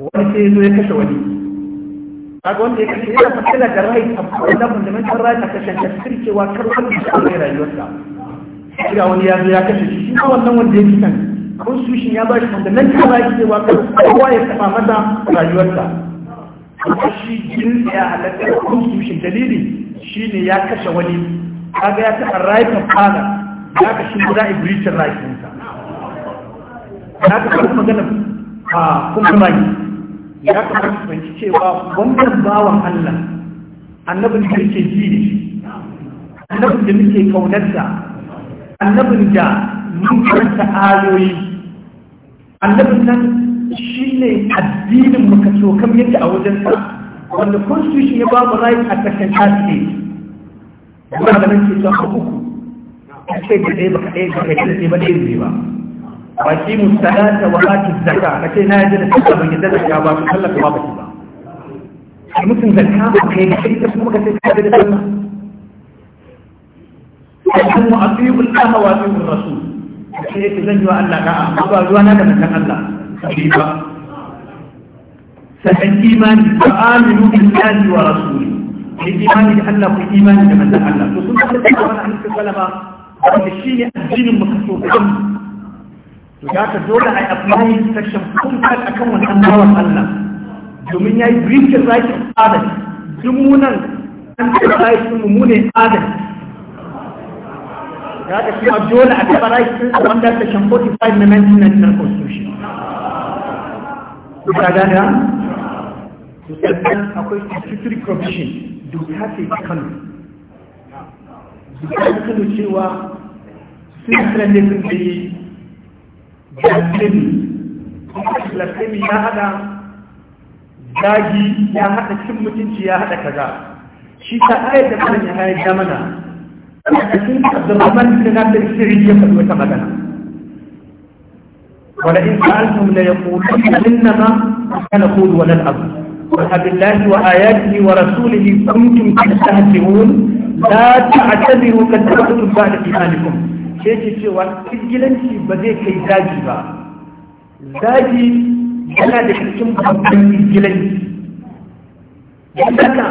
wani sai zo ya kashe wani kaga wanda ya kashe yana matsala da rayin a da fundamental rai a kashe ta cewa kar da ya kashe rayuwarsa ga wani ya zo ya kashe shi shi wannan wanda ya kan constitution ya ba shi fundamental right cewa kar kowa ya taba mata rayuwarsa shi jin ya halatta constitution dalili shine ya kashe wani kaga ya taɓa right ta fara za ka shi za a yi breachin rakinsa za ka kuma magana a kuma magi ya kamata su fahimci cewa wannan bawan Allah annabin da yake ji da shi annabin da muke kaunarsa annabin da mun karanta ayoyi annabin nan shi ne addinin muka tsokan yadda a wajensa wanda constitution ya ba mu rai a section 38 wanda nan ke son uku kace da dai baka dai kace da dai ba dai ba waki musalata wa ati zakka kace na yi da zakka ban yadda zakka ba su Allah ba baki ba kai mutun zakka ba kai da kai kuma kace ka da sallah kan mu atiu Allah wa atiu rasul kace da zan yi wa Allah da'a amma ba ruwa na da kan Allah sai ba sannan imani wa aminu billahi wa rasuli kai imani da Allah ku imani da manzon Allah to sun ka da wannan annabi sallallahu alaihi wasallam wanda shi ne addinin mu kaso kan to da ka dole a applying section kun kan wannan Allah domin yayi breach right of adam nan an tsara right mu mu ne adam da ka shi dole a tsara right din wanda section 45 na 1999 constitution ka gane to sannan akwai statutory provision ta ce ta kano. an tudu cewa suna da sun da yi jasini ya hada zagi ya hada cin mutunci ya hada kaza shi ta ayar da kan ya hayar da mana a cikin zaman da shirin ya faɗi wata magana wala in sa'altum la yaqulun innama kana qulu wala al وحب الله وآياته ورسوله كنتم تستهزئون لا تعتذروا قد كفرتم بعد إيمانكم sai ke cewa izgilanci ba zai kai zagi ba zaji yana da cikin babban izgilanci yadda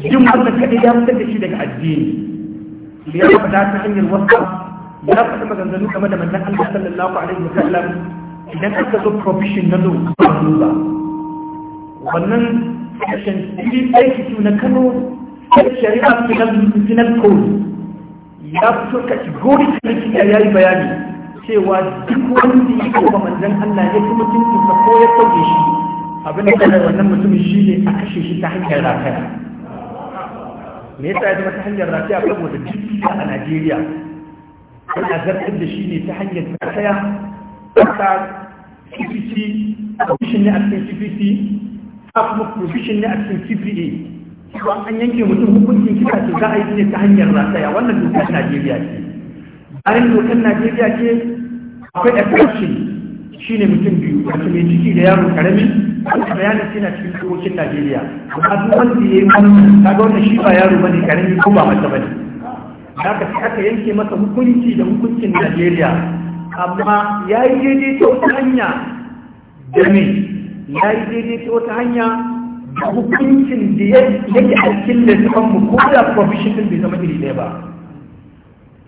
jin wannan kaɗai ya fitar da shi daga addini ya ba ta hanyar wasu ya faɗi maganganu game da manzan Allah sallallahu alaihi wa sallam idan aka zo provision na zo ba wannan section 382 na kano shari'a final code ya fito categorically kika ya yi bayani cewa duk wanda ya kuma manzan Allah ya kuma tuntunsa ko ya sauke shi abin da kada wannan mutumin shi ne a kashe shi ta hanyar rataya me yasa ya zama ta hanyar rataya saboda duk a Najeriya ana zartar da shi ne ta hanyar rataya ta CPC a ne a cikin kuma profession ne a cikin CPA ko an yanke mutum hukuncin kisa ce za a yi ne ta hanyar rataya wannan dokar Najeriya ce bayan dokar Najeriya ce akwai exception shine mutum biyu wato mai ciki da yaro karami wanda bayanin shi na cikin dokokin Najeriya amma duk wanda ya yi wannan kaga wannan shi ba yaro bane karami ko ba mace bane haka sai aka yanke masa hukunci da hukuncin Najeriya amma ya yi daidai ta hanya da ne ya yi daidai ta wata hanya da hukuncin da ya yake a cikin kan ko da profession ɗin bai zama iri ɗaya ba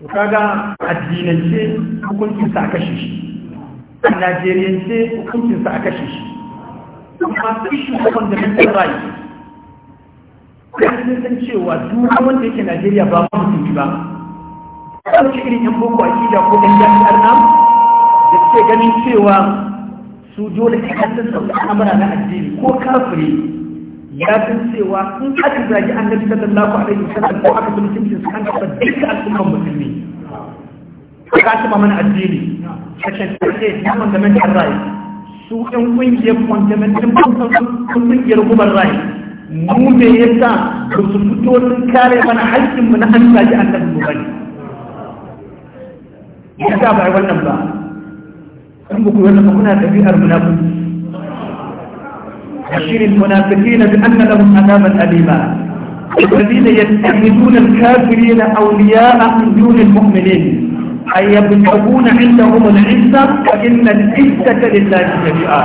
to kaga addinance hukuncin sa a kashe shi a ce hukuncin sa a kashe shi su yi shi da fundamental right kan san cewa duk wanda yake Najeriya ba mu musulmi ba kawai irin yan boko akida ko ɗan jami'ar nan da suke ganin cewa su dole sai hannun sauƙi sauka amara na addini ko kafiri ya fin cewa in aka zagi lafi a ɗaya wasallam ko aka zama cikin su an kafa duka al'ummar musulmi ka tuma mana addini section 38 na fundamental rai. su ɗan ƙungiyar fundamental ƙungiyar human rai? mu me yasa ba su fito sun kare mana haƙƙinmu na an zagi gaji mu bane ta ba wannan ba in ba ku yi wannan kuna المنافقين بأن لهم عذابا أليما الذين يتخذون الكافرين أولياء من دون المؤمنين أي يبتغون عندهم العزة فإن العزة لله جميعا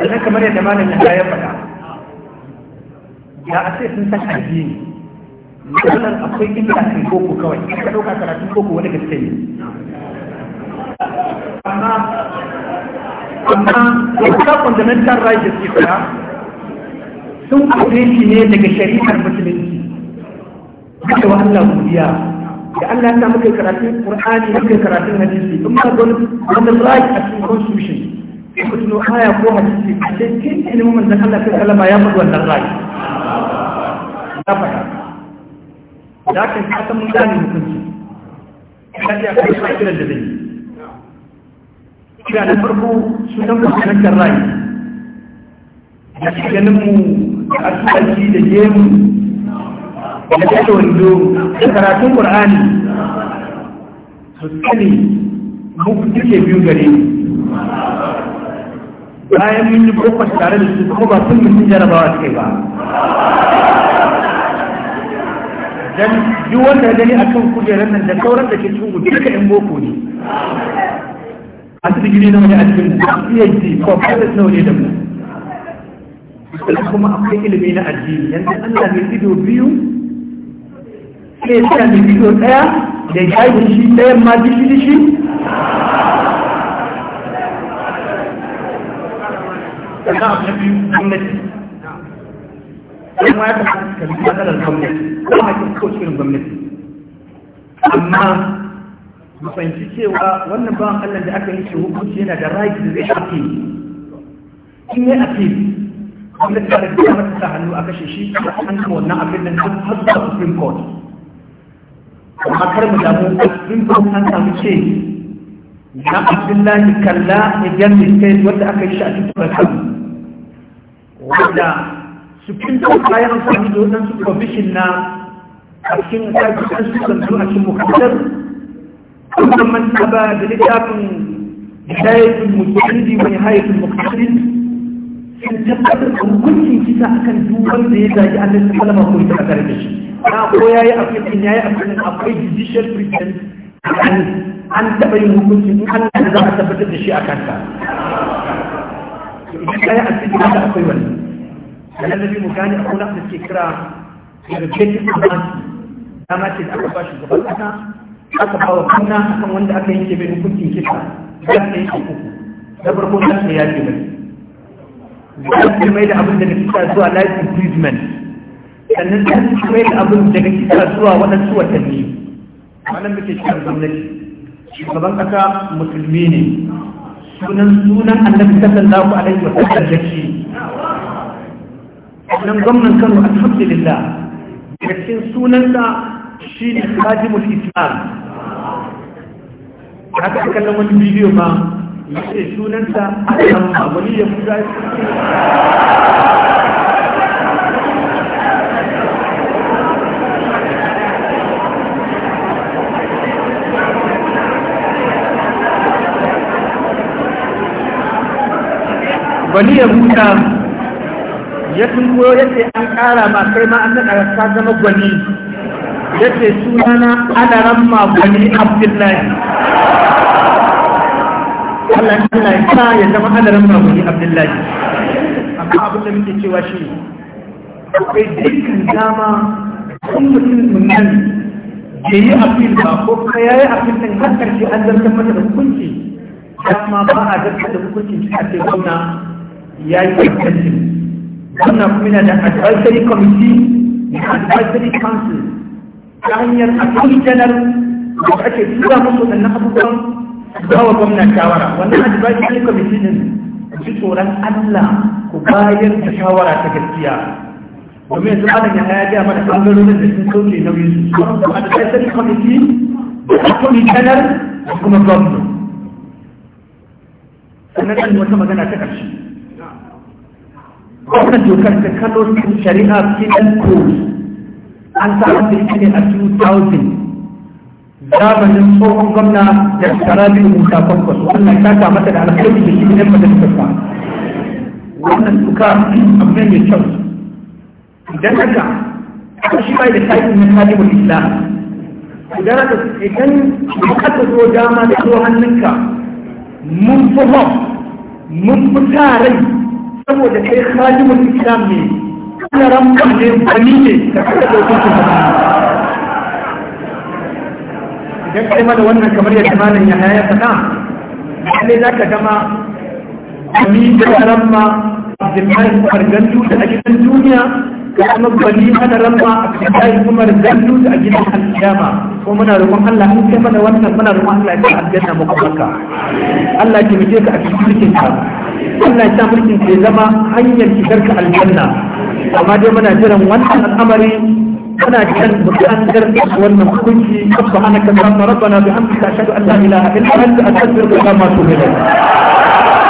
لذلك من يتمانى من لا يفعل يا أسيس نسان الدين wannan akwai inda kai koko kawai ka ɗauka karatun koko wani gaske ne amma amma wata fundamental right da suke kula sun aure shi ne daga shari'ar musulunci haka wa Allah godiya da Allah ya muka karatun Qur'ani muka karatun hadisi in ma don wannan right a cikin constitution ko tuno aya ko hadisi a cikin ilimin da Allah ya kalla wasallam ya mutu wannan right ya faɗa da haka yi san mun gane hukunci kan ya kai a kiran da zai yi kira na farko su san fuskantar rai da shi ganin mu da asubanci da gemu da kashe wando da karatun ƙur'ani su sani muku duke biyu gare bayan mun yi bakwai tare da su kuma ba sun mutum jarabawa suke ba dan duk wanda gani kan kujerar nan da sauran da ke cikin gudu duka yan boko ne a cikin gini na wani a cikin PhD ko private na wani da mu kuma akwai ilimi na addini yanzu Allah mai ido biyu sai ya mai ido daya da ya yi shi dayan ma dishi dishi sannan abu na biyu gwamnati don ma ya kamata ka bi matsalar gwamnati ko ma kin ko cikin gwamnati amma mu fahimci cewa wannan bawan Allah da aka yi shi hukunci yana da right da zai shafi in yi appeal gwamnati ta da mata sa hannu a kashe shi da an kama wannan abin nan har har zuwa Supreme Court amma kar mu damu Supreme Court an samu ce na Abdullahi Kalla Nijar State wanda aka yi shi a cikin Bakaru wanda su kinta kayan amfani da wadansu provision na a cikin ƙarfi su zanzu a cikin mukaddar musamman ta ba da littafin hidayatul mujtahidi wa nihayatul muqtasidin sun tabbatar da hukuncin kisa akan duk da ya zagi annabi kalama ko ita a da shi na ko yi afirkin yi afirkin akwai judicial precedent an taɓa yin hukunci in Allah za a tabbatar da shi a kanta idan kayan asiri haka akwai wani da lalabi mu gane akwai da suke kira irrigated advance dama ce da aka ba shugaban kasa aka bawa wa kuna akan wanda aka yanke mai hukuncin kisa za ta yanke uku na farko za ta yaƙi mai za ta mai da abin daga kisa zuwa life imprisonment sannan za ta mai da abin daga kisa zuwa waɗansu watanni wannan muke shirin gwamnati shugaban kasa musulmi ne sunan sunan annabi sallallahu alaihi wa sallam da shi nan gwamnan kano alhamdulillah daga cikin sunansa shi ne hajimul islam haka a kallon wani bidiyo ma ya ce sunansa alhamma wani ya fusa wani ya huta ya tunkoyo ya an ƙara ma kai ma an naɗa ka zama gwani ya ce sunana adaran ma gwani abdullahi Allah Allah ya ya zama adaran ma gwani abdullahi amma abin da muke cewa shi akwai dukkan dama kun mutum mun nan ya yi afil ba ko kuma ya yi afil ɗin har ƙarshe an zartar mata da hukunci dama ba a zartar da hukuncin shi a ce gwamna ya yi hukuncin wannan kuma da advisory committee da advisory council ta hanyar additional da ake tura musu da na abubuwan ba gwamna shawara wannan advisory committee din tsoron allah ku bayar da shawara ta gaskiya domin yanzu ya gaya mana ɓangarorin da sun sauke nauyin su su advisory committee da additional da kuma gwamna sannan wata magana ta ƙarshe gwamnan dokar ta kano cikin shari'a penal code an samu da ita ne a 2000 zamanin tsohon gwamna da sarabi musa kwankwas wannan ta kama da alkhairi da shi ne majalisar ba wannan duka amma ne mai kyau idan haka aka shi bai da tafi na talibul islam idan haka idan aka zo dama da zo hannunka mun fi mun fi tarai. saboda kai khadimul islam ne kana ramkan ne kani ne ka kada da kuka idan kai mana wannan kamar yadda malam ya haya faɗa lalle za ka gama kami da ramma Abdullahi Argantu da a gidan duniya karamar bani mana rabba a cikin kuma da zannu da a gidan alkiyama ko muna roƙon Allah in kai mana wannan muna roƙon Allah ya sa aljanna mu kuka Allah ya taimake ka a cikin mulkin ka Allah ya sa mulkin ka ya zama hanyar shigar ka aljanna amma dai muna jiran wannan al'amari muna jiran bukan garkar wannan hukunci subhanaka rabbana bihamdika ashhadu an la ilaha illa anta astaghfiruka wa atubu ilayk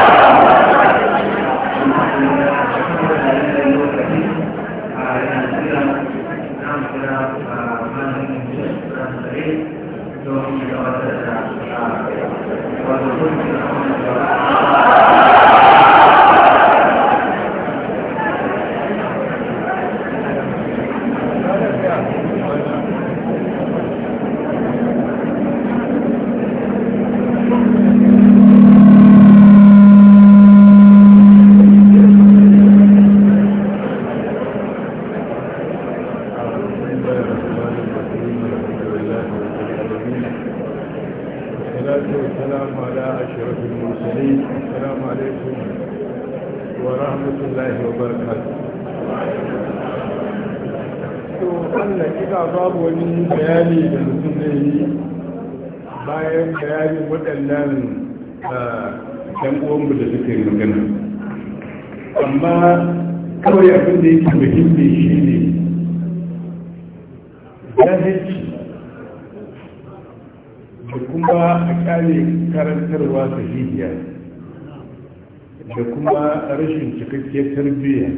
ya tarbiyya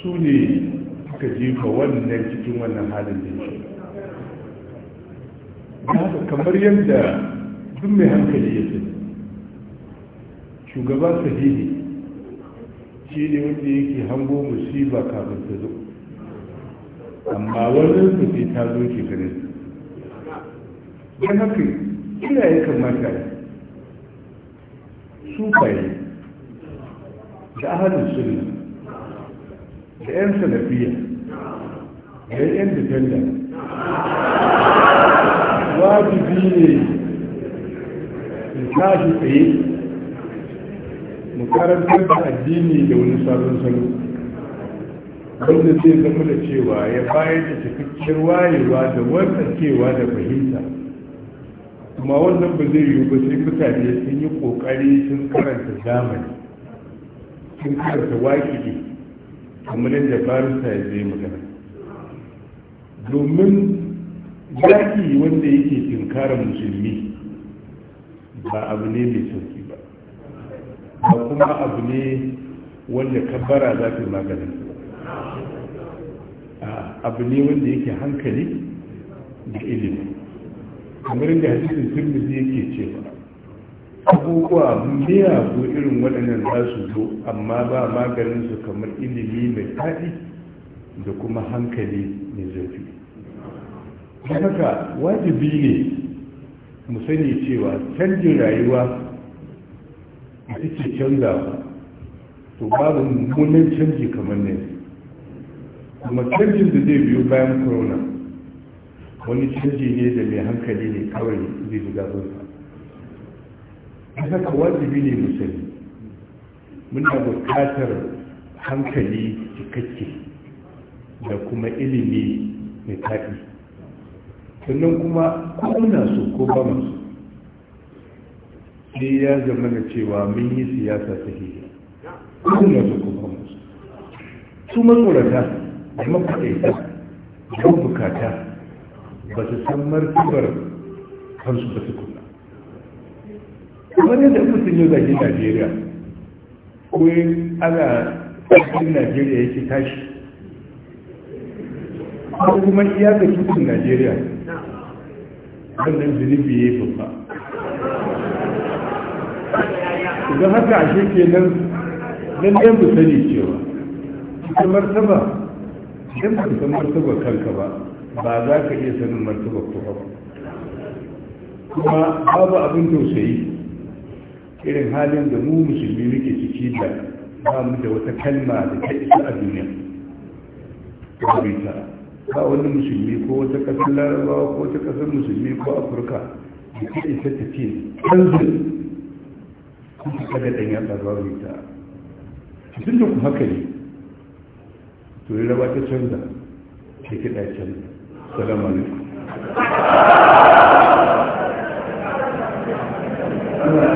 su ne suka jefa wannan cikin wannan halin da shi kamar yadda duk mai hankali ya ce shugaba sahihi shi ne wanda yake hango musiba kafin ta zo amma wannan su sai ta zo ke gare don haka ina ya kamata su bayan da ahalin suna da 'yan salafiya da 'yan dependent wajibi ne in tashi tsaye Makarantar da addini da wani sabon salo wanda zai zama da cewa ya bayar da cikakkiyar wayewa da cewa da fahimta kuma wannan ba zai yiwu ba sai mutane sun yi kokari sun karanta zamani sun karanta waƙi kamar yadda barista ya zai magana domin yaƙi wanda yake tinkarar musulmi ba abu ne mai sauki ba ba kuma abu ne wanda kabbara za ta magana, maganin abu ne wanda yake hankali da ilimi kamar yadda hadisin turmizi yake cewa abubuwa miyagu irin waɗannan za su zo amma ba maganin su kamar ilimi mai taɗi da kuma hankali mai zafi haka wajibi ne mu sani cewa canjin rayuwa cikin ita ba, to babu mummunan canji kamar ne kuma canjin da zai biyo bayan corona wani canji ne da mai hankali ne kawai zai zuga zuwa haka wajibi ne musulmi muna buƙatar hankali cikakke da kuma ilimi mai taɗi sannan kuma kuna su ko ba masu sai ya zama da cewa mun yi siyasa ta hiyar Kuna su ko ba masu su matsorata da mafaɗaita da bukata ba su san martabar kansu ba su kuma kamar yadda sun yi zaki najeriya ko ana cikin najeriya yake tashi ko kuma ga cikin najeriya wannan zunubi ya yi babba idan haka ashe nan, nan ɗan mu sani cewa cikin martaba idan ba san martaba kanka ba ba za ka iya sanin martaba ko ba kuma babu abin tausayi irin halin da mu musulmi muke ciki da ba mu da wata kalma da ta isa a duniya babu ita ba wani musulmi ko wata kasar larabawa ko wata kasar musulmi ko afirka da ta isa ta ce kanzu kuma kada ɗan yatsa babu ita tun da ku haka ne to yi raba ta canza ke kiɗa canza Salam alaikum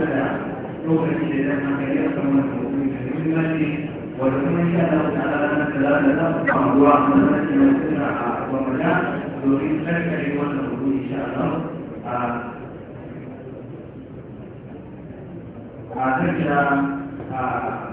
ba da lokaci da ya haka ya samu da a na a gwamnati domin karkare wannan hudu insha a karkira da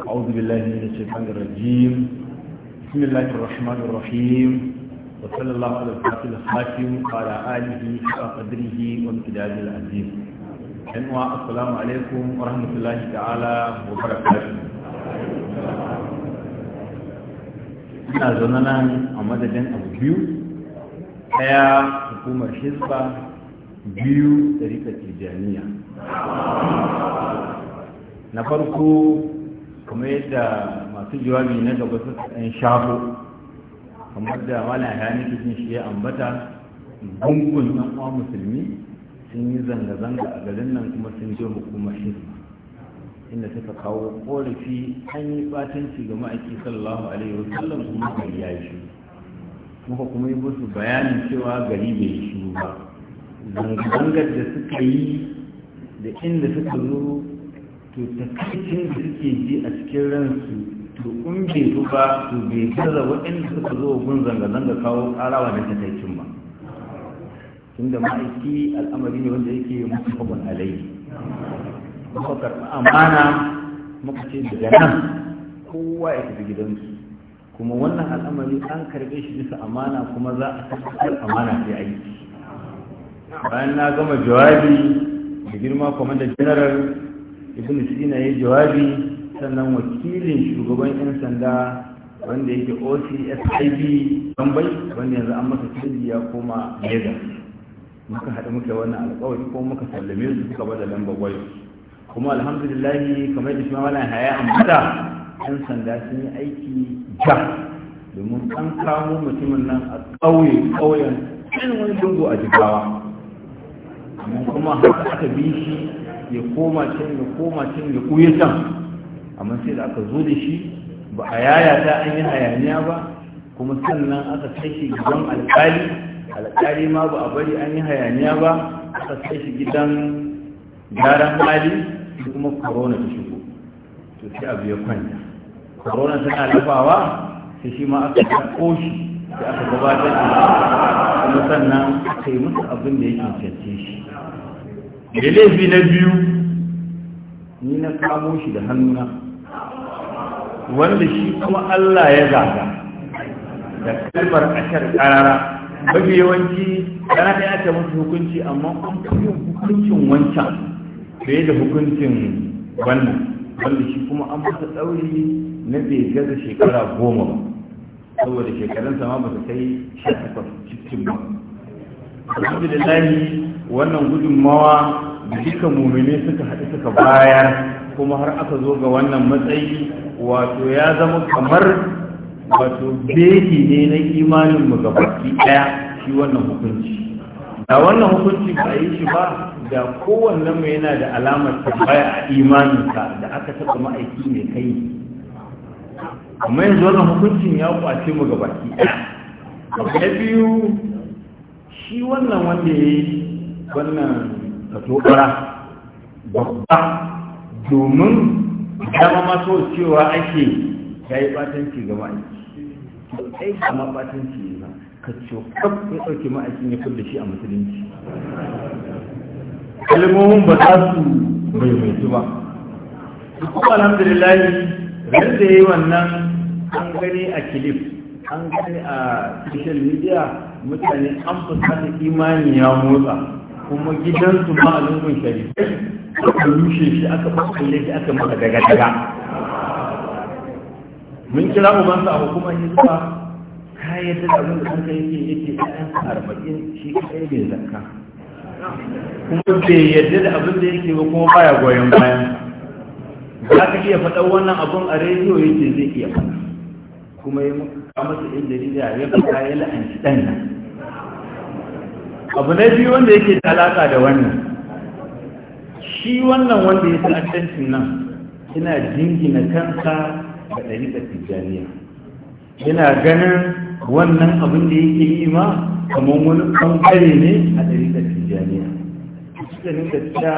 أعوذ بالله من الشيطان الرجيم بسم الله الرحمن الرحيم وصلى الله على الفاتح الخاتم وعلى آله وقدره وامتداد العزيز أنواع السلام عليكم ورحمة الله تعالى وبركاته أنا zaune أمد جن أبو بيو هيا حكومة hukumar بيو طريقة da نفرقو kamar yadda masu jawabi na gaba su ɗan shafo kamar da wala ya nake jin shi ya ambata gungun ɗan uwa musulmi sun yi zanga-zanga a garin nan kuma sun je hukumar hizba inda suka kawo ƙorafi, an yi batanci ga ma'aiki sallallahu alaihi sallam kuma gari ya yi shi muka kuma yi musu bayanin cewa gari bai yi shiru ba zanga-zangar da suka yi da inda suka zo to takaicin da suke ji a cikin ransu to in bai zo ba to bai gaza waɗanda suka zo gun zanga-zanga kawo ƙarawa da takaicin ba tunda ma'aiki al'amari ne wanda yake mutumin alai muka karɓi amana muka ce daga nan kowa ya tafi gidansu kuma wannan al'amari an karɓe shi bisa amana kuma za a tafi amana ta aiki bayan na gama jawabi da girma kwamandan general ibn sina ya jawabi sannan wakilin shugaban 'yan sanda wanda yake ocsib bambai wanda yanzu an masa canji ya koma leda muka haɗu muka wannan alƙawari ko muka sallame su suka bada lamba wayo kuma alhamdulillah kamar da shima wani haya an bada 'yan sanda sun yi aiki ja domin an kamo mutumin nan a ƙauye ƙauyen ɗan wani dungu a jigawa amma kuma haka aka bi shi ya koma can ya koma can ya koya can amma sai da aka zo da shi ba a yaya ta an yi hayaniya ba kuma sannan aka kai shi gidan alƙali alƙali ma ba a bari an yi hayaniya ba aka kai shi gidan gyaran hali da kuma korona ta shigo to sai abu ya kwanta corona tana lafawa sai shi ma aka ɗauko shi sai aka gabatar da shi kuma sannan aka yi musu abin da ya cancance shi da laifi na biyu ni na kamo shi da hannuna wanda shi kuma Allah ya zaga da kalmar ashar karara mafi yawanci kana ɗaya aka musu hukunci amma an kuma hukuncin wancan fiye da hukuncin wannan wanda shi kuma an masa sauri na bai gaza shekara goma ba saboda shekarunsa ma ba ta kai sha takwas cikin ba alhamdulillahi wannan gudunmawa da duka mumine suka haɗu suka bayar kuma har aka zo ga wannan matsayi wato ya zama kamar wato beki ne na imanin mu ga baki ɗaya shi wannan hukunci da wannan hukunci ba a yi shi ba da kowanne mu yana da alamar tambaya a imaninsa da aka taɓa ma'aiki mai kai amma yanzu wannan hukuncin ya kwace mu ga baki ɗaya na biyu shi wannan wanda ya yi wannan katobara babba domin dama maso cewa ake ya yi batanci ga ma'aiki ai kama batanci ne ba ka cokaf ya ɗauke ma'aiki ya kulle shi a musulunci kalmomin ba za su bai mai ba kuma alhamdulillahi, ran da yi wannan an gani a kilif an gani a social media mutane an da imani ya motsa kuma gidansu ma a lungun sharifai aka rushe shi aka ɓakalle shi aka maka daga daga mun kira mu masu a hukumar hizba kayan da abin da kanka yake yake ɗayan arba'in shi kaɗai bai zakka kuma bai yarda da abin da yake ba kuma baya goyon bayan za ka iya faɗan wannan abin a rediyo yake zai iya faɗa kuma ya masa inda ya faɗa ya la'anci ɗan nan abu na biyu wanda yake da alaƙa da wannan shi wannan wanda ya ta'addancin nan yana jingina kansa ga da tijjaniya yana ganin wannan abin da yake yi ma kamar wani ɓangare ne a ɗariƙar tijjaniya suka nika cewa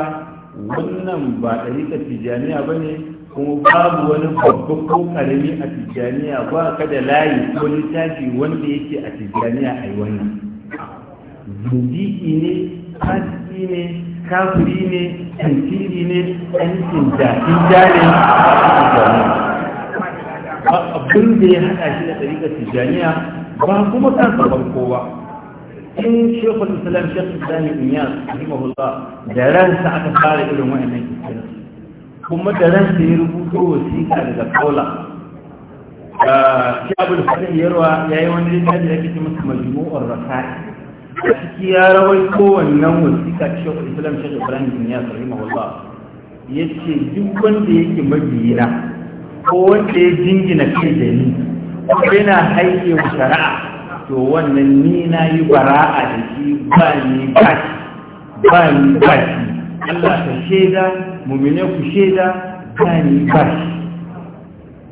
wannan ba da tijjaniya ba ne kuma babu wani babban ko ƙarami a tijjaniya ba ka da layi ko littafi wanda yake a tijjaniya a yi wannan zindiki ne fasiki ne kafiri ne tantiri ne ɗan tinta tinta ne ba abin da ya haɗa shi da ɗariƙar tijjaniya ba kuma kan sabon kowa in shekul islam shekul islami inyas rahimahullah da ransa aka fara irin wa'annan kiskinan kuma da ransa ya rubuto wasiƙa daga kaula shi abu da fadin yarwa ya yi wani littafi da ake ce masa majmu'ar rasa'i a ciki ya rawar kowannen wasiƙa ta shekul islam da ibrahim bin ya sarri mawallah ya ce duk wanda yake mabiyina ko wanda ya jingina kai da ni ko yana haike wa shari'a to wannan ni na yi bara'a da shi ba ni ba shi ba ni ba shi Allah ka shaida mumine ku shaida ba ni ba shi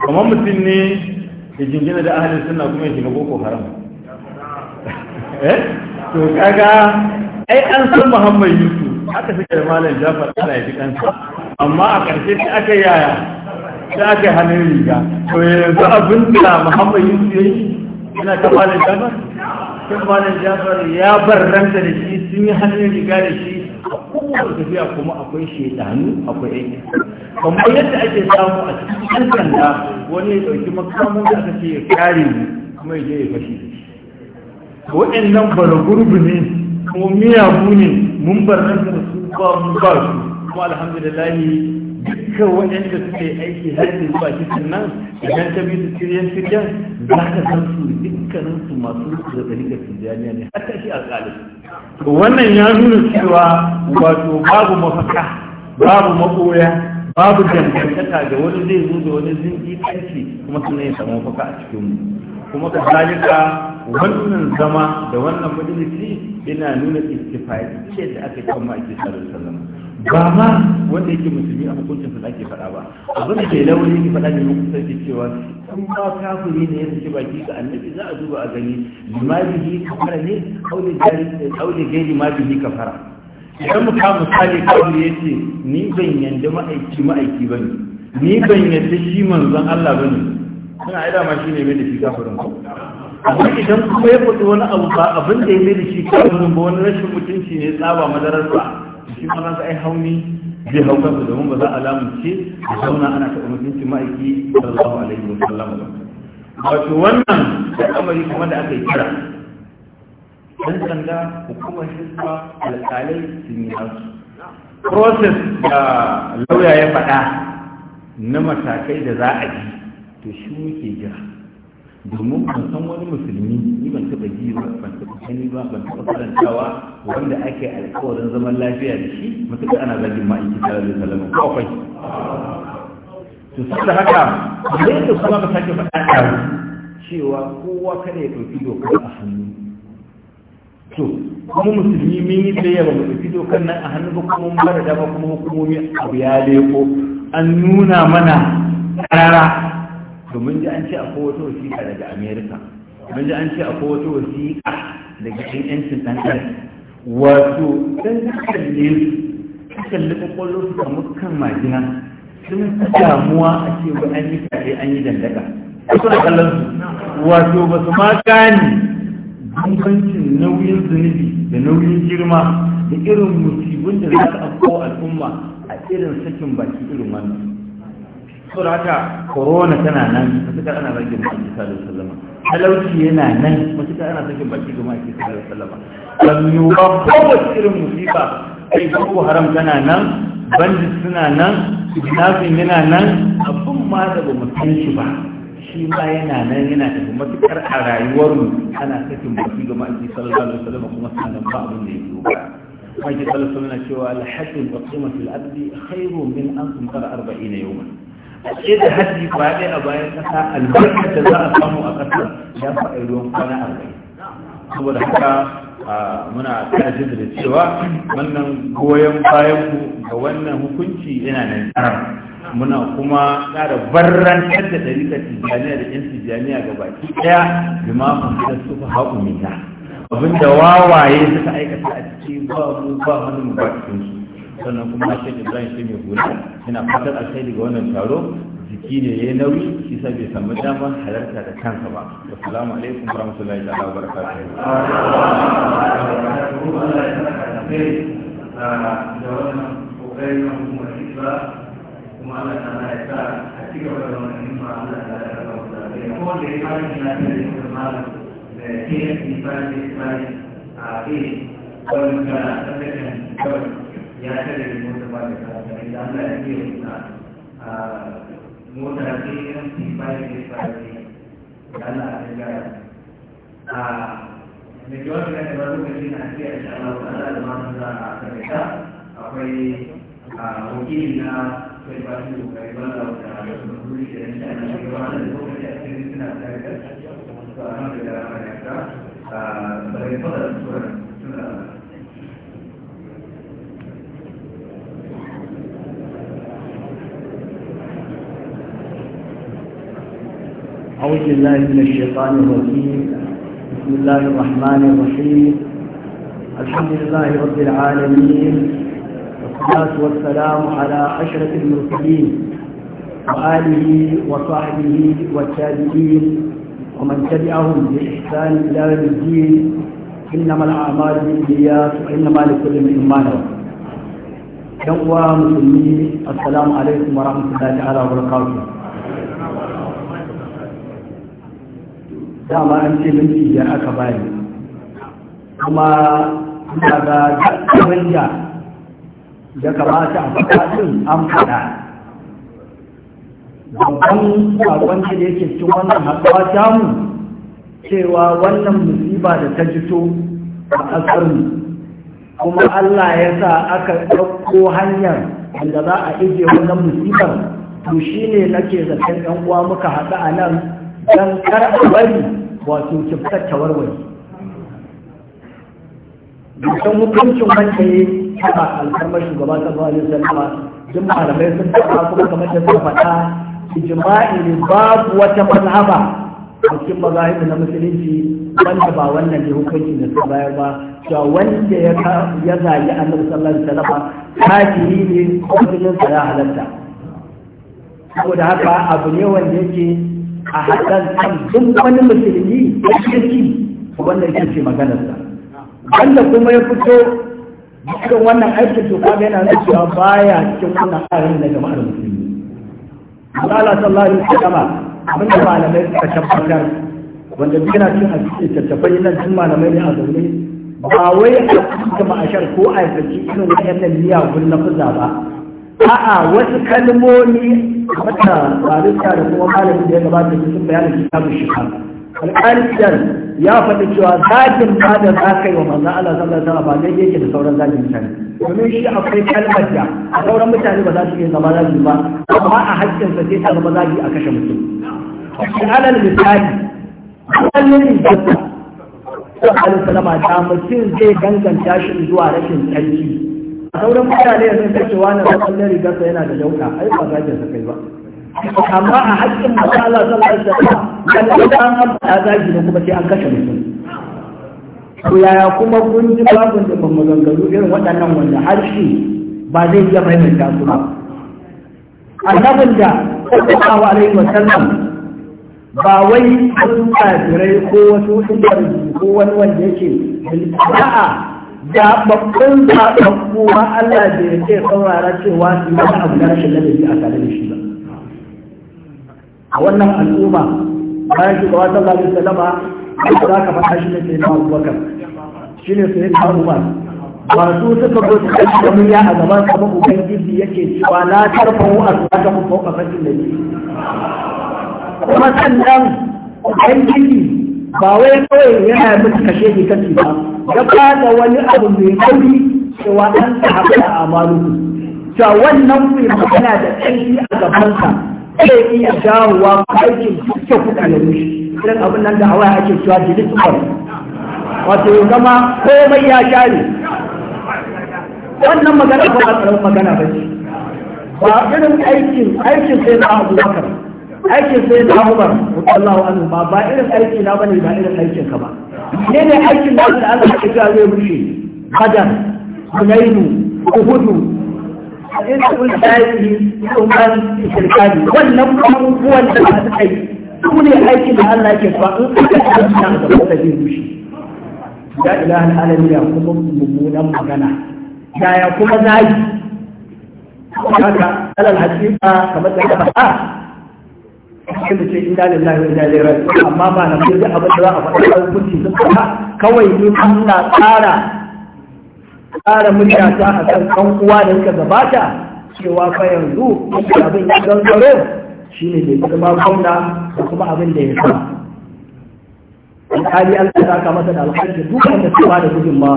kamar mutum ne ya jingina da ahalin suna kuma ya shiga boko haram eh to kaga ai an san muhammad yusuf aka suke da malam jafar ana yi kansa amma a ƙarshe sai aka yi yaya sai aka hannun riga to yanzu abin da muhammad yusuf ya yi yana ta malam jafar sai malam jafar ya bar ranta da shi sun yi hannun riga da shi a kowace tafiya kuma akwai shaidanu akwai yan kamar yadda ake samu a cikin sanda wani ya ɗauki makamun da aka ce ya kare mu kuma ya je ya fashe waɗannan bara gurbi ne kuma miyagu ne mun bar nan da su ba mun ba su kuma alhamdulillah dukkan waɗanda suka yi aiki har da zuwa kisan nan idan ta bi su shiryen shiryen za ka san su dukkanin su masu rufe da ɗalikar ne har shi alƙalin wannan ya nuna cewa wato babu mafaka babu maɓoya babu dangantaka da wani zai zo da wani zindiƙanci kuma suna yin samun faka a cikinmu kuma ka zalika wannan zama da wannan majalisi yana nuna ce da aka kan ma'aiki sallallahu zama ba ma wanda yake musulmi a hukuncin da ake faɗa ba abin da lauri yake faɗa ne mun ke cewa kun ba kafiri ne ya saki baki ga annabi za a duba a gani limabihi kafara ne aure jari aure gairi mabihi kafara idan mu ka misali kawai yace ni ban yanda ma'aiki ma'aiki bane ni ban yanda shi manzon Allah bane suna ai dama shi ne mai da shi kafirin ku amma idan kuma ya faɗi wani abu ba abin da ya mai da shi kafirin ba wani rashin mutunci ne tsaba madarar ba shi ma ranka ai hauni zai hau kansa domin ba za a lamunce a zauna ana taɓa mutunci ma'aiki sallallahu alaihi wa sallam wato wannan al'amari kuma da aka yi kira dan sanda hukumar hisba alƙalai sun yi nasu process da lauya ya faɗa na matakai da za a yi to shi muke jira domin ban san wani musulmi ni ban taɓa ji ba ban taɓa gani ba ban taɓa karantawa wanda ake alƙawarin zaman lafiya da shi matuƙar ana zargin ma'aiki sallallahu da salama ko akwai to saboda haka sai da kuma ba sake faɗa ta cewa kowa kada ya ɗauki dokar a hannu to kuma musulmi mun yi tsaye ba mu ɗauki dokar nan a hannu ba kuma mun da dama kuma hukumomi abu ya leko an nuna mana ƙarara to mun ji an ce akwai wata wasiƙa daga amerika mun ji an ce akwai wata wasiƙa daga ɗan yancin ɗan ƙarfi wato ɗan kalle su kalli kwakwalwa su samu kan majina sun damuwa a ce wa an yi kaɗe an yi dandaka suna kallon su wato ba su ma gane bambancin nauyin zunubi da nauyin girma da irin musibin da za ka afko al'umma a irin sakin baki irin wannan saboda haka corona tana nan matuƙar ana sakin baki sallallahu alaihi talauci yana nan matuƙar ana sakin baki ga maki sallallahu kowace irin kai boko haram tana nan bandit suna nan nafin yana nan abin ma da ba mu san shi ba shi ma yana nan yana da matuƙar a rayuwarmu ana sakin baki ga maki sallallahu alaihi wasallam kuma sanan ba abin da ya biyo ba حاجة قال سمعنا شو الحج البطيمة في الأبد خير من أن تمطر أربعين يوما ce da hajji kwaya a bayan ƙasa albarkar da za a samu a ƙasar ya faɗi ruwan kwana arba'in saboda haka muna ƙarfin da cewa wannan goyon bayan ga wannan hukunci yana nan tsarar muna kuma ƙara barrantar da ɗarikar tijjaniya da ƴan tijjaniya ga baki ɗaya da ma da su fa haƙu abinda wawaye suka aikata a cikin ba mu ba wani mu ba su sannan kuma a shek ibrahim sai mai gona yana fatar alkhairi ga wannan taro jiki ne ya nauyi shi sa bai samu damar halarta da kansa ba assalamu alaikum wa warahmatullahi ta'ala wabarakatuh da wannan kokarin na hukumar isra kuma Allah ta ya sa a cikin wannan wannan himma Allah ta ya sa wata da ko da ya fara ina da yin malam da ke yin fara da fara a ke wannan kana da kan kawai ya tare da mota ba da idan a mota ce da da gara a da ka shi na a za a akwai a wakili na kai ba su kai ba da wata ruri da shi ba da a cikin suna da su a nan da a bai fada da أعوذ بالله من الشيطان الرجيم بسم الله الرحمن الرحيم الحمد لله رب العالمين والصلاة والسلام على أشرف المرسلين وآله وصحبه والتابعين ومن تبعهم بإحسان إلى يوم الدين إنما الأعمال بالنيات وإنما لكل من ما نوى يوم مسلمين السلام عليكم ورحمة الله تعالى وبركاته dama an ce minti biyar aka bani kuma ina ga da ya kamata a faɗaɗin an faɗa babban sakon da yake cikin wannan haɗuwa samu cewa wannan musiba da ta jito a ƙasarmu kuma Allah ya sa aka ɗauko hanyar wanda za a ije wannan musibar to shine nake zaton ‘yan uwa muka haɗu a nan don kar a bari wato kyautar ta warware dukkan hukuncin wanda ya taɓa alfarmar shugaba ta zuwa sallama duk malamai sun taɓa kuma kamar da suka fada ijma'i ne babu wata mazhaba a cikin mazahibu na musulunci wanda ba wannan ne hukunci da su bayar ba cewa wanda ya ya zagi annabi sallallahu alaihi wasallam kafiri ne ko jinin sa ya halatta saboda haka abu ne wanda yake a haɗar kan duk wani musulmi ya a wannan ita ce maganarsa wanda kuma ya fito cikin wannan aikin su kaga yana nuna cewa baya cikin wannan ayarin na jama'ar musulmi Allah sallallahu alaihi wasallam abin da malamai suka tabbatar wanda duk yana cin da tattafai nan cin malamai ne a zaune ba wai a cikin ma'ashar ko a aikaci irin waɗannan miyagun na fuza ba a'a wasu kalmomi wata barista da kuma malamin da ya gabata da sun bayanin kitabun ba alƙalin ya faɗi cewa zagin ba da za ka yi wa manzan Allah sallallahu alaihi zama ba dai yake da sauran zagin mutane domin shi akwai kalmar da a sauran mutane ba za su iya zama zagi ba amma a haƙƙin sa sai ta zama zagi a kashe mutum shi alal misali kallon da sallallahu alaihi da mutum zai danganta shi zuwa rashin tarihi sauran mutane sun ta cewa na matsalar rigarsa yana da dauka ai ba za sa kai ba amma a harkin masala Allah sallallahu alaihi wasallam kan da an ta zagi ne kuma sai an kashe mutum to yaya kuma kun ji babu da ban maganganu irin waɗannan wanda har shi ba zai iya mai su ba annabin da sallallahu alaihi wasallam ba wai wasu kafirai ko wasu inda ko wani wanda yake a'a da babban zaɓaɓɓu Allah da ya ce saurara cewa su yi wani abu na rashin ladabi a tare da shi ba a wannan al'umma bayan shi ga wata zaɓi salama a za ka faɗa shi ne sai na abubakar shi ne sai na umar masu suka zo su kai da murya a gaban kamar ubangiji yake cewa na tarfawo a zuwa ta mu fauka da ke kuma sannan ubangiji ba wai kawai yana yi mutu kashe ne kaci ba ya fata wani abu mai kauri cewa an sahabu da amalu cewa wannan mai magana da ƙarfi a gabansa zai iya dawowa aikin cikin kuka da rushe irin abin nan da hawaye ake cewa jilis wato ya zama komai ya share wannan magana ba a tsaron magana ba ce ba irin aikin aikin sai na abubakar aikin sai da Umar sallallahu alaihi ba ba irin aiki na bane ba irin aikin ka ba ne ne aikin da Allah ya ga zai rushe Badar Hunainu Uhudu inda kun tsari umar shirkani wannan abubuwan da za ta kai su ne aikin da Allah ke fa in ka ta da da zai rushe ya ilaha alamin ya kuma mummunan magana yaya kuma zagi haka alal hakika kamar da ba kan da ce inna lillahi wa inna amma ba na duk abin da za a faɗa hukunci sun faɗa kawai ni Allah tsara tsara mutata a kan kan uwa da suka gabata cewa fa yanzu abin ya gangaro shine bai zama gwamna da kuma abin da ya sa alhali an ta saka masa da alhaji duk wanda su ba da gudunma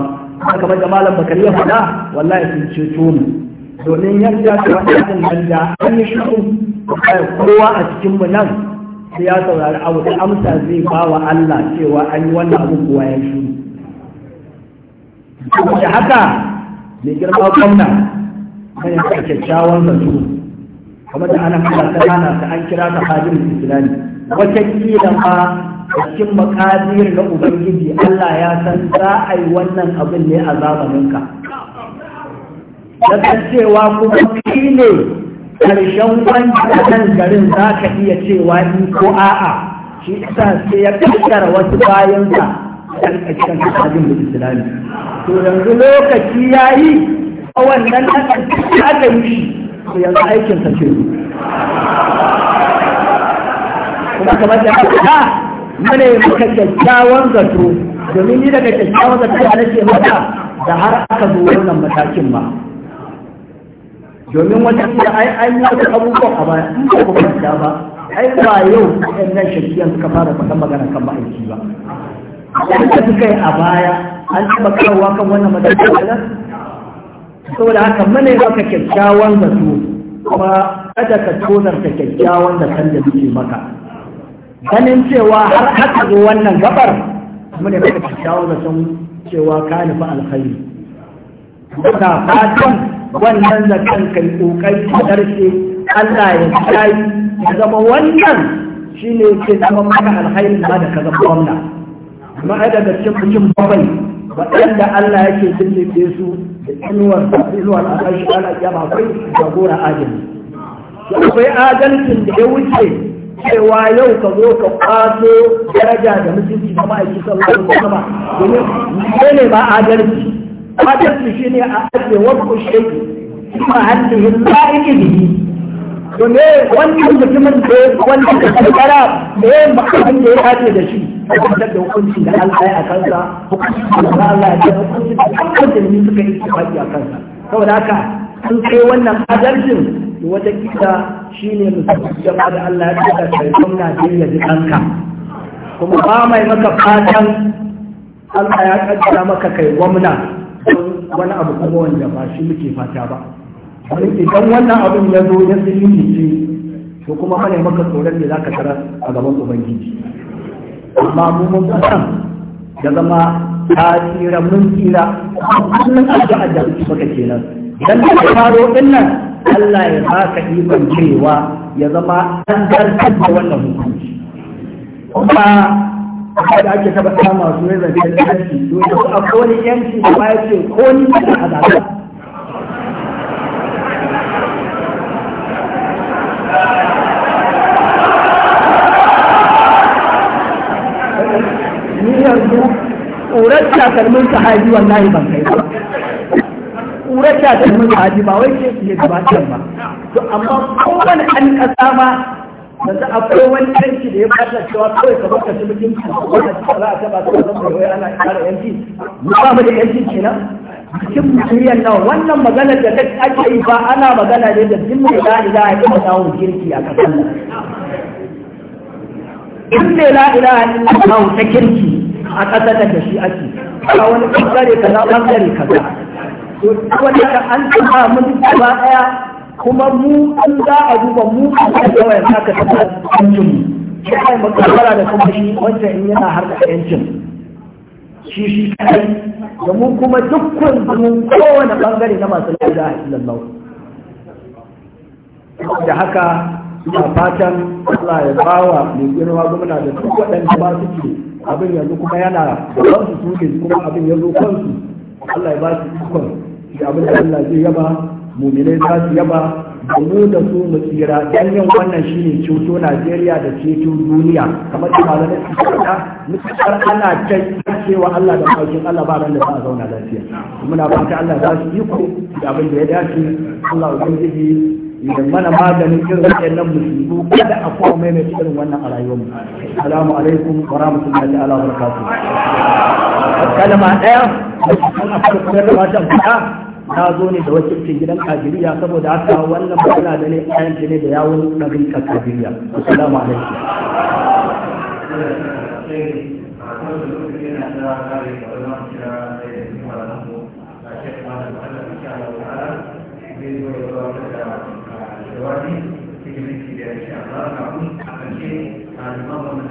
kamar da malam bakari ya faɗa wallahi sun ce mu domin yadda da ta nan da an yi shiru kowa a cikinmu nan sai ya saurari abu da amsa zai ba wa Allah cewa an yi wannan abu kuwa ya shi da haka mai girma kwamna kan yanka kyakkyawan zato kuma da ana kula ta rana ta an kira ta hajjin islami wataƙila ma a cikin makadir na ubangiji Allah ya san za a yi wannan abin ne a zamaninka kasancewa cewa kuma shi ne ƙarshen wanda nan garin za ka iya cewa ni ko a'a shi isa sai ya kaddara wasu bayansa ƙarƙashin kasajin da islami to yanzu lokaci ya yi a wannan ɗan aka yi shi to yanzu aikinsa ce kuma kamar da aka mana yi maka kyakkyawan zato domin ni daga kyakkyawan zato a nake mata da har aka zo wannan matakin ba domin wata da ai ai wasu abubuwan a baya in ba ku fahimta ba ai ba yau ɗan nan shakiyan suka fara faɗan magana kan ma'aiki ba wanda suka yi a baya an taɓa kawowa kan wannan madadin saboda haka mana maka kyakkyawan zato kuma kada ka tonar ta kyakkyawan zaton da suke maka ganin cewa har aka zo wannan gabar mana maka kyakkyawan zaton cewa ka nufi alkhairi kana fatan wannan zakan kai kokari a ƙarshe Allah ya kai ya zama wannan shine ke zama maka alhairin ba da ka zama wannan amma ai daga cikin cikin babai waɗanda Allah yake dindinde su da inuwar inuwar a ƙarshe ana da akwai jagora adali akwai adalcin da ya wuce cewa yau ka zo ka kwaso daraja da mutunci da ma'aikatan wani kuma domin ne ba adalci adalci shi ne a ajiye wasu shaiki kuma hannun hannuhin la'iki bihi to ne wannan mutumin da ya wanda ka kankara da ya makamin da ya dace da shi hukuntar da hukuncin da Allah ya kansa hukuncin da Allah ya kansa hukuncin da hukuncin da suka yi tafaki a kansa saboda haka sun kai wannan adalcin wata kisa shi ne musamman jama'a da Allah ya kasa karfin Najeriya ji kanka kuma ba mai maka fatan Allah ya kaddara maka kai gwamna wani abu kuma wanda ba shi muke fata ba idan wannan abin ya zo ya sirrice to kuma mana maka tsoron da za ka tara a gaban ubangiji amma mu mun san da zama ta tsira mun tsira wannan addu'a da kuke maka kenan dan da faro din nan Allah ya baka ikon cewa ya zama an zartar da wannan hukunci kuma amma da ake taba kama su ne zancen yanci domin su akwai wani yanci da ba ya ce ko ni da azaba ni yanzu ƙurar takalmin sahaji wallahi ban kai ba ƙurar takalmin Haji ba wai ke fiye da ba to amma kowane an ƙasa ma yanzu akwai wani yanki da ya bata cewa kawai ka baka shi mutum wannan ta za a taba ta zan bai ana kara yanki mu ba mu da yanki kenan mutum mutumiyan nan wannan magana da ta ake yi ba ana magana ne da jin mu la ilaha ta Allah kirki a kasan nan in mai la'ila ilaha illa ta ta kirki a kasan da shi ake A wani bangare kaza bangare kaza to wannan an tsaya mun ba ɗaya kuma mu an za a duba mu a kan wayan haka ta yancin mu shi kai makabara da kuma shi wancan in yana har da yancin shi shi kai da mu kuma dukkan mu kowane bangare na masu lalata a illallahu da haka ina fatan Allah ya bawa mai girma gwamna da duk waɗanda ba su ke abin yanzu kuma yana kansu su ne kuma abin yanzu kansu Allah ya ba su ikon shi abin da Allah zai yaba muminai za su yaba da da su mu tsira dan yin wannan shine ceto Najeriya da ceto duniya kamar da malamai su faɗa mutakar ana cewa Allah da saukin Allah ba ran da za a zauna lafiya muna fata Allah za su yi ko da abin da ya dace Allah ubangiji idan mana maganin irin waɗannan musibu kada a kuma maimaita irin wannan a rayuwarmu assalamu alaikum wa rahmatullahi ta'ala wa barakatuh kalma daya a farko da mata ta zo ne da wakilcin gidan kajiriya saboda haka wannan magana da ne kayan ne da yawon ɗarin ka kajiriya assalamu alaikum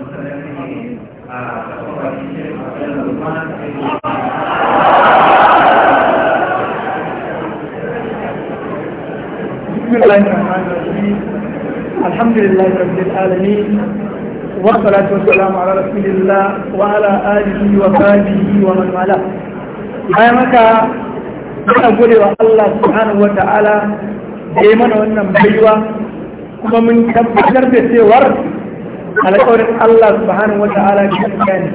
Thank you. الله الرحمن الرحيم الحمد لله رب العالمين والصلاة والسلام على رسول الله وعلى آله وصحبه ومن والاه bayan haka muna gode wa Allah subhanahu wa ta'ala da ya mana wannan baiwa kuma mun tabbatar da cewar alƙawarin Allah subhanahu wa ta'ala gaskiya ne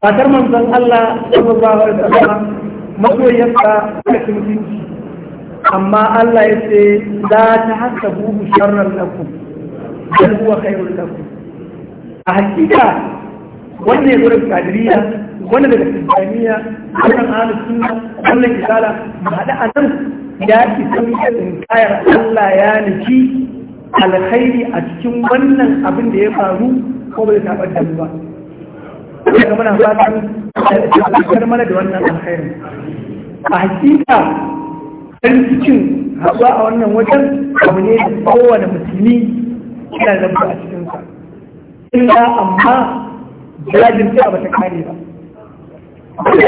matar manzon Allah sallallahu mutunci amma Allah ya ce za ta haka buhu sharar lakum bal huwa khairul lakum a hakika wannan ya zo daga kadiriya wannan daga tijjaniya wannan ahlus sunna wannan kisala mu hada a nan ya ki sun yin kayar Allah ya nufi alkhairi a cikin wannan abin da ya faru ko bai taɓa da ba daga muna fatan da mana da wannan alkhairin a hakika farin cikin haɗuwa a wannan wajen abu ne da kowane musulmi yana zama a cikinsa illa amma jajin ta ba ta kare ba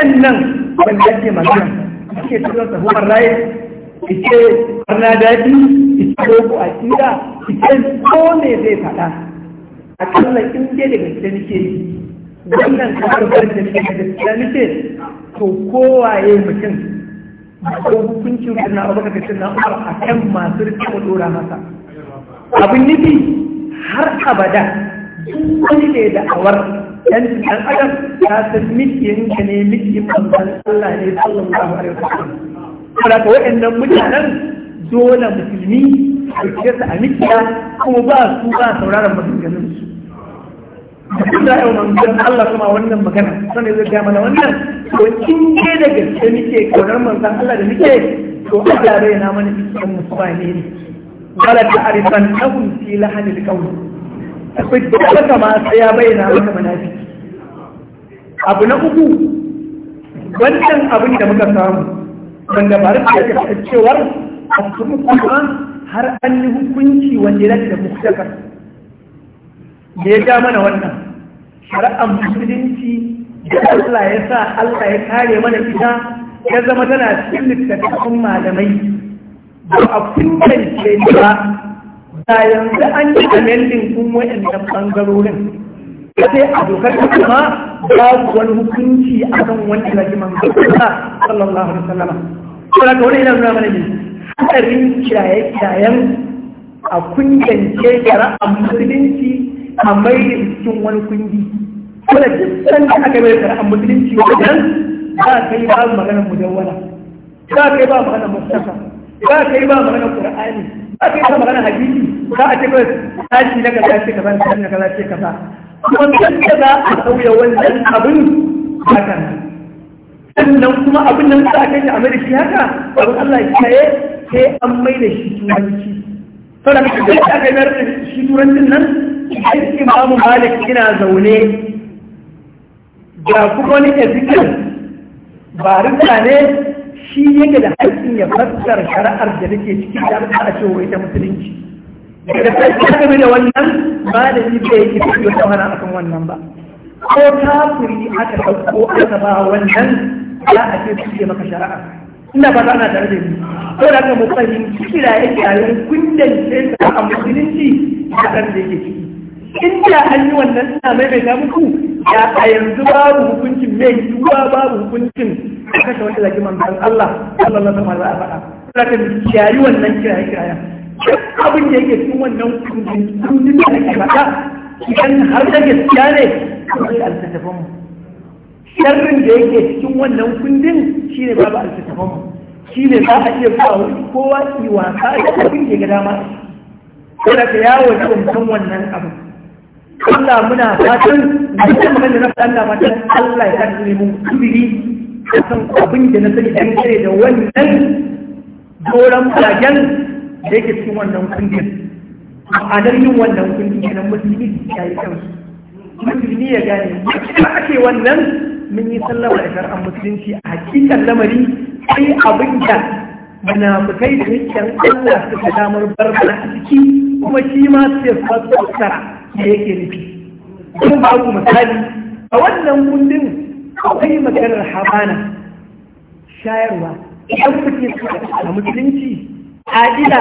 nan ban ake magana suke cikin sa raye, rights ike na daɗi ike boko a tsira ike ko ne zai faɗa a kalla in je daga gaske nake wannan kamar barin da nake da gaske nake to kowaye mutum ko hukuncin da na abubakar da na umar a kan masu rikon dora masa abin nufi har abada duk wani ne da awar yan dan adam ya san miki yanka ne mikiyin manzon Allah ne sallallahu alaihi wasallam kada ka wayannan mutanen dole musulmi su ce su a mikiya kuma ba su ba sauraron ganin su Allah yau manzon Allah kuma wannan magana sanin zai ga mana wannan to in ke da gaske nake kaunar manzon Allah da nake to Allah rai na mana cikin musulmani ne wala ta'rifan lahum fi lahanil qawl akwai dole kama sai ya bayyana maka munafiki abu na uku wannan abin da muka samu Ban wanda ba rufe da cewar a cikin kuma har an yi hukunci wanda ya da muktaka da ya ja mana wannan shari'ar musulunci da Allah ya sa Allah ya kare mana ita ya zama tana cikin littattafan malamai ba a kuntance ba da yanzu an yi amendin kun wa'annan ɓangarorin sai a dokar kuma babu wani hukunci a kan wani na ji manzo Allah sallallahu alaihi wasallam kuma ga wani ina nuna mana ne hadarin kiyaye kiyayen a kuntance shari'ar musulunci a mai da cikin wani kundi kuma duk san da aka mai da an musulunci wajen za ka yi ba magana mujawwala za ka yi ba magana mustafa za ka yi ba magana qur'ani za ka yi ba magana hadisi za a ce ba tashi na kaza ce kaza tashi na kaza ce kaza kuma kan da za a sauya wannan abin ba ta sannan kuma abin nan za a kai shi a mai shi haka abin Allah ya kiyaye sai an mai da shi turanci saboda da aka yi mai da shi turancin nan ai imamu malik ina zaune ga kuma wani ezekiel ba rika ne shi yake da haƙƙin ya fassar shari'ar da nake cikin da aka a cewa ta musulunci da ta game da wannan ba da ni bai yi fito da hana akan wannan ba ko kafiri aka ɗauko aka ba wannan za a ce su ce maka shari'a ina ba ana tare da ni ko da ka mu fahimci kiraye kirayen kundin sai a musulunci a ɗan da yake ciki inda an yi wannan mai maimaita muku ya a yanzu babu hukuncin mai yiwuwa babu hukuncin a kashe wata zaki manzan Allah Allah sallallahu alaihi wasallam faɗa zaka kiyayi wannan kiraye kiraye abin da yake cikin wannan kundin kundin da ake faɗa idan har da gaskiya ne akwai alkatafan mu sharrin da yake cikin wannan kundin shine babu alkatafan mu shine za a iya zuwa kowa yi wasa da abin da ya ga dama kada ka yawo da wannan abin Allah muna fatan duka magana na faɗa Allah mata Allah ya sa ne mun kubiri a kan abin da na sani an kare da wannan doron fagen da yake cikin wannan kungiyar ma'anar yin wannan kungiyar na musulmi ya yi kansu musulmi ya gane ba ake wannan mun yi sallama da shar'an musulunci a hakikan lamari sai abin da munafikai da yankin Allah suka damar barbara a ciki kuma shi ma su ya fasu tara da yake nufi Kuma ba ku misali a wannan kundin akwai maganar habana shayarwa idan kuke suka a musulunci adila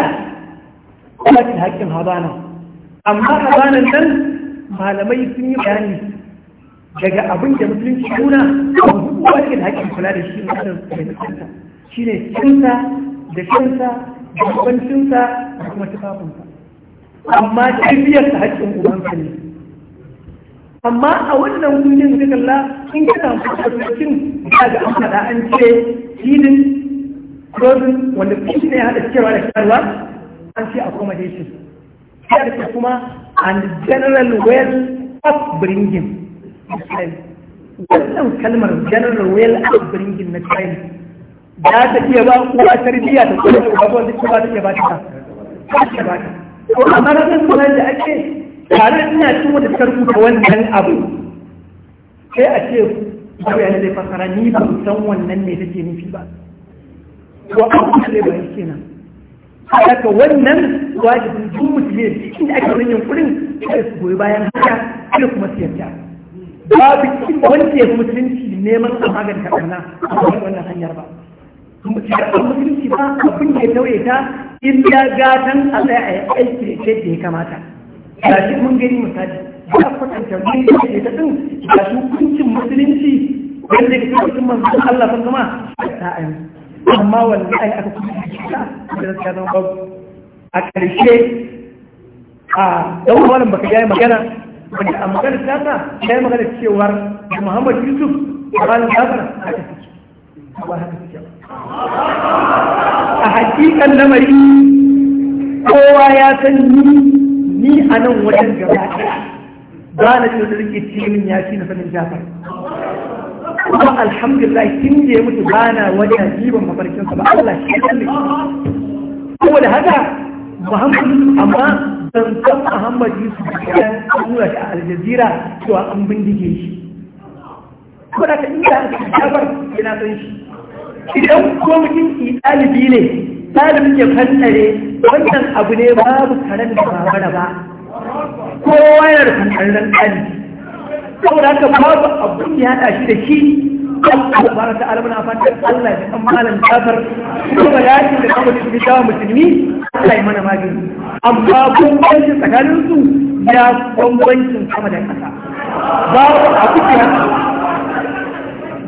kuma ta haƙƙin habana amma habanan nan malamai sun yi bayani daga abin da musulunci nuna abubuwa ke da haƙƙin kula da shi na ne shi ne cinta da shansa da kwancinsa da kuma tufafinsa amma tafiyarsa haƙƙin ubansa ne amma a wannan kungin la, in kana kwakwacin da ga an faɗa an ce hidin, rodin wanda fi ne haɗa cewa da kyarwa an ce accommodation ya da kuma and general well upbringing wannan kalmar general well upbringing na child za ta iya ba a tarbiyya ta kula da uba wanda ke ba ta iya ba ta ba to amma na san sunan da ake tare ina cin wata ta da wannan abu sai a ce ba ya zai fasara ni ba san wannan ne take nufi ba a abu ne ba yake nan haka wannan wajibin duk musulmi inda ake wani yunkurin sai su goyi bayan haka sai kuma su yarda babu wanda ya musulunci neman a magance kana a wannan hanyar ba shafin mutunci ba abin ya tauye ta in ya gatan a tsaye a yi aiki da yadda ya kamata ga shi mun gani misali ba a kwatanta wani da ta ɗin ya shi hukuncin musulunci wanda ke cikin manzon Allah sun zama ta ayi amma wanda ai aka kuma shiga da ta zama babu a ƙarshe a dan wannan baka yayi magana wanda a magana ta ta yayi magana cewar Muhammad Yusuf a malam Jafar haka take ba haka take ba hakikan lamari kowa ya san ni ni a nan wajen gaba ba na ce da rike cikin ya ci na sanin jafar kuma alhamdulillah kin je mutu ba na jiban mafarkin mafarkinsa ba Allah shi ne da haka Muhammadu amma ban san Muhammad Yusuf ya tura shi a Aljazeera cewa an bindige shi. Kuma da ka inda Jafar shabar yana san shi. Idan ko mutum ɗalibi ne ta da muke fantare wannan abu ne babu karen da ba mana ba kowa yana da fantarren ɗani saboda haka babu abu ya haɗa shi da shi Allah ba ta alamun fata Allah ya san malam kafar kuma yakin da kamar su bita musulmi Allah ya mana magani amma bambancin tsakanin su ya bambancin sama da ƙasa babu abu ya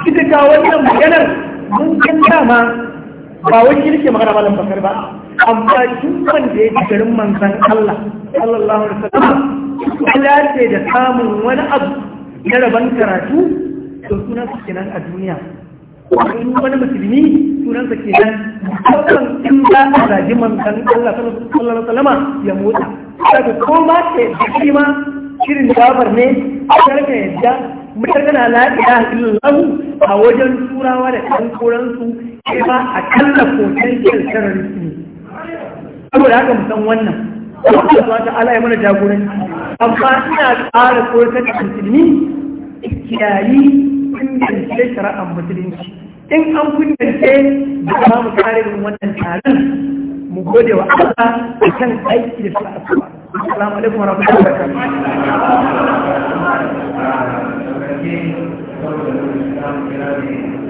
ita da wannan maganar mun kan dama ba wani shi ke magana malam bakar ba amma duk wanda ya ji garin manzan Allah sallallahu alaihi wasallam Allah ce da samun wani abu na rabon karatu to sunan su kenan a duniya in wani musulmi sunan sa kenan musamman in za a zaji manzan Allah sallallahu alaihi wasallam ya motsa sai ko ma ta yadda shi ma shirin gabar ne a karka yadda mutane na la'ila illallahu a wajen turawa da ɗan koransu sai a kalla potential terrorist ne saboda haka musan wannan wanda zuwa ta ala ya mana jagoranci amma ina ƙara tsoratar da musulmi kiyayi kungiyance shari'ar musulunci in an kungiyance da ba mu kare wannan taron mu gode wa Allah a kan aiki da shari'ar kuma assalamu alaikum wa rahmatullahi wa barakatuh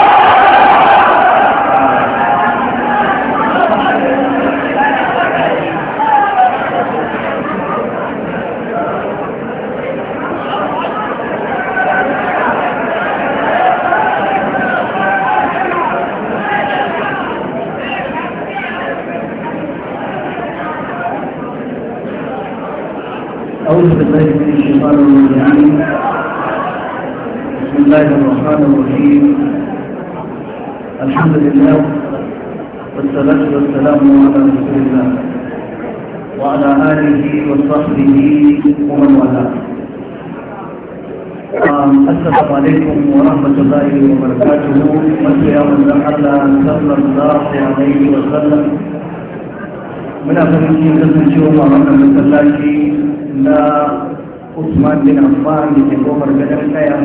أعوذ بالله من الشيطان الرجيم بسم الله الرحمن الرحيم الحمد لله والصلاة والسلام على رسول الله وعلى آله وصحبه ومن والاه السلام عليكم ورحمة الله وبركاته مسيا من الله صلى الله عليه وسلم من أفضل من يكون الله من na usman bin affan da ke kofar gadon kaya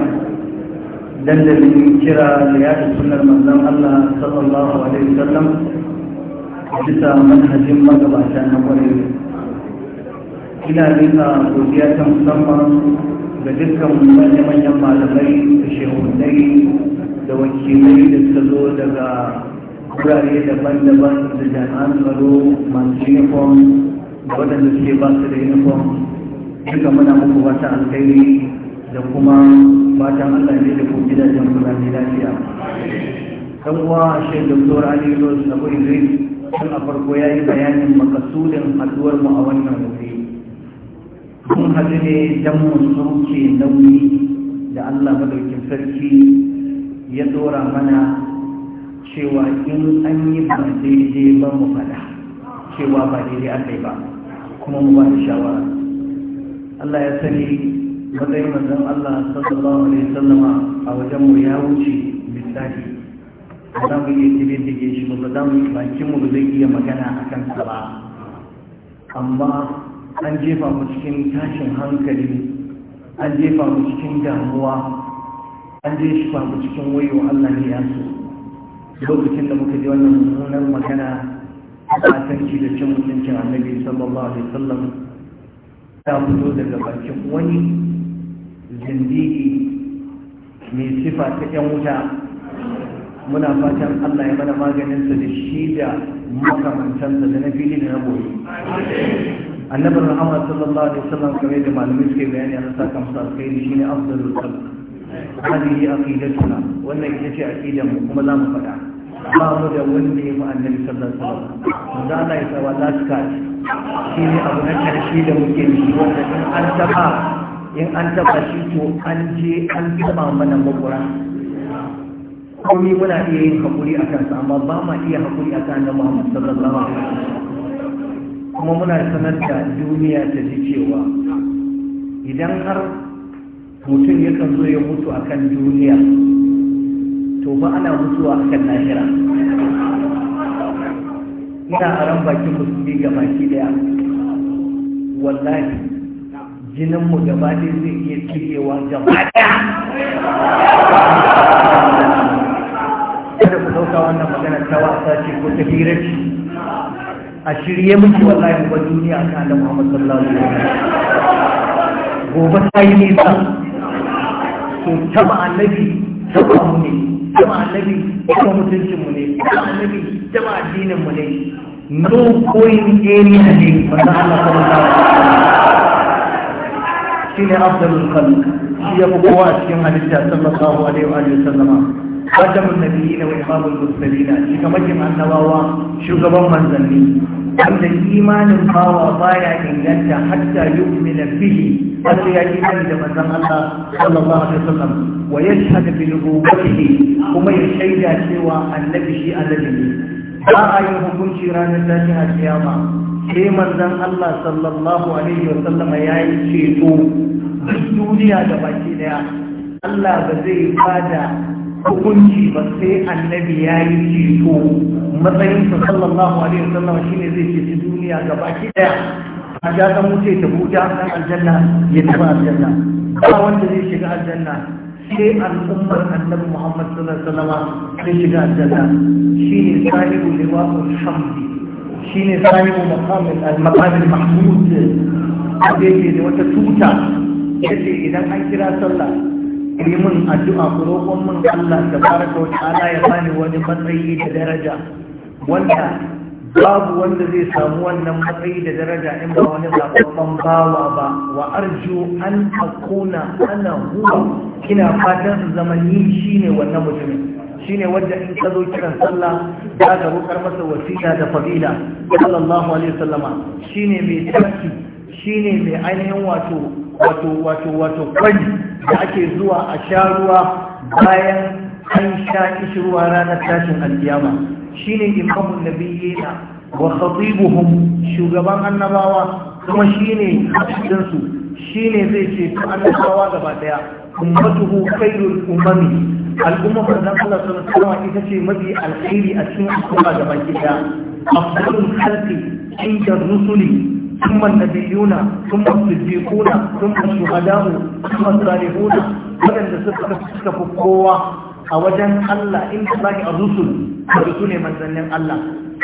dandalin kira da yada sunar manzan allah sallallahu alaihi wasallam bisa manhajin magabata na kwarai ina nisa godiya ta musamman ga dukkan manya-manyan malamai da shehunai da wakilai da suka zo daga wurare daban-daban da jami'an tsaro masu uniform da waɗanda suke ba su da uniform duka muna muku wata alkhairi da kuma fatan Allah ne da ku gidajen ku zami lafiya dan uwa shi doktor Ali Rose Abu Idris tun a farko yayi bayanin makasudin haduwar mu a wannan wuri mun haɗu ne dan mu sauke nauyi da Allah madaukin sarki ya dora mana cewa in an yi ba daidai ba mu faɗa cewa ba daidai aka yi ba kuma mu ba da shawara Allah ya sani matsayin manzon Allah sallallahu alaihi sallama a wajen mu ya wuce misali ba za mu iya kibin dige shi ba za mu bakin mu zai iya magana a kansa ba amma an jefa mu cikin tashin hankali an jefa mu cikin damuwa an jefa mu cikin wayo Allah ne ya so lokacin da muka ji wannan mummunar magana a tanki da cin mutuncin annabi sallallahu alaihi wasallam ta fito daga bakin wani zindigi mai sifa ta 'yan wuta muna fatan Allah ya mana maganinsa da shi da makamantansa da na fili da na boye annabar Muhammad sallallahu alaihi wasallam kamar da malami suke bayani an shi ne alkhairi shine afdalul khalq hadihi aqidatuna wannan ita ce aqidan mu kuma za mu faɗa ba mu da wanda ya fi annabi sallallahu alaihi wasallam da Allah ya sawa last shi ne abu na ƙarshe da muke shi wanda in an taba in an taba shi to an je an taba mana makura komi muna iya yin haƙuri a kansa amma ba ma iya haƙuri a kan nama Muhammad sallallahu kuma muna sanar da duniya ta ji cewa idan har mutum ya kan zo ya mutu a kan duniya to ba ana mutuwa a kan lahira ina a ran bakin musulmi ga baki daya wallahi jinin mu gaba ɗaya zai iya cirewa gaba daya kada ku ɗauka wannan magana ta wasa ce ko ta hira ce a shirye miki wallahi ba duniya kan da Muhammad sallallahu alaihi wasallam gobe ta yi nisa to taba annabi ba mu ne taba annabi taba mutuncin mu ne taba annabi ba addinin mu ne no going anywhere wanda Allah ta mata ba shi ne abdul kalu shi ya fi kowa a cikin hadisi sallallahu alaihi wa alihi sallama wanda mun nabi ne wa ibadul mursalina shi kamar kin annabawa shugaban manzanni wanda imanin bawa baya inganta hatta yu'mina bihi wanda ya yi da manzon Allah sallallahu alaihi wasallam wa yashhadu bi rububiyyati kuma ya shaida cewa annabi shi annabi ne ba a yin hukunci ranar tashin alkiyama sai manzon Allah sallallahu alaihi wa sallama ya yi ceto duk duniya da baki daya Allah ba zai bada hukunci ba sai annabi ya yi ceto matsayinsa sallallahu alaihi wa sallama shine zai ceci duniya ga baki daya a ja ta wuce ta buta ɗan aljanna ya tafi aljanna ba wanda zai shiga aljanna sai al'ummar annabi Muhammad sallallahu alaihi wasallam sai shiga aljanna shine sahibu liwa'ul hamdi shine sahibu maqamil al-maqamil mahmud da ne da wata tuta yace idan an kira sallah yi mun addu'a ku roƙon mun Allah tabaraka wa ta'ala ya bani wani matsayi da daraja wanda babu wanda zai samu wannan matsayi da daraja in ba wani zababban bawa ba wa arju an akuna ana huwa kina fatan su zama ni shine wannan mutumin shine wanda in ka zo kiran sallah za ka rukar masa da fadila sallallahu alaihi wasallama shine mai tsarki shine mai ainihin wato wato wato wato kwani da ake zuwa a sha ruwa bayan an sha kishirwa ranar tashin alkiyama shine imamun nabiyina wa khatibuhum shugaban annabawa kuma shine cikinsu, su shine zai ce to annabawa gaba daya ummatuhu khairul umami al'umma da Allah sallallahu alaihi ita ce mafi alkhairi a cikin al'umma baki daya afdalul khalqi inda rusuli ثم النبيون ثم الصديقون ثم الشهداء ثم الصالحون ولن تسكت في القوه a wajen Allah in ka baki a rusul da su ne manzannin Allah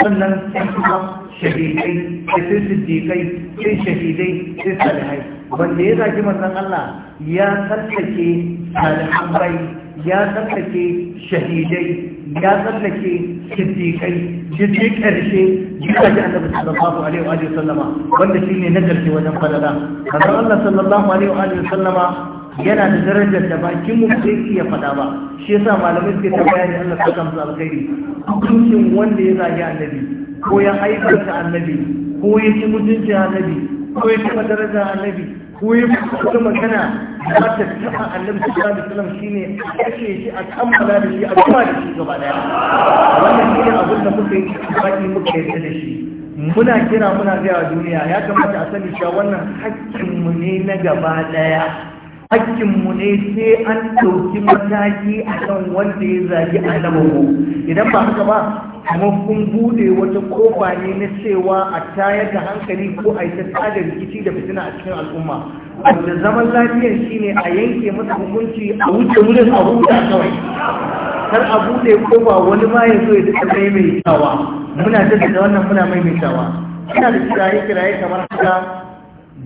sannan sai kuma shahidai sai sai siddiƙai sai shahidai sai salihai wanda ya zaki manzan Allah ya tsallake salihan bai ya tsallake shahidai ya tsallake siddiƙai jirgin ƙarshe jirage annabi sallallahu alaihi wa sallama wanda shine na ƙarshe wajen falala kaza Allah sallallahu alaihi wa sallama yana da darajar da bakin mu zai iya faɗa ba shi yasa malamai suke ta bayani Allah ta kamsa alkhairi hukuncin wanda ya zagi annabi ko ya aikata annabi ko ya ci mutuncin annabi ko ya kuma daraja annabi ko ya kuma magana za ta taɓa annabi sallallahu alaihi wasallam shine a shi a kammala da shi a kuma da shi gaba daya wannan ne abin da muka yi baki muka yarda da shi muna kira muna gaya duniya ya kamata a sani cewa wannan hakkinmu ne na gaba daya hakkinmu ne sai an ɗauki mataki a kan wanda ya zagi ko. idan ba haka ba kamar kun bude wata kofa ne na cewa a tayar da hankali ko a yi ta da rikici da fitina a cikin al'umma wanda zaman lafiyar shine a yanke masa hukunci a wuce wurin a huta kawai kar a bude kofa wani ma ya zo ya duka maimaitawa muna jaddada wannan muna maimaitawa ina da kiraye kiraye kamar haka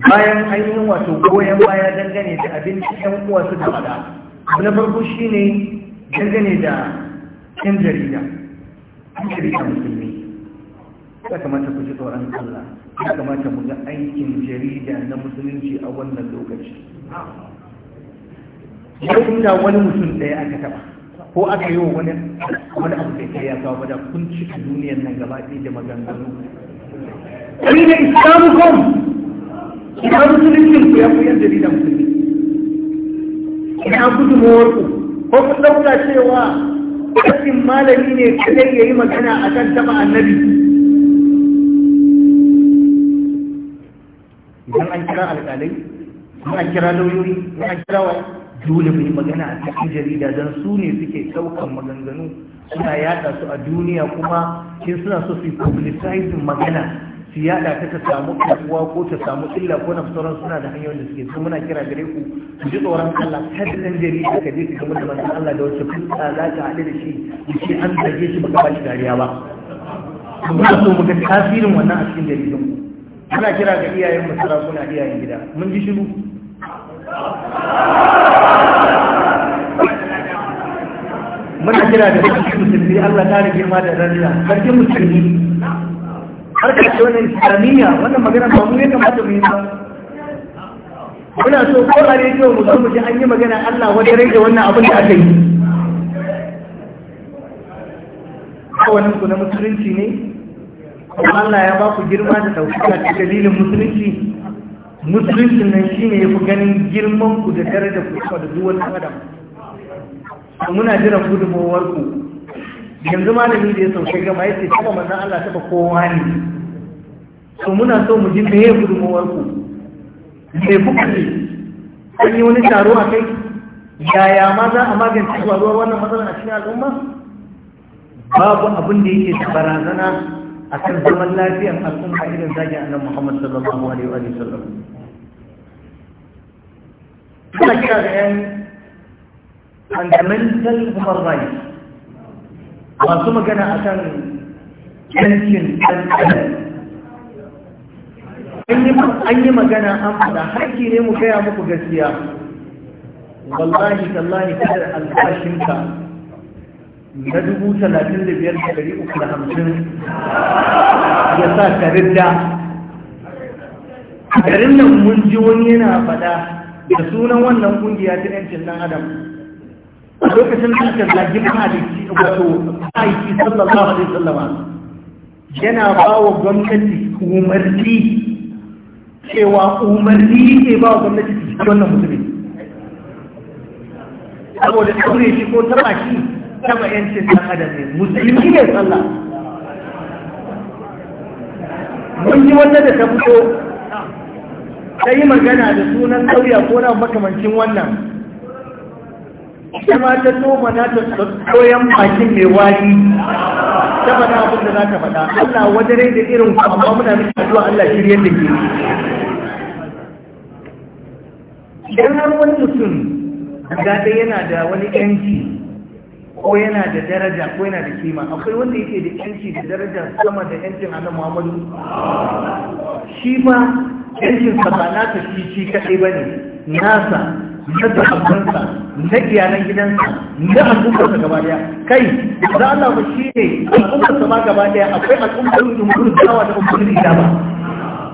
bayan ainihin wato goyon baya dangane da abin ɗan ƴan uwa da faɗa abu na farko shi ne dangane da ƴan jarida ƴan jarida musulmi ya kamata ku ji tsoron Allah ya kamata mu ga aikin jarida na musulunci a wannan lokaci yau da wani mutum ɗaya aka taɓa ko aka yi wa wani wani abu da ke ya kawo da kun a duniyar nan gaba ɗaya da maganganu. Ƙari da Islamu ina musuluncin ku ya fi yadda ni da musulmi ina gudunmuwar ku ko kun dauka cewa kasin malami ne kadai ya yi magana a kan taba annabi idan an kira alƙalai kuma an kira lauyoyi kuma an kira wa dole mu yi magana a cikin jarida don su ne suke ɗaukan maganganu suna yada su a duniya kuma sai suna so su yi publicizing magana su ta ta samu kafuwa ko ta samu illa ko na sauran suna da hanyoyin da suke su muna kira gare ku ku ji tsoron Allah kada ɗan jari ka kaje ka gama da manzon Allah da wacce fuska za ka haɗu da shi shi an zage shi baka ba shi dariya ba muna so mu ga tasirin wannan a cikin jaridun muna kira ga iyayen mu sarakuna iyayen gida mun ji shiru muna kira da sarki musulmi Allah ta rage ma da rarra sarki musulmi harka ce wannan islamiyya wannan magana ba mu ya kamata mu yi ba muna so ko a rediyo mu zo mu ji an yi magana Allah wani rage wannan abin da aka yi kawanin ku na musulunci ne kuma Allah ya ba ku girma da ɗaukaka ta dalilin musulunci musulunci nan shi ne ya fi ganin girman ku da da ku da duk adam muna jiran gudunmawar ku yanzu malami da ya sauke gama ya ce taba manzan Allah taba kowa ne to muna so mu ji meye gudunmawar ku me kuka ne an yi wani taro a kai yaya ma za a magance faruwar wannan matsalar a cikin al'umma babu abin da yake da barazana a kan zaman lafiyar al'umma irin zagin annan muhammad sallallahu alaihi wa sallam suna kira da yan fundamental human rights masu magana a kan yankin ɗanɗan an yi magana an faɗa haƙi ne mu gaya muku gaskiya wallahi tallahi kadar albashinka na dubu talatin da biyar da ɗari uku da hamsin ya sa ka ridda a garin nan mun ji wani yana faɗa da sunan wannan ƙungiya ta 'yancin ɗan adam lokacin da suka zagi maliki wato aiki sallallahu alaihi sallama yana ba wa gwamnati umarni cewa umarni ke ba wa gwamnati wannan musulmi saboda ɗaure shi ko taba shi taba yancin ɗan adam ne musulmi ne sallah mun yi wanda da ta fito ta yi magana da sunan sauya ko na makamancin wannan Kuma ta toma na ta tsoyon bakin mai wari ta faɗa abin da za ta faɗa Allah wajen rai da irin ku amma muna miki addu'a Allah shirye da ke idan har wani mutum gata yana da wani yanci ko yana da daraja ko yana da kima akwai wanda yake da yanci da daraja sama da yancin annabi Muhammadu shi ma yancin sa ba na ta shi kaɗai ba ne nasa na sahabbansa na iyalan gidansa na al'ummarsa gaba daya kai za Allah ba shi ne al'ummarsa ma gaba daya akwai al'ummar jumhur dawa da ummul islam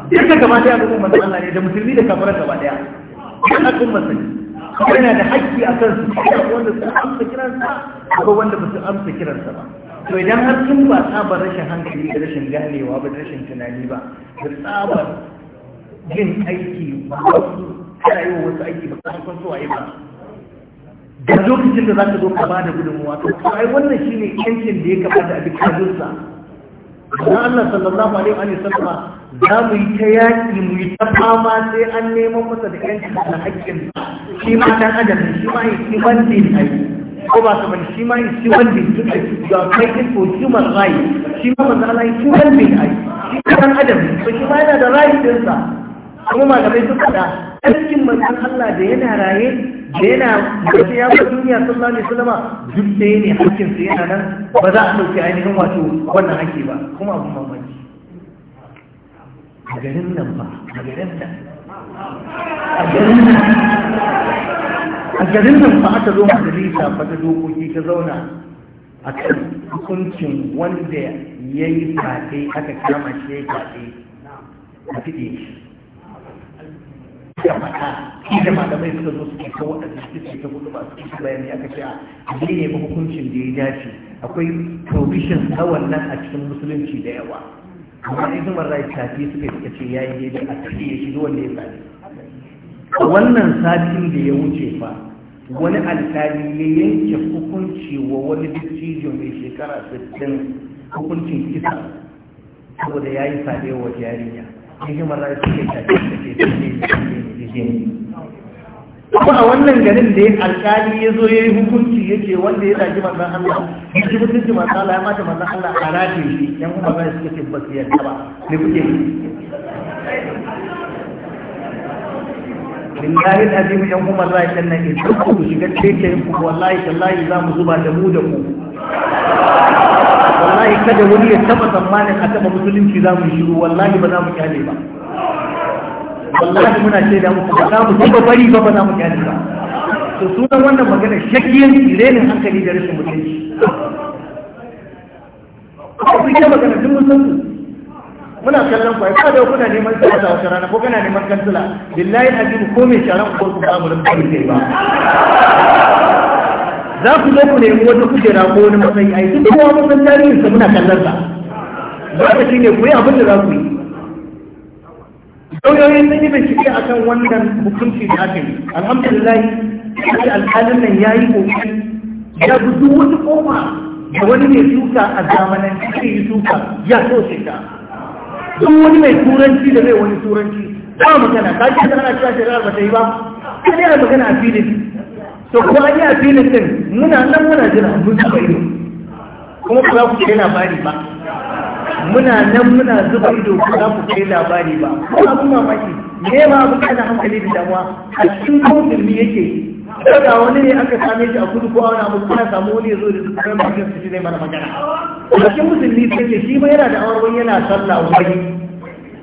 duka gaba daya da ummar Allah ne da musulmi da kafirai gaba daya kan al'ummar sa yana da haƙƙi a kan su wanda su amsa kiransa ko wanda ba su amsa kiransa ba to idan har sun ba tsabar rashin hankali da rashin ganewa ba da rashin tunani ba da tsabar jin aiki ba su kana yi wa wasu aiki ba kuma a suwaye ba da lokacin da za ka zo ka ba da gudunmuwa to ko ai wannan shine yancin da ya kamata a bi kajinsa dan Allah sallallahu alaihi wa sallam za mu yi ta yaƙi mu yi ta fama sai an neman masa da yancin da haƙƙin shi ma dan adam shi ma yi shi wanda ya ko ba ta bane shi ma yi shi wanda ya yi ga fighting for human rights shi ma manzo Allah yi shi wanda ya yi shi dan adam to shi ma yana da right ɗinsa kuma malamai suka da ɗarkin manzon Allah da yana raye da yana wace ya ba duniya sallallahu alaihi wasallam duk da ne hakkin sa yana nan ba za a dauki ainihin wato wannan hakki ba kuma abun mamaki a garin nan ba a garin nan a garin nan a garin nan ba aka zo majalisa ba ta dokoki ta zauna a kan hukuncin wanda ya yi fate aka kama shi ya yi fate a fiɗe shi ya faɗa da malamai suka zo suke kan waɗanda suke ta hudu masu suke ta bayani aka ce a zai nemi hukuncin da ya dace akwai provisions na wannan a cikin musulunci da yawa amma in Rai rights sati suka suka ce ya yi daidai a tafi ya shiga wanda ya sani wannan satin da ya wuce fa wani alkali ya yanke hukunci wa wani dattijo mai shekara 60 hukuncin kisa saboda ya yi sadewa jariya kuma a wannan ganin da ya alkali ya zo ya yi hukunci ya ce wanda ya zagi manzan Allah ya ji mutunci manzan Allah ya mata manzan Allah a rafe shi yan kuma ba su ce ba su yarda ba ne kuke billahi azimu yan kuma za a yi nan idan ku shiga cikin ku wallahi tallahi za mu zuba da mu da ku wallahi kada wani ya taba tsammanin a taba musulunci za mu shiru wallahi ba za mu kyale ba wallahi muna shaida muku ba za mu taba bari ba ba za mu kyale ba to sunan wannan magana shakiyanci renin hankali da rashin mutunci abu ita magana duk mun san muna kallon kwaye ba da kuna neman sa da wata rana ko kana neman kansila billahi azim ko mai sharan ko ku ba mu da ba za ku zo ku nemi wata kujera ko wani matsayi yi duk kowa mun san tarihin sa muna kallon sa za shi ne ku yi abin da za ku yi dauyoyin sun yi bincike kan wannan hukunci da aka yi alhamdulillah sai alƙalin nan ya yi kokari ya gudu duk wata kofa da wani mai suka a zamanin da yi suka ya so shi ta duk wani mai turanci da mai wani turanci ba magana ka ce da ana cewa shari'ar ba ta yi ba sai magana a fili to ko an yi a filin din muna nan muna jira mun zuba ido kuma ku za ku kai labari ba muna nan muna zuba ido ku za ku kai labari ba ko abin mamaki me ma abu kana hankali da damuwa a cikin kofirmi yake daga wani ne aka same shi a kudu ko wani abu kuma samu wani ya zo da zuba ɗan bakin su zai mana magana a cikin musulmi sai ce shi ma yana da awar wani yana sallah wani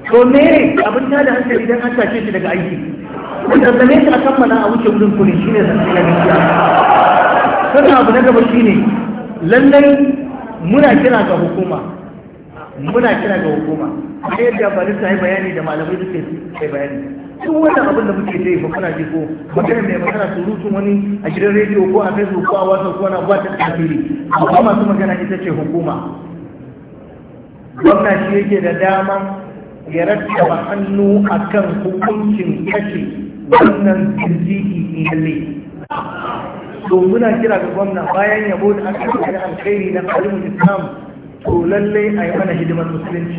to me abin ta da hankali dan an tashe shi daga aiki zame shi a kammala a wuce wurin kuri shi ne zance na gaskiya sannan abu na gaba shine lallai muna kira ga hukuma muna kira ga hukuma a yadda bari ta yi bayani da malamai suke kai bayani duk wannan abin da muke dai magana ji ko magana mai magana surutun wani a gidan rediyo ko a facebook ko a whatsapp ko na ba ta tasiri amma masu magana ita ce hukuma gwamna shi yake da daman ya rattaba hannu a kan hukuncin kashe wannan sirriki lalle to muna kira ga gwamna bayan yabo da aka yi da alkhairi na alimul islam to lalle a yi mana hidimar musulunci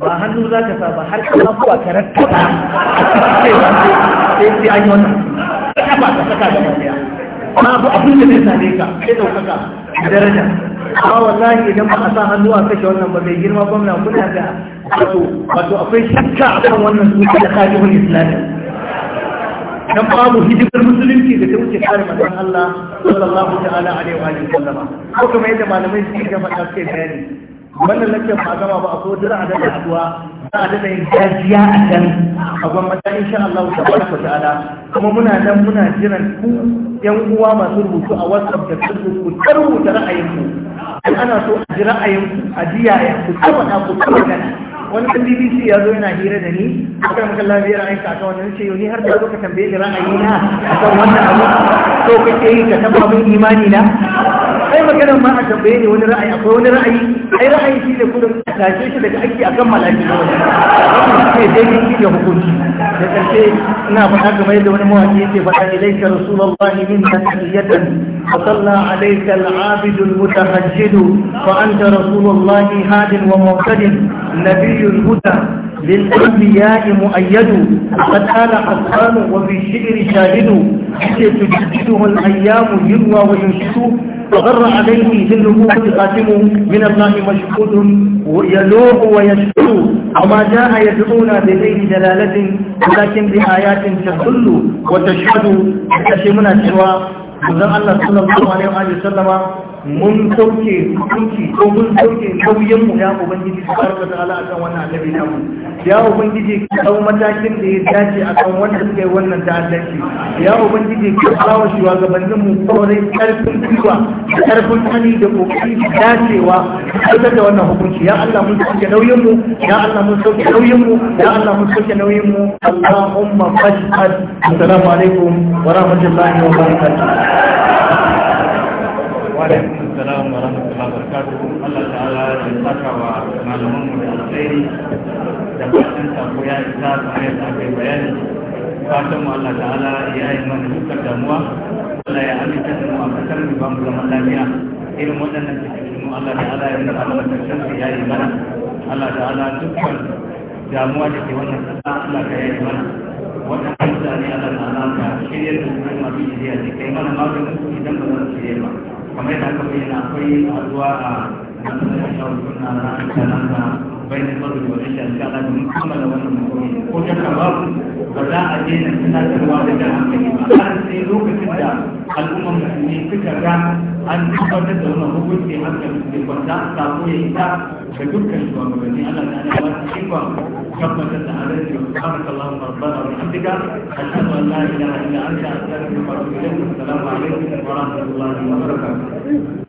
ba hannu za ka sa ba har ka abuwa ka rattaba sai sai an yi wannan ka ba ka saka da mafiya ma abu abin da zai same ka sai ɗaukaka daraja amma wallahi idan ba a sa hannu a kashe wannan ba zai girma gwamna muna da wato akwai shakka a kan wannan suke da kajibin islamin dan babu hidimar musulunci da ta wuce kare manzon Allah sallallahu ta'ala alaihi wa sallama ko kuma yadda malamai suke da faɗa suke bayani wannan lakcin ba gama ba a ko dira da haduwa za a daɗa yin gajiya a can a gwamnati insha Allah ta'ala kuma muna nan muna jiran ku yan uwa masu rubutu a whatsapp da facebook ku rubuta ra'ayinku in ana so a ji ra'ayinku a ji yaya ku tabbata ku tabbata wani kan bbc ya zo yana hira da ni a kan makan lafiyar ra'ayinka a kan wannan ce yau ni har da zo ka tambaye ni ra'ayina a kan wannan abu so kake yi ka taba min imani na ai maganar ma a tambaye ni wani ra'ayi akwai wani ra'ayi ai ra'ayi shi ne kudin tashe shi daga aiki akan malaki da wani ne dai ne da hukunci da karshe ina faɗa kamar yadda wani mawaƙi yake faɗa ilaika rasulullahi منك تحية فصلى عليك العابد المتهجد فأنت رسول الله هاد ومعتد نبي الهدى للأنبياء مؤيد قد آل حسان وفي الشئر شاهد تجدده الأيام يروى وينشد وغر عليه في النبوة قاسم من الله مشهود يلوح ويشكو وما جاء يدعونا بغير دلالة ولكن بآيات تدل وتشهد تشمنا سوى وذا الله صلى الله عليه وآله وسلم mun sauke hukunci ko mun sauke nauyin mu ya ubangiji su karfa da ala akan wannan annabi na mu ya ubangiji ka dau matakin da ya dace akan wanda suka yi wannan ta'addanci ya ubangiji ka kawo shi wa gabanin mu kore karfin kiwa da karfin sani da kokari dacewa da wannan hukunci ya Allah mun sauke nauyin mu ya Allah mun sauke nauyin mu ya Allah mun sauke nauyin mu Allahumma fashhad assalamu alaikum wa rahmatullahi wa barakatuh alaikum salam wa rahmatullahi Allah ta'ala ya saka wa malaman mu da alheri da fatan sako ya isa kamar aka yi bayani fatan mu Allah ta'ala ya yi mana dukkan damuwa Allah ya amince da mu a mu ba mu lafiya irin waɗannan cikin Allah ta'ala ya nuna mana karshen su ya yi mana Allah ta'ala dukkan damuwa da ke wannan Allah ka yi mana waɗannan mutane Allah ta'ala ka shirya da masu da kai mana maganin su idan ba za su shirya ba kamar da aka bayyana akwai haduwa a bayan fadu wa rashin alƙala domin wannan ko ba za a da jan hankali ba har sai lokacin da al'ummar musulmi da wannan hukunci hankali da kwanta sako ya isa ga dukkan shugabanni Allah ta ba su ikon tabbatar da adalci wa subhanaka Allahumma rabbana wa bihamdika ashhadu an la ilaha illa anta astaghfiruka wa atubu ilayk assalamu alaikum wa rahmatullahi wa barakatuh